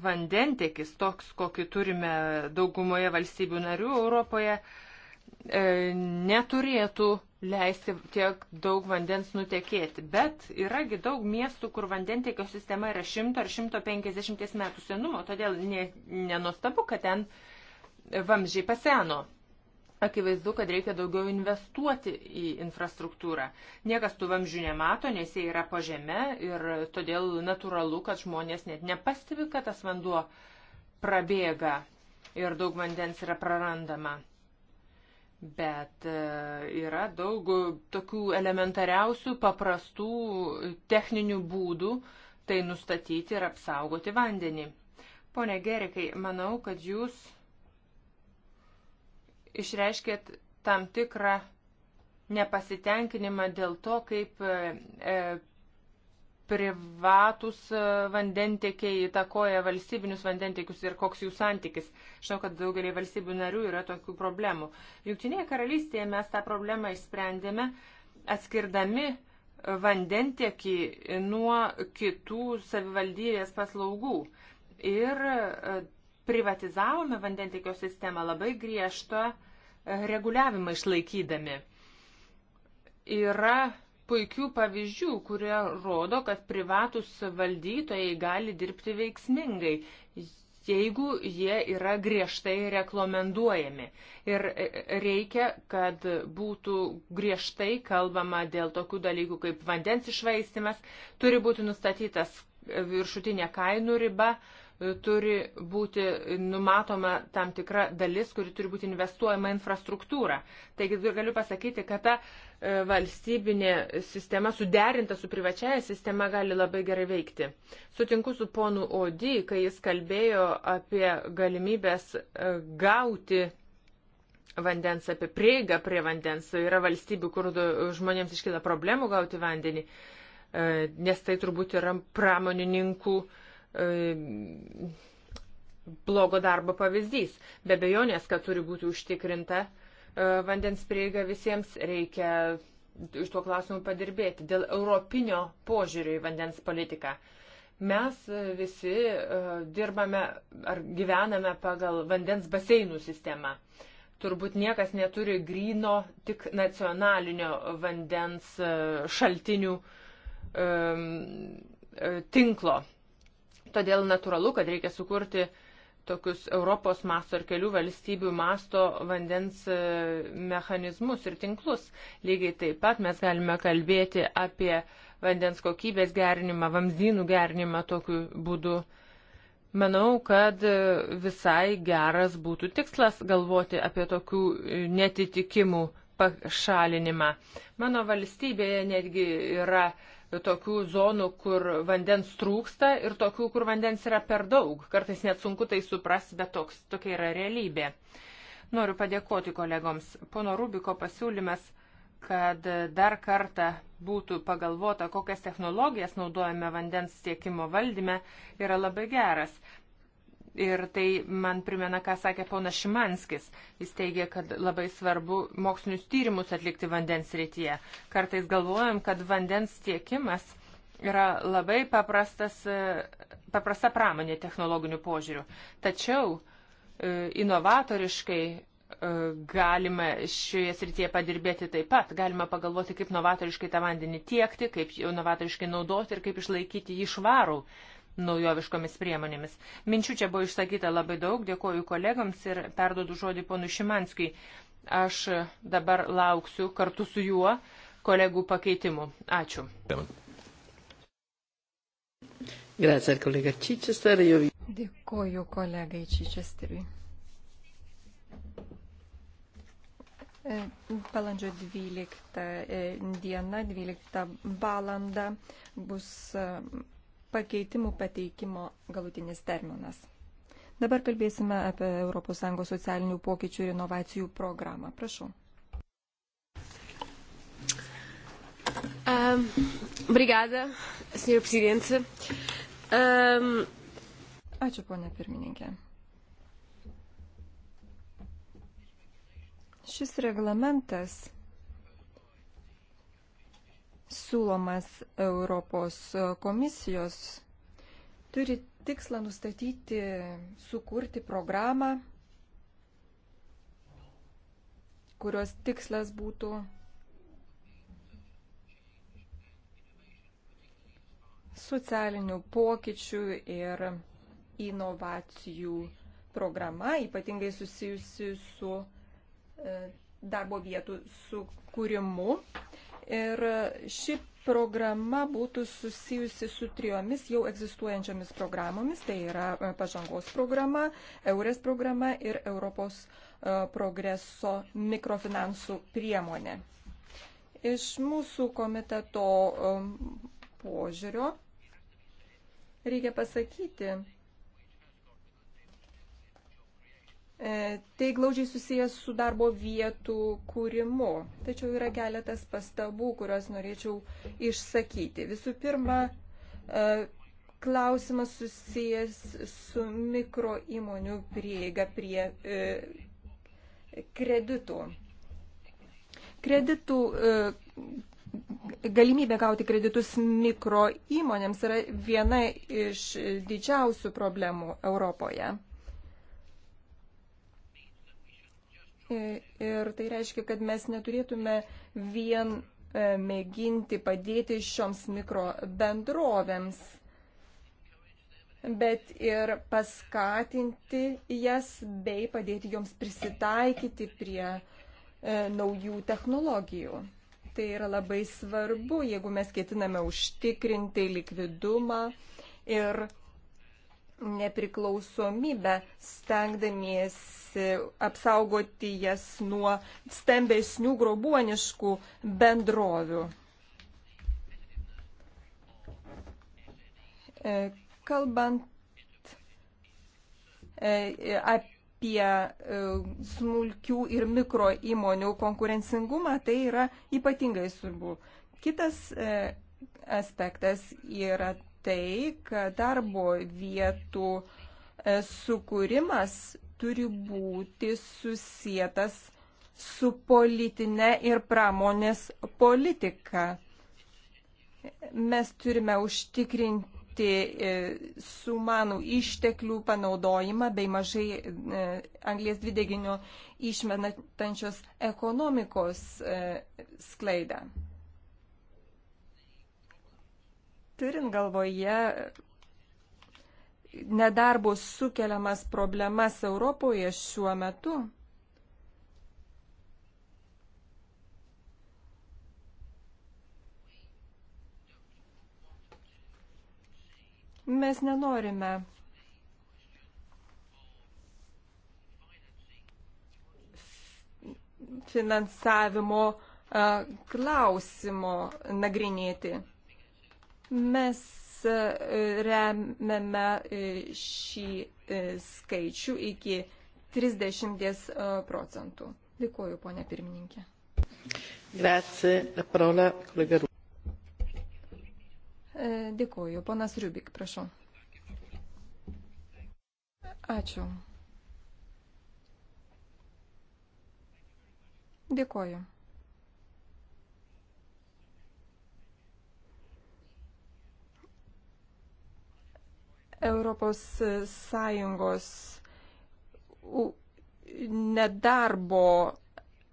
vandentekis, toks, kokį turime daugumoje valstybių narių Europoje, e, neturėtų leisti tiek daug vandens nutekėti. Bet yragi daug miestų, kur vandentekio sistema yra 100 ar 150 metų senumo, todėl ne, nenostabu, kad ten vamžiai paseno. Akivaizdu, kad reikia daugiau investuoti į infrastruktūrą. Niekas tų vamzdžių nemato, nes jie yra po žeme ir todėl natūralu, kad žmonės net nepastebi, kad tas vanduo prabėga ir daug vandens yra prarandama. Bet e, yra daug tokių elementariausių, paprastų techninių būdų tai nustatyti ir apsaugoti vandenį. Pone Gerikai, manau, kad jūs išreiškėt tam tikrą nepasitenkinimą dėl to, kaip e, e privatus e, vandentiekiai įtakoja valstybinius vandentiekius ir koks jų santykis. Žinau, kad daugelį valstybių narių yra tokių problemų. Junktinėje karalystėje mes tą problemą išsprendėme atskirdami vandentiekį nuo kitų savivaldybės paslaugų. Ir e, privatizavome vandentikio sistemą labai griežto e, reguliavimą išlaikydami. Yra puikių pavyzdžių, kurie rodo, kad privatus valdytojai gali dirbti veiksmingai, jeigu jie yra griežtai reklamenduojami. Ir e, reikia, kad būtų griežtai kalbama dėl tokių dalykų kaip vandens išvaistimas, turi būti nustatytas e, viršutinė kainų riba, uh, turi būti numatoma tam tikra dalis, kuri turi būti investuojama infrastruktūrą. Taigi galiu pasakyti, kad ta e, valstybinė sistema suderinta su privačiaja sistema gali labai gerai veikti. Sutinku su ponu Odi, kai jis kalbėjo apie galimybės e, gauti vandens, apie prieigą prie vandens. Yra valstybių, kur e, žmonėms iškyla problemų gauti vandenį, nes tai turbūt yra pramonininkų uh, E, blogo darbo pavyzdys. Be bejonės, kad turi būti užtikrinta e, vandens prieiga visiems, reikia iš tuo klausimu padirbėti dėl europinio požiūrio į vandens politiką. Mes e, visi dirbame ar gyvename pagal vandens baseinų sistemą. Turbūt niekas neturi gryno tik nacionalinio vandens šaltinių um, tinklo Todėl natūralu, kad reikia sukurti tokius Europos masto ir kelių valstybių masto vandens e, mechanizmus ir tinklus. Lygiai taip pat mes galime kalbėti apie vandens kokybės gerinimą, vamzdynų gerinimą tokiu būdu. Manau, kad e, visai geras būtų tikslas galvoti apie tokių e, netitikimų pašalinimą. Mano valstybėje netgi yra tokių zonų, kur vandens trūksta ir tokių, kur vandens yra per daug. Kartais net sunku tai suprasti, bet toks, tokia yra realybė. Noriu padėkoti kolegoms. Pono Rubiko pasiūlymas, kad dar kartą būtų pagalvota, kokias technologijas naudojame vandens tiekimo valdyme, yra labai geras. Ir tai man primena, ką sakė ponas Šimanskis. Jis teigia, kad labai svarbu mokslinius tyrimus atlikti vandens rytyje. Kartais galvojam, kad vandens tiekimas yra labai paprastas, e, paprasta pramonė technologinių požiūrių. Tačiau e, inovatoriškai e, galima šioje srityje padirbėti taip pat. Galima pagalvoti, kaip novatoriškai tą vandenį tiekti, kaip novatoriškai naudoti ir kaip išlaikyti jį švarų naujoviškomis priemonėmis. Minčių čia buvo išsakyta labai daug, dėkoju kolegams ir perdodu žodį ponui Šimanskijui. Aš dabar lauksiu kartu su juo kolegų pakeitimų. Ačiū. Grazie, kolega Čičester. Dėkoju kolegai Čičesteriui. E, balandžio 12 e, diena, 12 valanda bus e, pakeitimų pateikimo galutinis terminas. Dabar kalbėsime apie ES socialinių pokyčių ir inovacijų programą. Prašau. Um, brigada, senjor prezidentė. Um... Ačiū, ponia pirmininkė. Šis reglamentas siūlomas Europos komisijos turi tikslą nustatyti, sukurti programą, kurios tikslas būtų socialinių pokyčių ir inovacijų programa, ypatingai susijusi su e, darbo vietų sukūrimu Ir ši programa būtų susijusi su trijomis jau egzistuojančiomis programomis, tai yra e, pažangos programa, Eures programa ir Europos e, progreso mikrofinansų priemonė. Iš mūsų komiteto e, požiūrio reikia pasakyti, E, tai glaudžiai susijęs su darbo vietų kūrimu. Tačiau yra keletas pastabų, kuriuos norėčiau išsakyti. Visų pirma, e, klausimas susijęs su mikro įmonių prieiga prie e, kreditų. Kreditų galimybė gauti kreditus mikro įmonėms yra viena iš didžiausių problemų Europoje. Ir tai reiškia, kad mes neturėtume vien e, mėginti padėti šioms mikro bendrovėms, bet ir paskatinti jas bei padėti joms prisitaikyti prie e, naujų technologijų. Tai yra labai svarbu, jeigu mes ketiname užtikrinti likvidumą ir nepriklausomybę, stengdamiesi stengiasi apsaugoti jas nuo stambesnių grobuoniškų bendrovių. E, kalbant e, apie apie smulkių ir mikro įmonių konkurencingumą, tai yra ypatingai svarbu. Kitas e, aspektas yra tai, kad darbo vietų sukūrimas turi būti susietas su politinė ir pramonės politika. Mes turime užtikrinti e, sumanų išteklių panaudojimą bei mažai e, anglės dvideginio išmetančios ekonomikos e, sklaidą. Turint galvoje nedarbo sukeliamas problemas Europoje šiuo metu? Mes nenorime finansavimo klausimo nagrinėti. Mes remiame e, šį e, skaičių iki 30 e, procentų. Dėkuoju, ponė pirmininkė. Grazie, la parola kolega Dėkuoju, ponas Riubik, prašau. Ačiū. Dėkuoju. ES nedarbo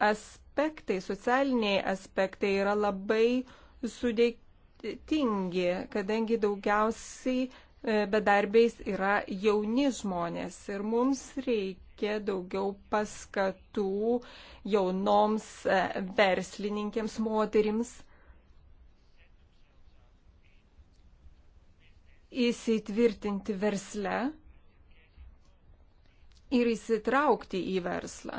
aspektai, socialiniai aspektai yra labai sudėtingi, kadangi daugiausiai e, bedarbiais yra jauni žmonės ir mums reikia daugiau paskatų jaunoms e, verslininkėms, moterims įsitvirtinti versle ir įsitraukti į verslą.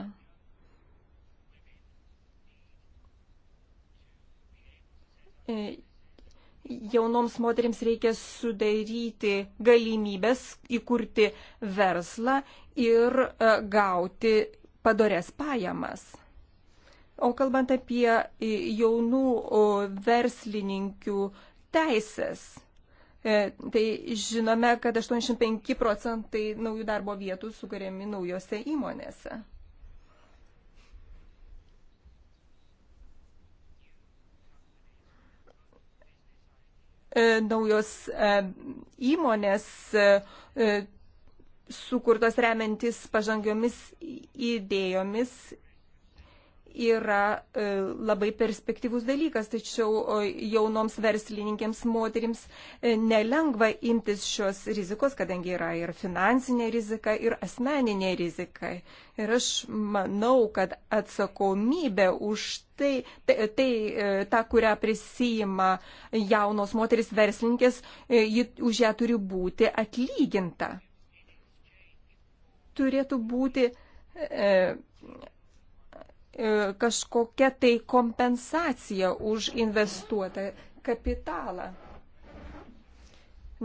E, jaunoms moteriams reikia sudaryti galimybės įkurti verslą ir e, gauti padorės pajamas. O kalbant apie e, jaunų verslininkių teisės, E, tai žinome, kad 85 procentai naujų darbo vietų sukūrėmi naujose įmonėse. E, naujos e, įmonės sukurtos remiantis pažangiomis idėjomis yra e, labai perspektyvus dalykas, tačiau jaunoms verslininkėms moterims e, nelengva imtis šios rizikos, kadangi yra ir finansinė rizika, ir asmeninė rizika. Ir aš manau, kad atsakomybė už tai, tai, tai ta, kurią prisijima jaunos moteris verslininkės, ji, už ją turi būti atlyginta. Turėtų būti. E, E, kažkokia tai kompensacija už investuotą kapitalą.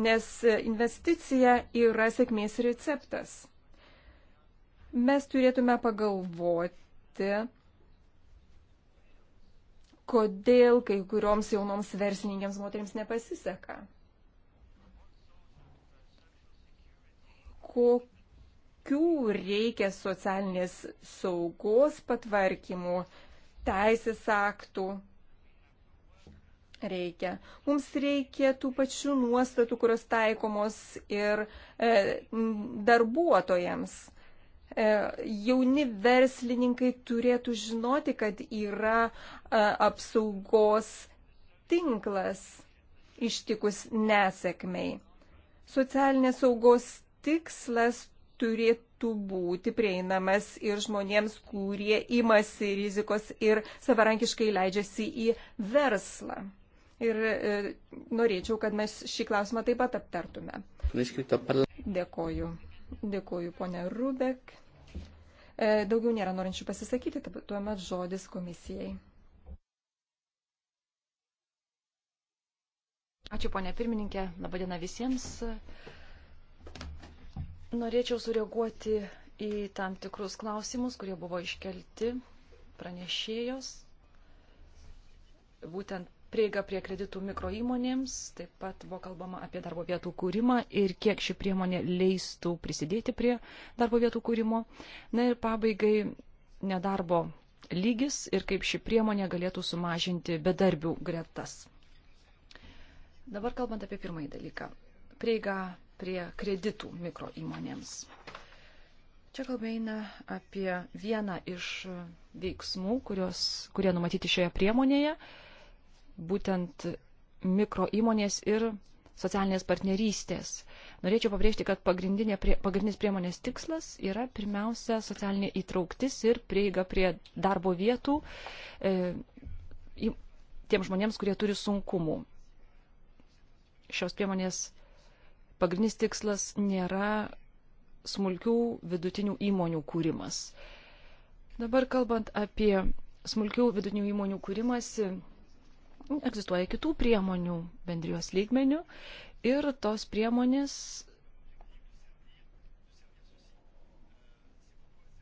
Nes investicija yra sėkmės receptas. Mes turėtume pagalvoti, kodėl kai kurioms jaunoms verslininkėms moteriams nepasiseka. Kok kokių reikia socialinės saugos patvarkymų, teisės aktų. Reikia. Mums reikia tų pačių nuostatų, kurios taikomos ir e, darbuotojams. E, jauni verslininkai turėtų žinoti, kad yra e, apsaugos tinklas ištikus nesėkmei. Socialinės saugos tikslas turėtų būti prieinamas ir žmonėms, kurie imasi rizikos ir savarankiškai leidžiasi į verslą. Ir e, norėčiau, kad mes šį klausimą taip pat aptartume. Dėkoju. Dėkoju, ponė Rubek. E, daugiau nėra norinčių pasisakyti, tuomet žodis komisijai. Ačiū, ponė pirmininkė. Labadiena visiems. E, Norėčiau sureaguoti į tam tikrus klausimus, kurie buvo iškelti pranešėjos, būtent prieiga prie kreditų mikro įmonėms, taip pat buvo kalbama apie darbo vietų kūrimą ir kiek ši priemonė leistų prisidėti prie darbo vietų kūrimo. Na ir pabaigai nedarbo lygis ir kaip ši priemonė galėtų sumažinti bedarbių gretas. Dabar kalbant apie pirmąjį dalyką. Prieiga prie kreditų mikro įmonėms. Čia kalba eina apie vieną iš veiksmų, kurios, kurie numatyti šioje priemonėje, būtent mikro įmonės ir socialinės partnerystės. Norėčiau pabrėžti, kad pagrindinė, prie, pagrindinis priemonės tikslas yra pirmiausia socialinė įtrauktis ir prieiga prie darbo vietų e, tiem žmonėms, kurie turi sunkumų. Šios priemonės Pagrindinis tikslas nėra smulkių vidutinių įmonių kūrimas. Dabar kalbant apie smulkių vidutinių įmonių kūrimasi, egzistuoja kitų priemonių bendrijos lygmenių ir tos priemonės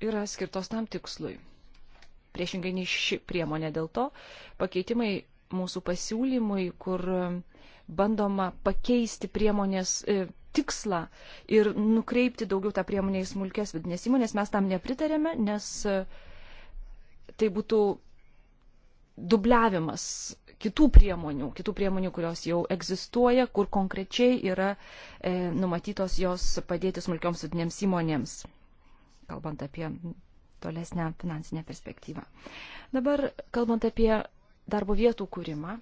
yra skirtos tam tikslui. Priešingai nei ši priemonė dėl to pakeitimai mūsų pasiūlymui, kur bandoma pakeisti priemonės e, tikslą ir nukreipti daugiau tą priemonę į smulkės vidinės įmonės. Mes tam nepritarėme, nes e, tai būtų dubliavimas kitų priemonių, kitų priemonių, kurios jau egzistuoja, kur konkrečiai yra e, numatytos jos padėti smulkioms vidinėms įmonėms, kalbant apie tolesnę finansinę perspektyvą. Dabar kalbant apie darbo vietų kūrimą,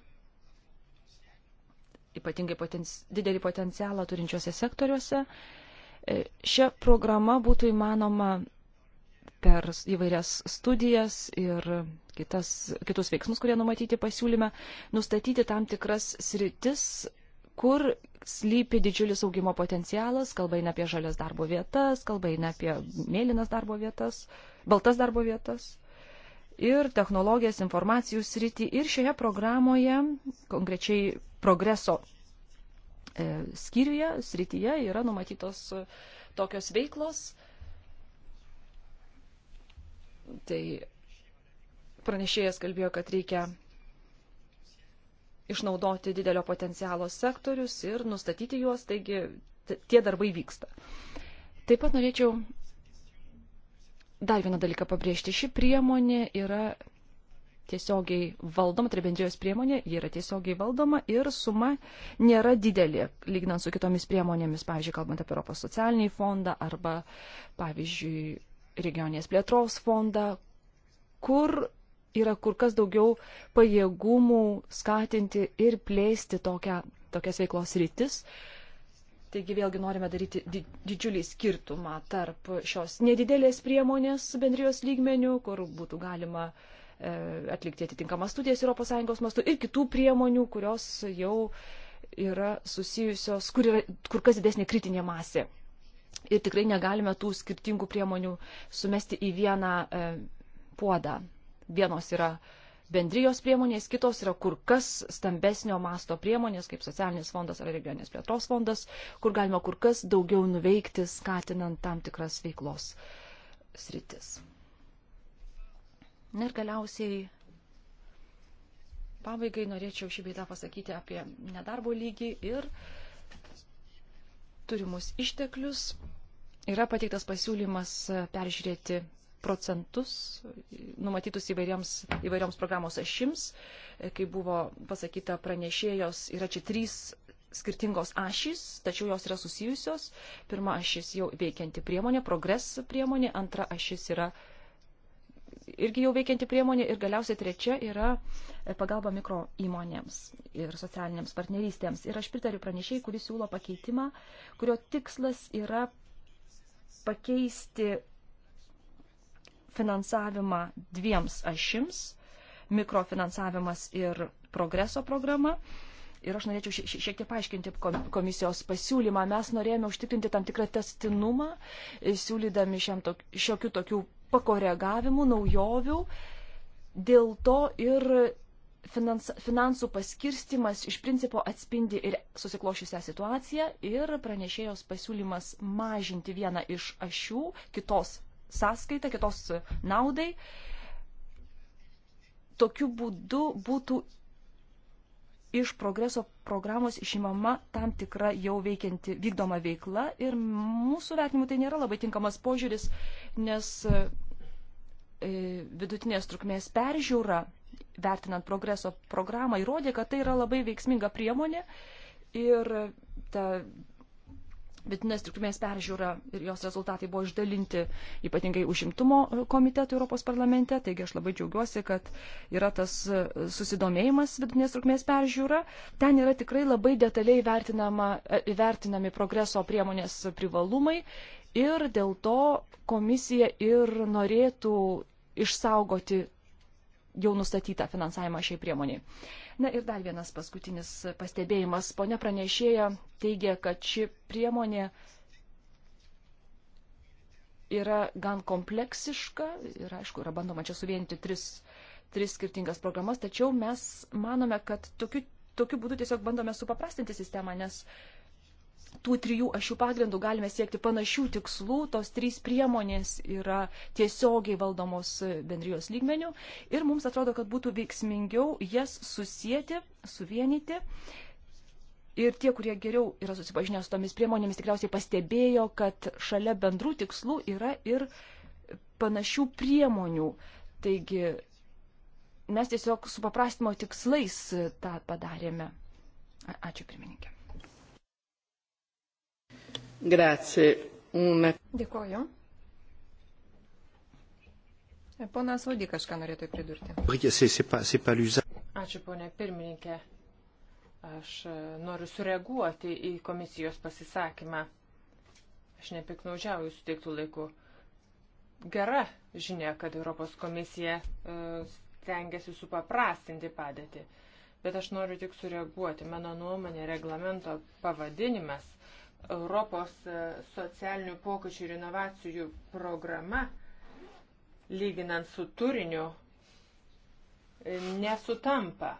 ypatingai poten, didelį potencialą turinčiuose sektoriuose. E, Šią programą būtų įmanoma per įvairias studijas ir kitas, kitus veiksmus, kurie numatyti pasiūlyme, nustatyti tam tikras sritis, kur slypi didžiulis augimo potencialas, kalba eina apie žalias darbo vietas, kalba eina apie mėlynas darbo vietas, baltas darbo vietas ir technologijas, informacijų sritį. Ir šioje programoje konkrečiai progreso e, skyriuje, srityje yra numatytos e, tokios veiklos. Tai pranešėjas kalbėjo, kad reikia išnaudoti didelio potencialo sektorius ir nustatyti juos, taigi tie darbai vyksta. Taip pat norėčiau dar vieną dalyką pabrėžti. Ši priemonė yra tiesiogiai valdoma, tai bendrijos priemonė, ji yra tiesiogiai valdoma ir suma nėra didelė, lyginant su kitomis priemonėmis, pavyzdžiui, kalbant apie Europos socialinį fondą arba, pavyzdžiui, regionės plėtros fondą, kur yra kur kas daugiau pajėgumų skatinti ir plėsti tokią, tokias veiklos rytis. Taigi vėlgi norime daryti didžiulį skirtumą tarp šios nedidelės priemonės bendrijos lygmenių, kur būtų galima uh, E, atlikti atitinkamas studijas ES mastu ir kitų priemonių, kurios jau yra susijusios, kur yra kur kas didesnė kritinė masė. Ir tikrai negalime tų skirtingų priemonių sumesti į vieną e, puodą. Vienos yra bendrijos priemonės, kitos yra kur kas stambesnio masto priemonės, kaip socialinis fondas ar regioninės plėtros fondas, kur galima kur kas daugiau nuveikti, skatinant tam tikras veiklos sritis. Na ir galiausiai pabaigai norėčiau šį beitą pasakyti apie nedarbo lygį ir turimus išteklius. Yra pateiktas pasiūlymas peržiūrėti procentus numatytus įvairioms, įvairioms programos ašims. Kai buvo pasakyta pranešėjos, yra čia trys skirtingos ašys, tačiau jos yra susijusios. Pirma ašis jau veikianti priemonė, progres priemonė, antra ašis yra uh, irgi jau veikianti priemonė. Ir galiausiai trečia yra e, pagalba mikro įmonėms ir socialinėms partnerystėms. Ir aš pritariu pranešėjai, kuris siūlo pakeitimą, kurio tikslas yra pakeisti finansavimą dviems ašims - mikrofinansavimas ir progreso programa. Ir aš norėčiau šiek tiek paaiškinti komisijos pasiūlymą. Mes norėjome užtikrinti tam tikrą testinumą, e, siūlydami šiam tok, šiokių tokių pakoregavimų, naujovių. Dėl to ir finans, finansų paskirstimas iš principo atspindi ir susiklošysią situaciją ir pranešėjos pasiūlymas mažinti vieną iš ašių kitos sąskaitą, kitos naudai. Tokiu būdu būtų iš progreso programos išimama tam tikra jau veikianti vykdoma veikla ir mūsų vertinimu tai nėra labai tinkamas požiūris, nes e, vidutinės trukmės peržiūra, vertinant progreso programą, įrodė, kad tai yra labai veiksminga priemonė ir ta Vidinės trukmės peržiūra ir jos rezultatai buvo išdalinti ypatingai užimtumo komitetų Europos parlamente, taigi aš labai džiaugiuosi, kad yra tas e, susidomėjimas vidinės trukmės peržiūra. Ten yra tikrai labai detaliai e, vertinami progreso priemonės privalumai ir dėl to komisija ir norėtų išsaugoti jau nustatytą finansavimą šiai priemoniai. Na ir dar vienas paskutinis pastebėjimas. Pone pranešėja teigia, kad ši priemonė yra gan kompleksiška ir, aišku, yra bandoma čia suvienyti tris, tris skirtingas programas, tačiau mes manome, kad tokiu, tokiu būdu tiesiog bandome supaprastinti sistemą, nes uh, tų trijų ašių pagrindų galime siekti panašių tikslų, tos trys priemonės yra tiesiogiai valdomos bendrijos lygmenių ir mums atrodo, kad būtų veiksmingiau jas susijęti, suvienyti. Ir tie, kurie geriau yra susipažinę su tomis priemonėmis, tikriausiai pastebėjo, kad šalia bendrų tikslų yra ir panašių priemonių. Taigi mes tiesiog su paprastimo tikslais tą padarėme. Ačiū pirmininkė. Grazie. Una... Dėkoju. E, ponas Audy kažką norėtų pridurti. Ačiū, ponė pirmininkė. Aš e, noriu sureaguoti į komisijos pasisakymą. Aš nepiknaudžiauju suteiktų laikų. Gera žinia, kad Europos komisija e, stengiasi supaprastinti padėtį. Bet aš noriu tik sureaguoti. Mano nuomonė, reglamento pavadinimas Europos e, socialinių pokyčių ir inovacijų programa, lyginant su turiniu, e, nesutampa.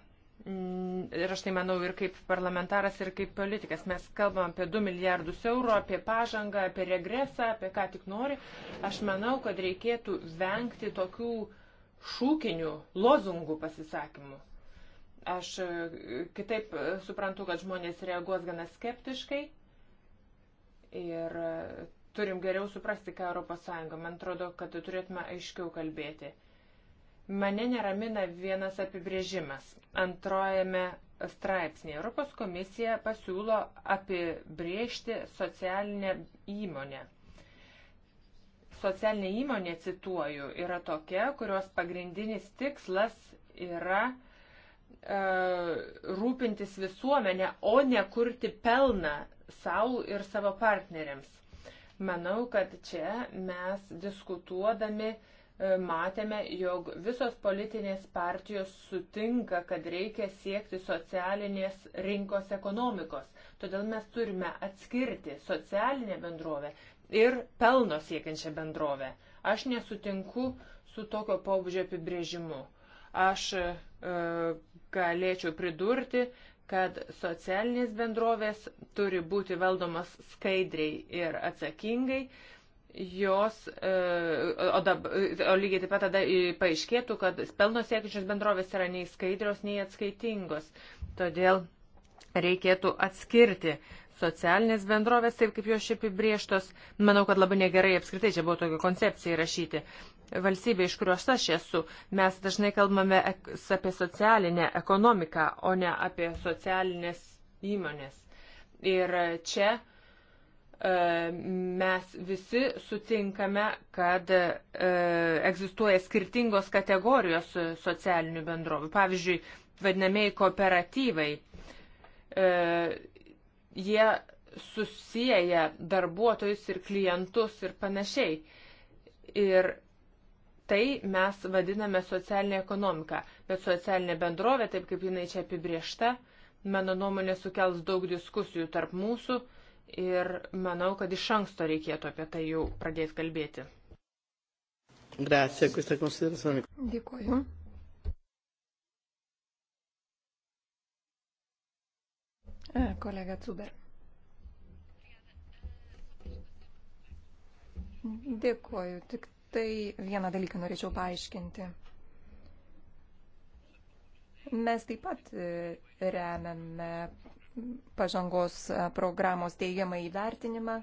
Ir aš tai manau ir kaip parlamentaras, ir kaip politikas. Mes kalbam apie 2 milijardus eurų, apie pažangą, apie regresą, apie ką tik nori. Aš manau, kad reikėtų vengti tokių šūkinių, lozungų pasisakymų. Aš e, kitaip suprantu, kad žmonės reaguos gana skeptiškai, ir turim geriau suprasti, ką ES. Man atrodo, kad turėtume aiškiau kalbėti. Mane neramina vienas apibrėžimas. Antrojame straipsnėje Europos komisija pasiūlo apibrėžti socialinę įmonę. Socialinė įmonė, cituoju, yra tokia, kurios pagrindinis tikslas yra e, rūpintis visuomenę, o ne kurti pelną savo ir savo partneriams. Manau, kad čia mes diskutuodami e, matėme, jog visos politinės partijos sutinka, kad reikia siekti socialinės rinkos ekonomikos. Todėl mes turime atskirti socialinę bendrovę ir pelno siekiančią bendrovę. Aš nesutinku su tokio pobūdžio apibrėžimu. Aš e, galėčiau pridurti, kad socialinės bendrovės turi būti valdomas skaidriai ir atsakingai. Jos, e, o, dab, e, o lygiai taip pat tada paaiškėtų, kad pelno siekiančios bendrovės yra nei skaidrios, nei atskaitingos. Todėl reikėtų atskirti socialinės bendrovės, taip kaip jos šiaip apibrieštos. Manau, kad labai negerai apskritai čia buvo tokia koncepcija įrašyti valstybė, iš kurios aš esu, mes dažnai kalbame apie socialinę ekonomiką, o ne apie socialinės įmonės. Ir čia e, mes visi sutinkame, kad e, egzistuoja skirtingos kategorijos socialinių bendrovių. Pavyzdžiui, vadinamieji kooperatyvai. E, jie susiję darbuotojus ir klientus ir panašiai. Ir Tai mes vadiname socialinė ekonomika, bet socialinė bendrovė, taip kaip jinai čia apibriešta, mano nuomonė sukels daug diskusijų tarp mūsų ir manau, kad iš anksto reikėtų apie tai jau pradėti kalbėti. Grazie, questa considerazione. Dėkuoju. E, kolega Cuber. Dėkuoju. Tik tai vieną dalyką norėčiau paaiškinti. Mes taip pat e, remiame pažangos e, programos teigiamą įvertinimą,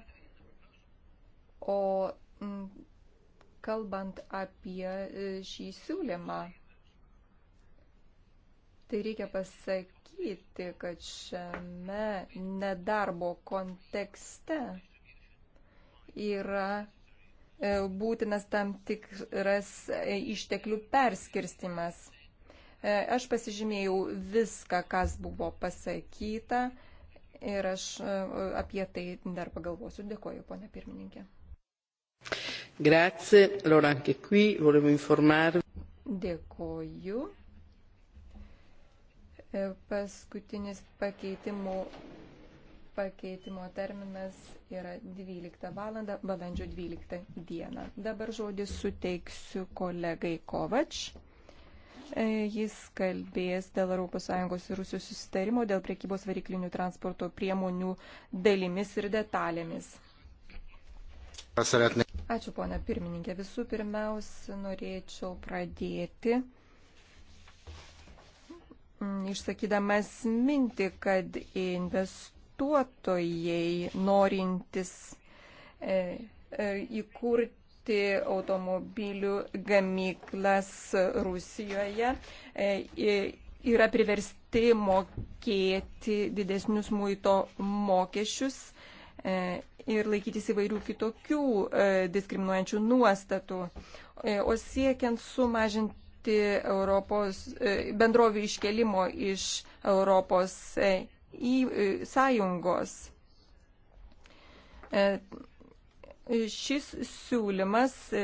o kalbant apie e, šį siūlymą, tai reikia pasakyti, kad šiame nedarbo kontekste yra E, būtinas tam tikras e, išteklių perskirstimas. E, aš pasižymėjau viską, kas buvo pasakyta ir aš apie tai dar pagalvosiu. Dėkoju, ponė pirmininkė. Grazie, allora anche qui volevo informarvi. Dėkoju. Paskutinis pakeitimų Pakeitimo terminas yra 12 val. balandžio 12 dieną. Dabar žodį suteiksiu kolegai Kovač. E, jis kalbės dėl ES ir Rusijos susitarimo dėl priekybos variklinių transporto priemonių dalimis ir detalėmis. Ačiū, ponia pirmininkė. Visų pirmiausia, norėčiau pradėti išsakydamas minti, kad investuotojai investuotojai norintys e, e, įkurti automobilių gamyklas Rusijoje e, yra priversti mokėti didesnius muito mokesčius ir laikytis įvairių kitokių diskriminuojančių nuostatų. O siekiant sumažinti Europos, bendrovių iškelimo iš Europos į e, sąjungos. E, šis siūlymas e,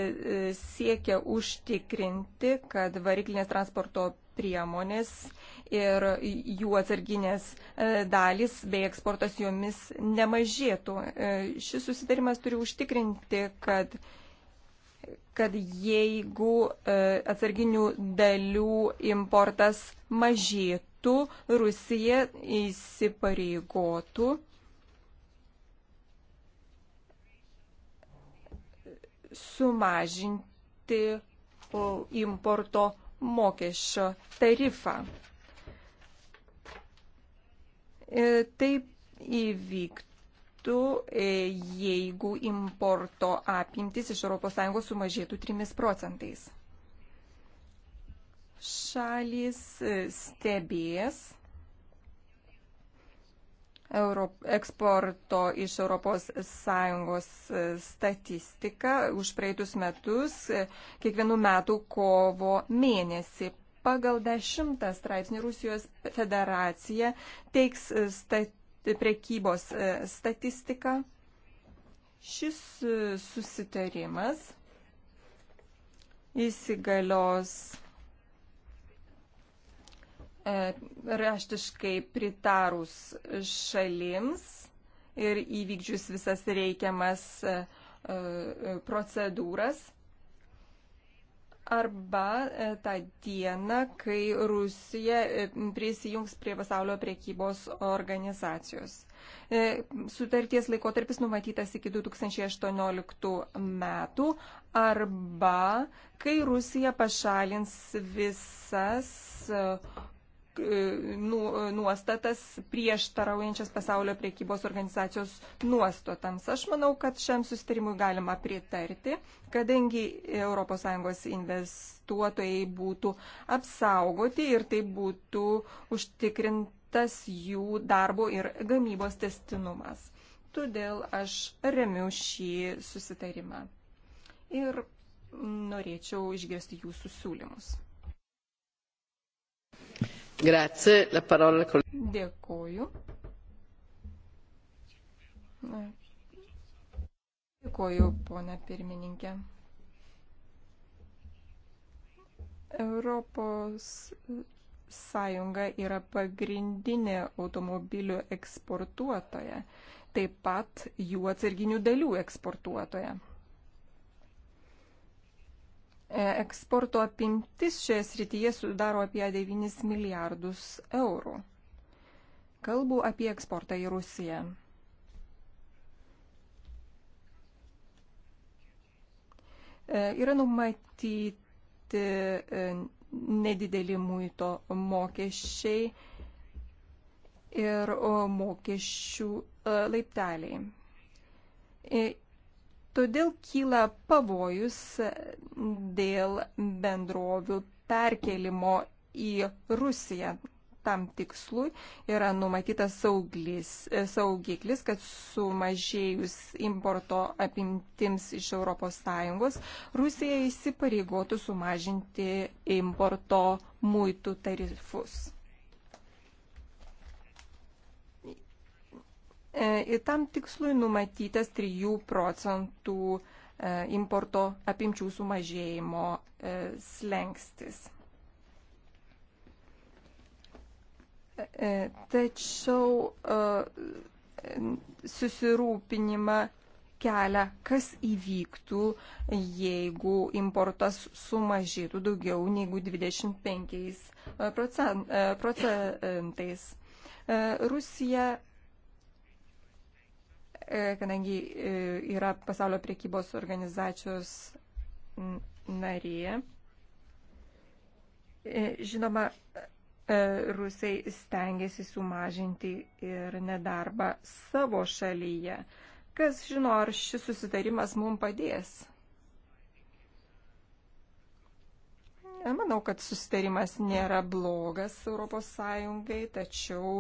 siekia užtikrinti, kad variklinės transporto priemonės ir jų atsarginės dalys bei eksportas jomis nemažėtų. Šis susitarimas turi užtikrinti, kad kad jeigu atsarginių dalių importas mažėtų, metu Rusija įsipareigotų sumažinti importo mokesčio tarifą. E, taip įvyktų, e, jeigu importo apimtis iš ES sumažėtų 3 procentais šalys e, stebės eksporto iš ES e, statistiką už praeitus metus e, kiekvienų metų kovo mėnesį. Pagal dešimtą straipsnį Rusijos federacija teiks stat, prekybos statistiką. Šis susitarimas įsigalios E, raštiškai pritarus šalims ir įvykdžius visas reikiamas e, e, procedūras arba tą dieną, kai Rusija prisijungs prie pasaulio priekybos organizacijos. Sutarties laikotarpis numatytas iki 2018 metų arba kai Rusija pašalins visas Nu, nuostatas prieštaraujančias pasaulio priekybos organizacijos nuostatams. Aš manau, kad šiam sustarimui galima pritarti, kadangi ES investuotojai būtų apsaugoti ir tai būtų užtikrintas jų darbo ir gamybos testinumas. Todėl aš remiu šį susitarimą ir norėčiau išgirsti jūsų siūlymus. Grazie, la parola kol... Dėkuoju. Dėkuoju, ponia pirmininkė. Europos Sąjunga yra pagrindinė automobilių eksportuotoja, taip pat jų atsarginių dalių eksportuotoja. E, eksporto apimtis šioje srityje sudaro apie 9 milijardus eurų. Kalbu apie eksportą į Rusiją. E, yra numatyti e, nedideli muito mokesčiai ir mokesčių laipteliai Todėl kyla pavojus dėl bendrovių perkelimo į Rusiją. Tam tikslui yra numatytas sauglis, saugiklis, kad sumažėjus importo apimtims iš ES, Rusija įsipareigotų sumažinti importo muitų tarifus. E, ir tam tikslui numatytas 3 procentų e, importo apimčių sumažėjimo e, slengstis. Tačiau susirūpinimą kelia, kas įvyktų, jeigu importas sumažėtų daugiau negu 25 procentais. Rusija E, kadangi e, yra pasaulio priekybos organizacijos narė. E, žinoma, rusai stengiasi sumažinti ir nedarbą savo šalyje. Kas žino, ar šis susitarimas mums padės? Manau, kad susitarimas nėra blogas ES, tačiau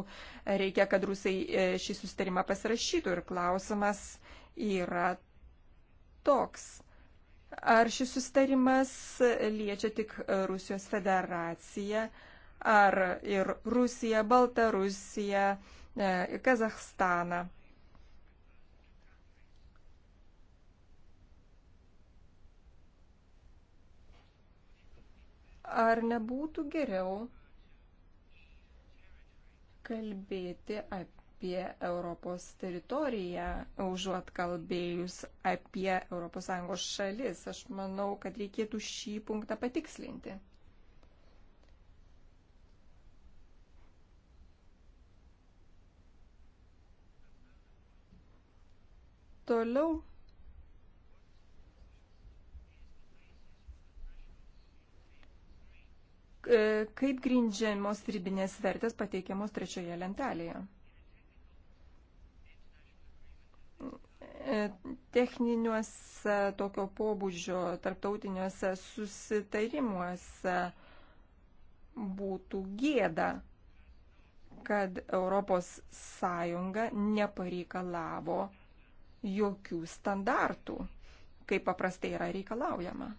reikia, kad rusai e, šį susitarimą pasirašytų. Ir klausimas yra toks. Ar šis susitarimas liečia tik Rusijos federaciją, ar ir Rusiją, Baltarusiją, e, Kazahstaną? ar nebūtų geriau kalbėti apie Europos teritoriją, užuot kalbėjus apie ES šalis. Aš manau, kad reikėtų šį punktą patikslinti. Toliau E, kaip grindžiamos ribinės vertės pateikiamos trečioje lentelėje. E, techniniuose tokio pobūdžio tarptautiniuose susitarimuose būtų gėda, kad Europos Sąjunga nepareikalavo jokių standartų, kaip paprastai yra reikalaujama.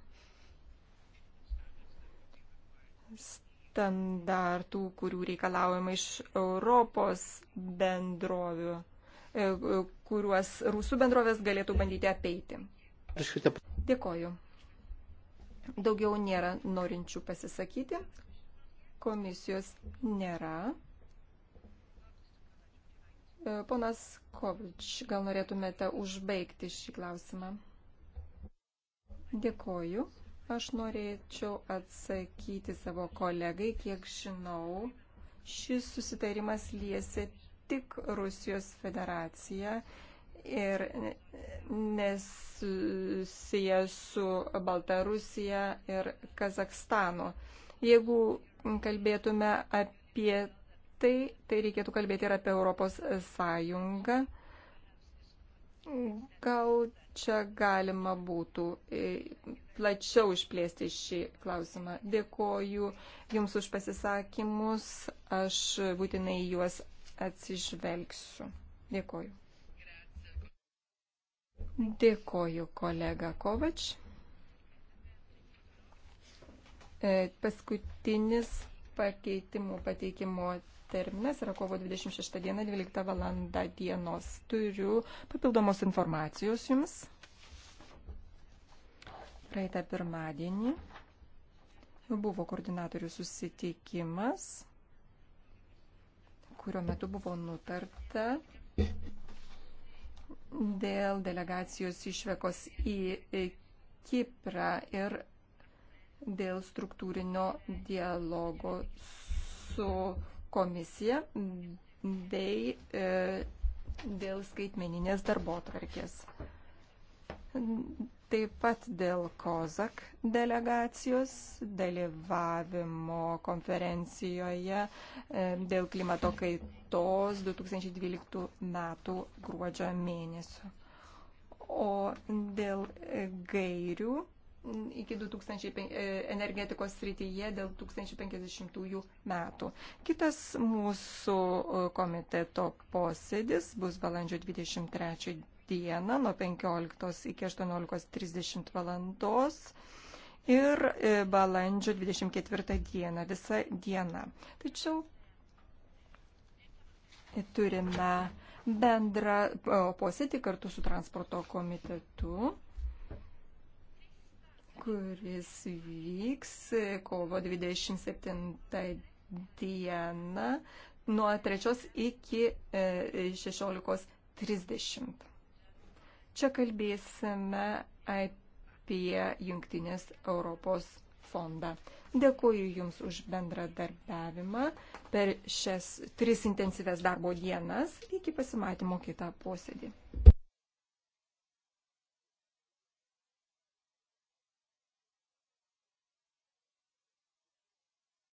standartų, kurių reikalaujama iš Europos bendrovių, e, e, kuriuos rusų bendrovės galėtų bandyti apeiti. Dėkoju. Daugiau nėra norinčių pasisakyti. Komisijos nėra. E, ponas Kovič, gal norėtumėte užbaigti šį klausimą? Dėkoju. Aš norėčiau atsakyti savo kolegai, kiek žinau, šis susitarimas liesi tik Rusijos federaciją ir nesusiję su Baltarusija ir Kazakstanu. Jeigu kalbėtume apie tai, tai reikėtų kalbėti ir apie Europos Sąjungą. Gal čia galima būtų e, plačiau išplėsti šį klausimą. Dėkoju Jums už pasisakymus, aš būtinai juos atsižvelgsiu. Dėkoju. Dėkoju kolega Kovač. E, paskutinis pakeitimų pateikimo terminas yra kovo 26 diena, 12 valanda dienos. Turiu papildomos informacijos jums. Praeitą pirmadienį jau buvo koordinatorių susitikimas, kurio metu buvo nutarta dėl delegacijos išvekos į Kiprą ir dėl struktūrinio dialogo su komisija bei e, dėl skaitmeninės darbo tvarkės. Taip pat dėl COSAC delegacijos dalyvavimo konferencijoje e, dėl klimato kaitos 2012 metų gruodžio mėnesio. O dėl e, gairių iki 2000 e, energetikos srityje dėl 2050 metų. Kitas mūsų e, komiteto posėdis bus balandžio 23 dieną nuo 15 iki 18.30 valandos ir e, balandžio 24 dieną, visą dieną. Tačiau turime bendrą posėdį kartu su transporto komitetu kuris vyks kovo 27 dieną nuo 3 iki 16.30. E, Čia kalbėsime apie Junktinės Europos fondą. Dėkuoju Jums už bendradarbiavimą per šias tris intensyves darbo dienas iki pasimatymo kitą posėdį.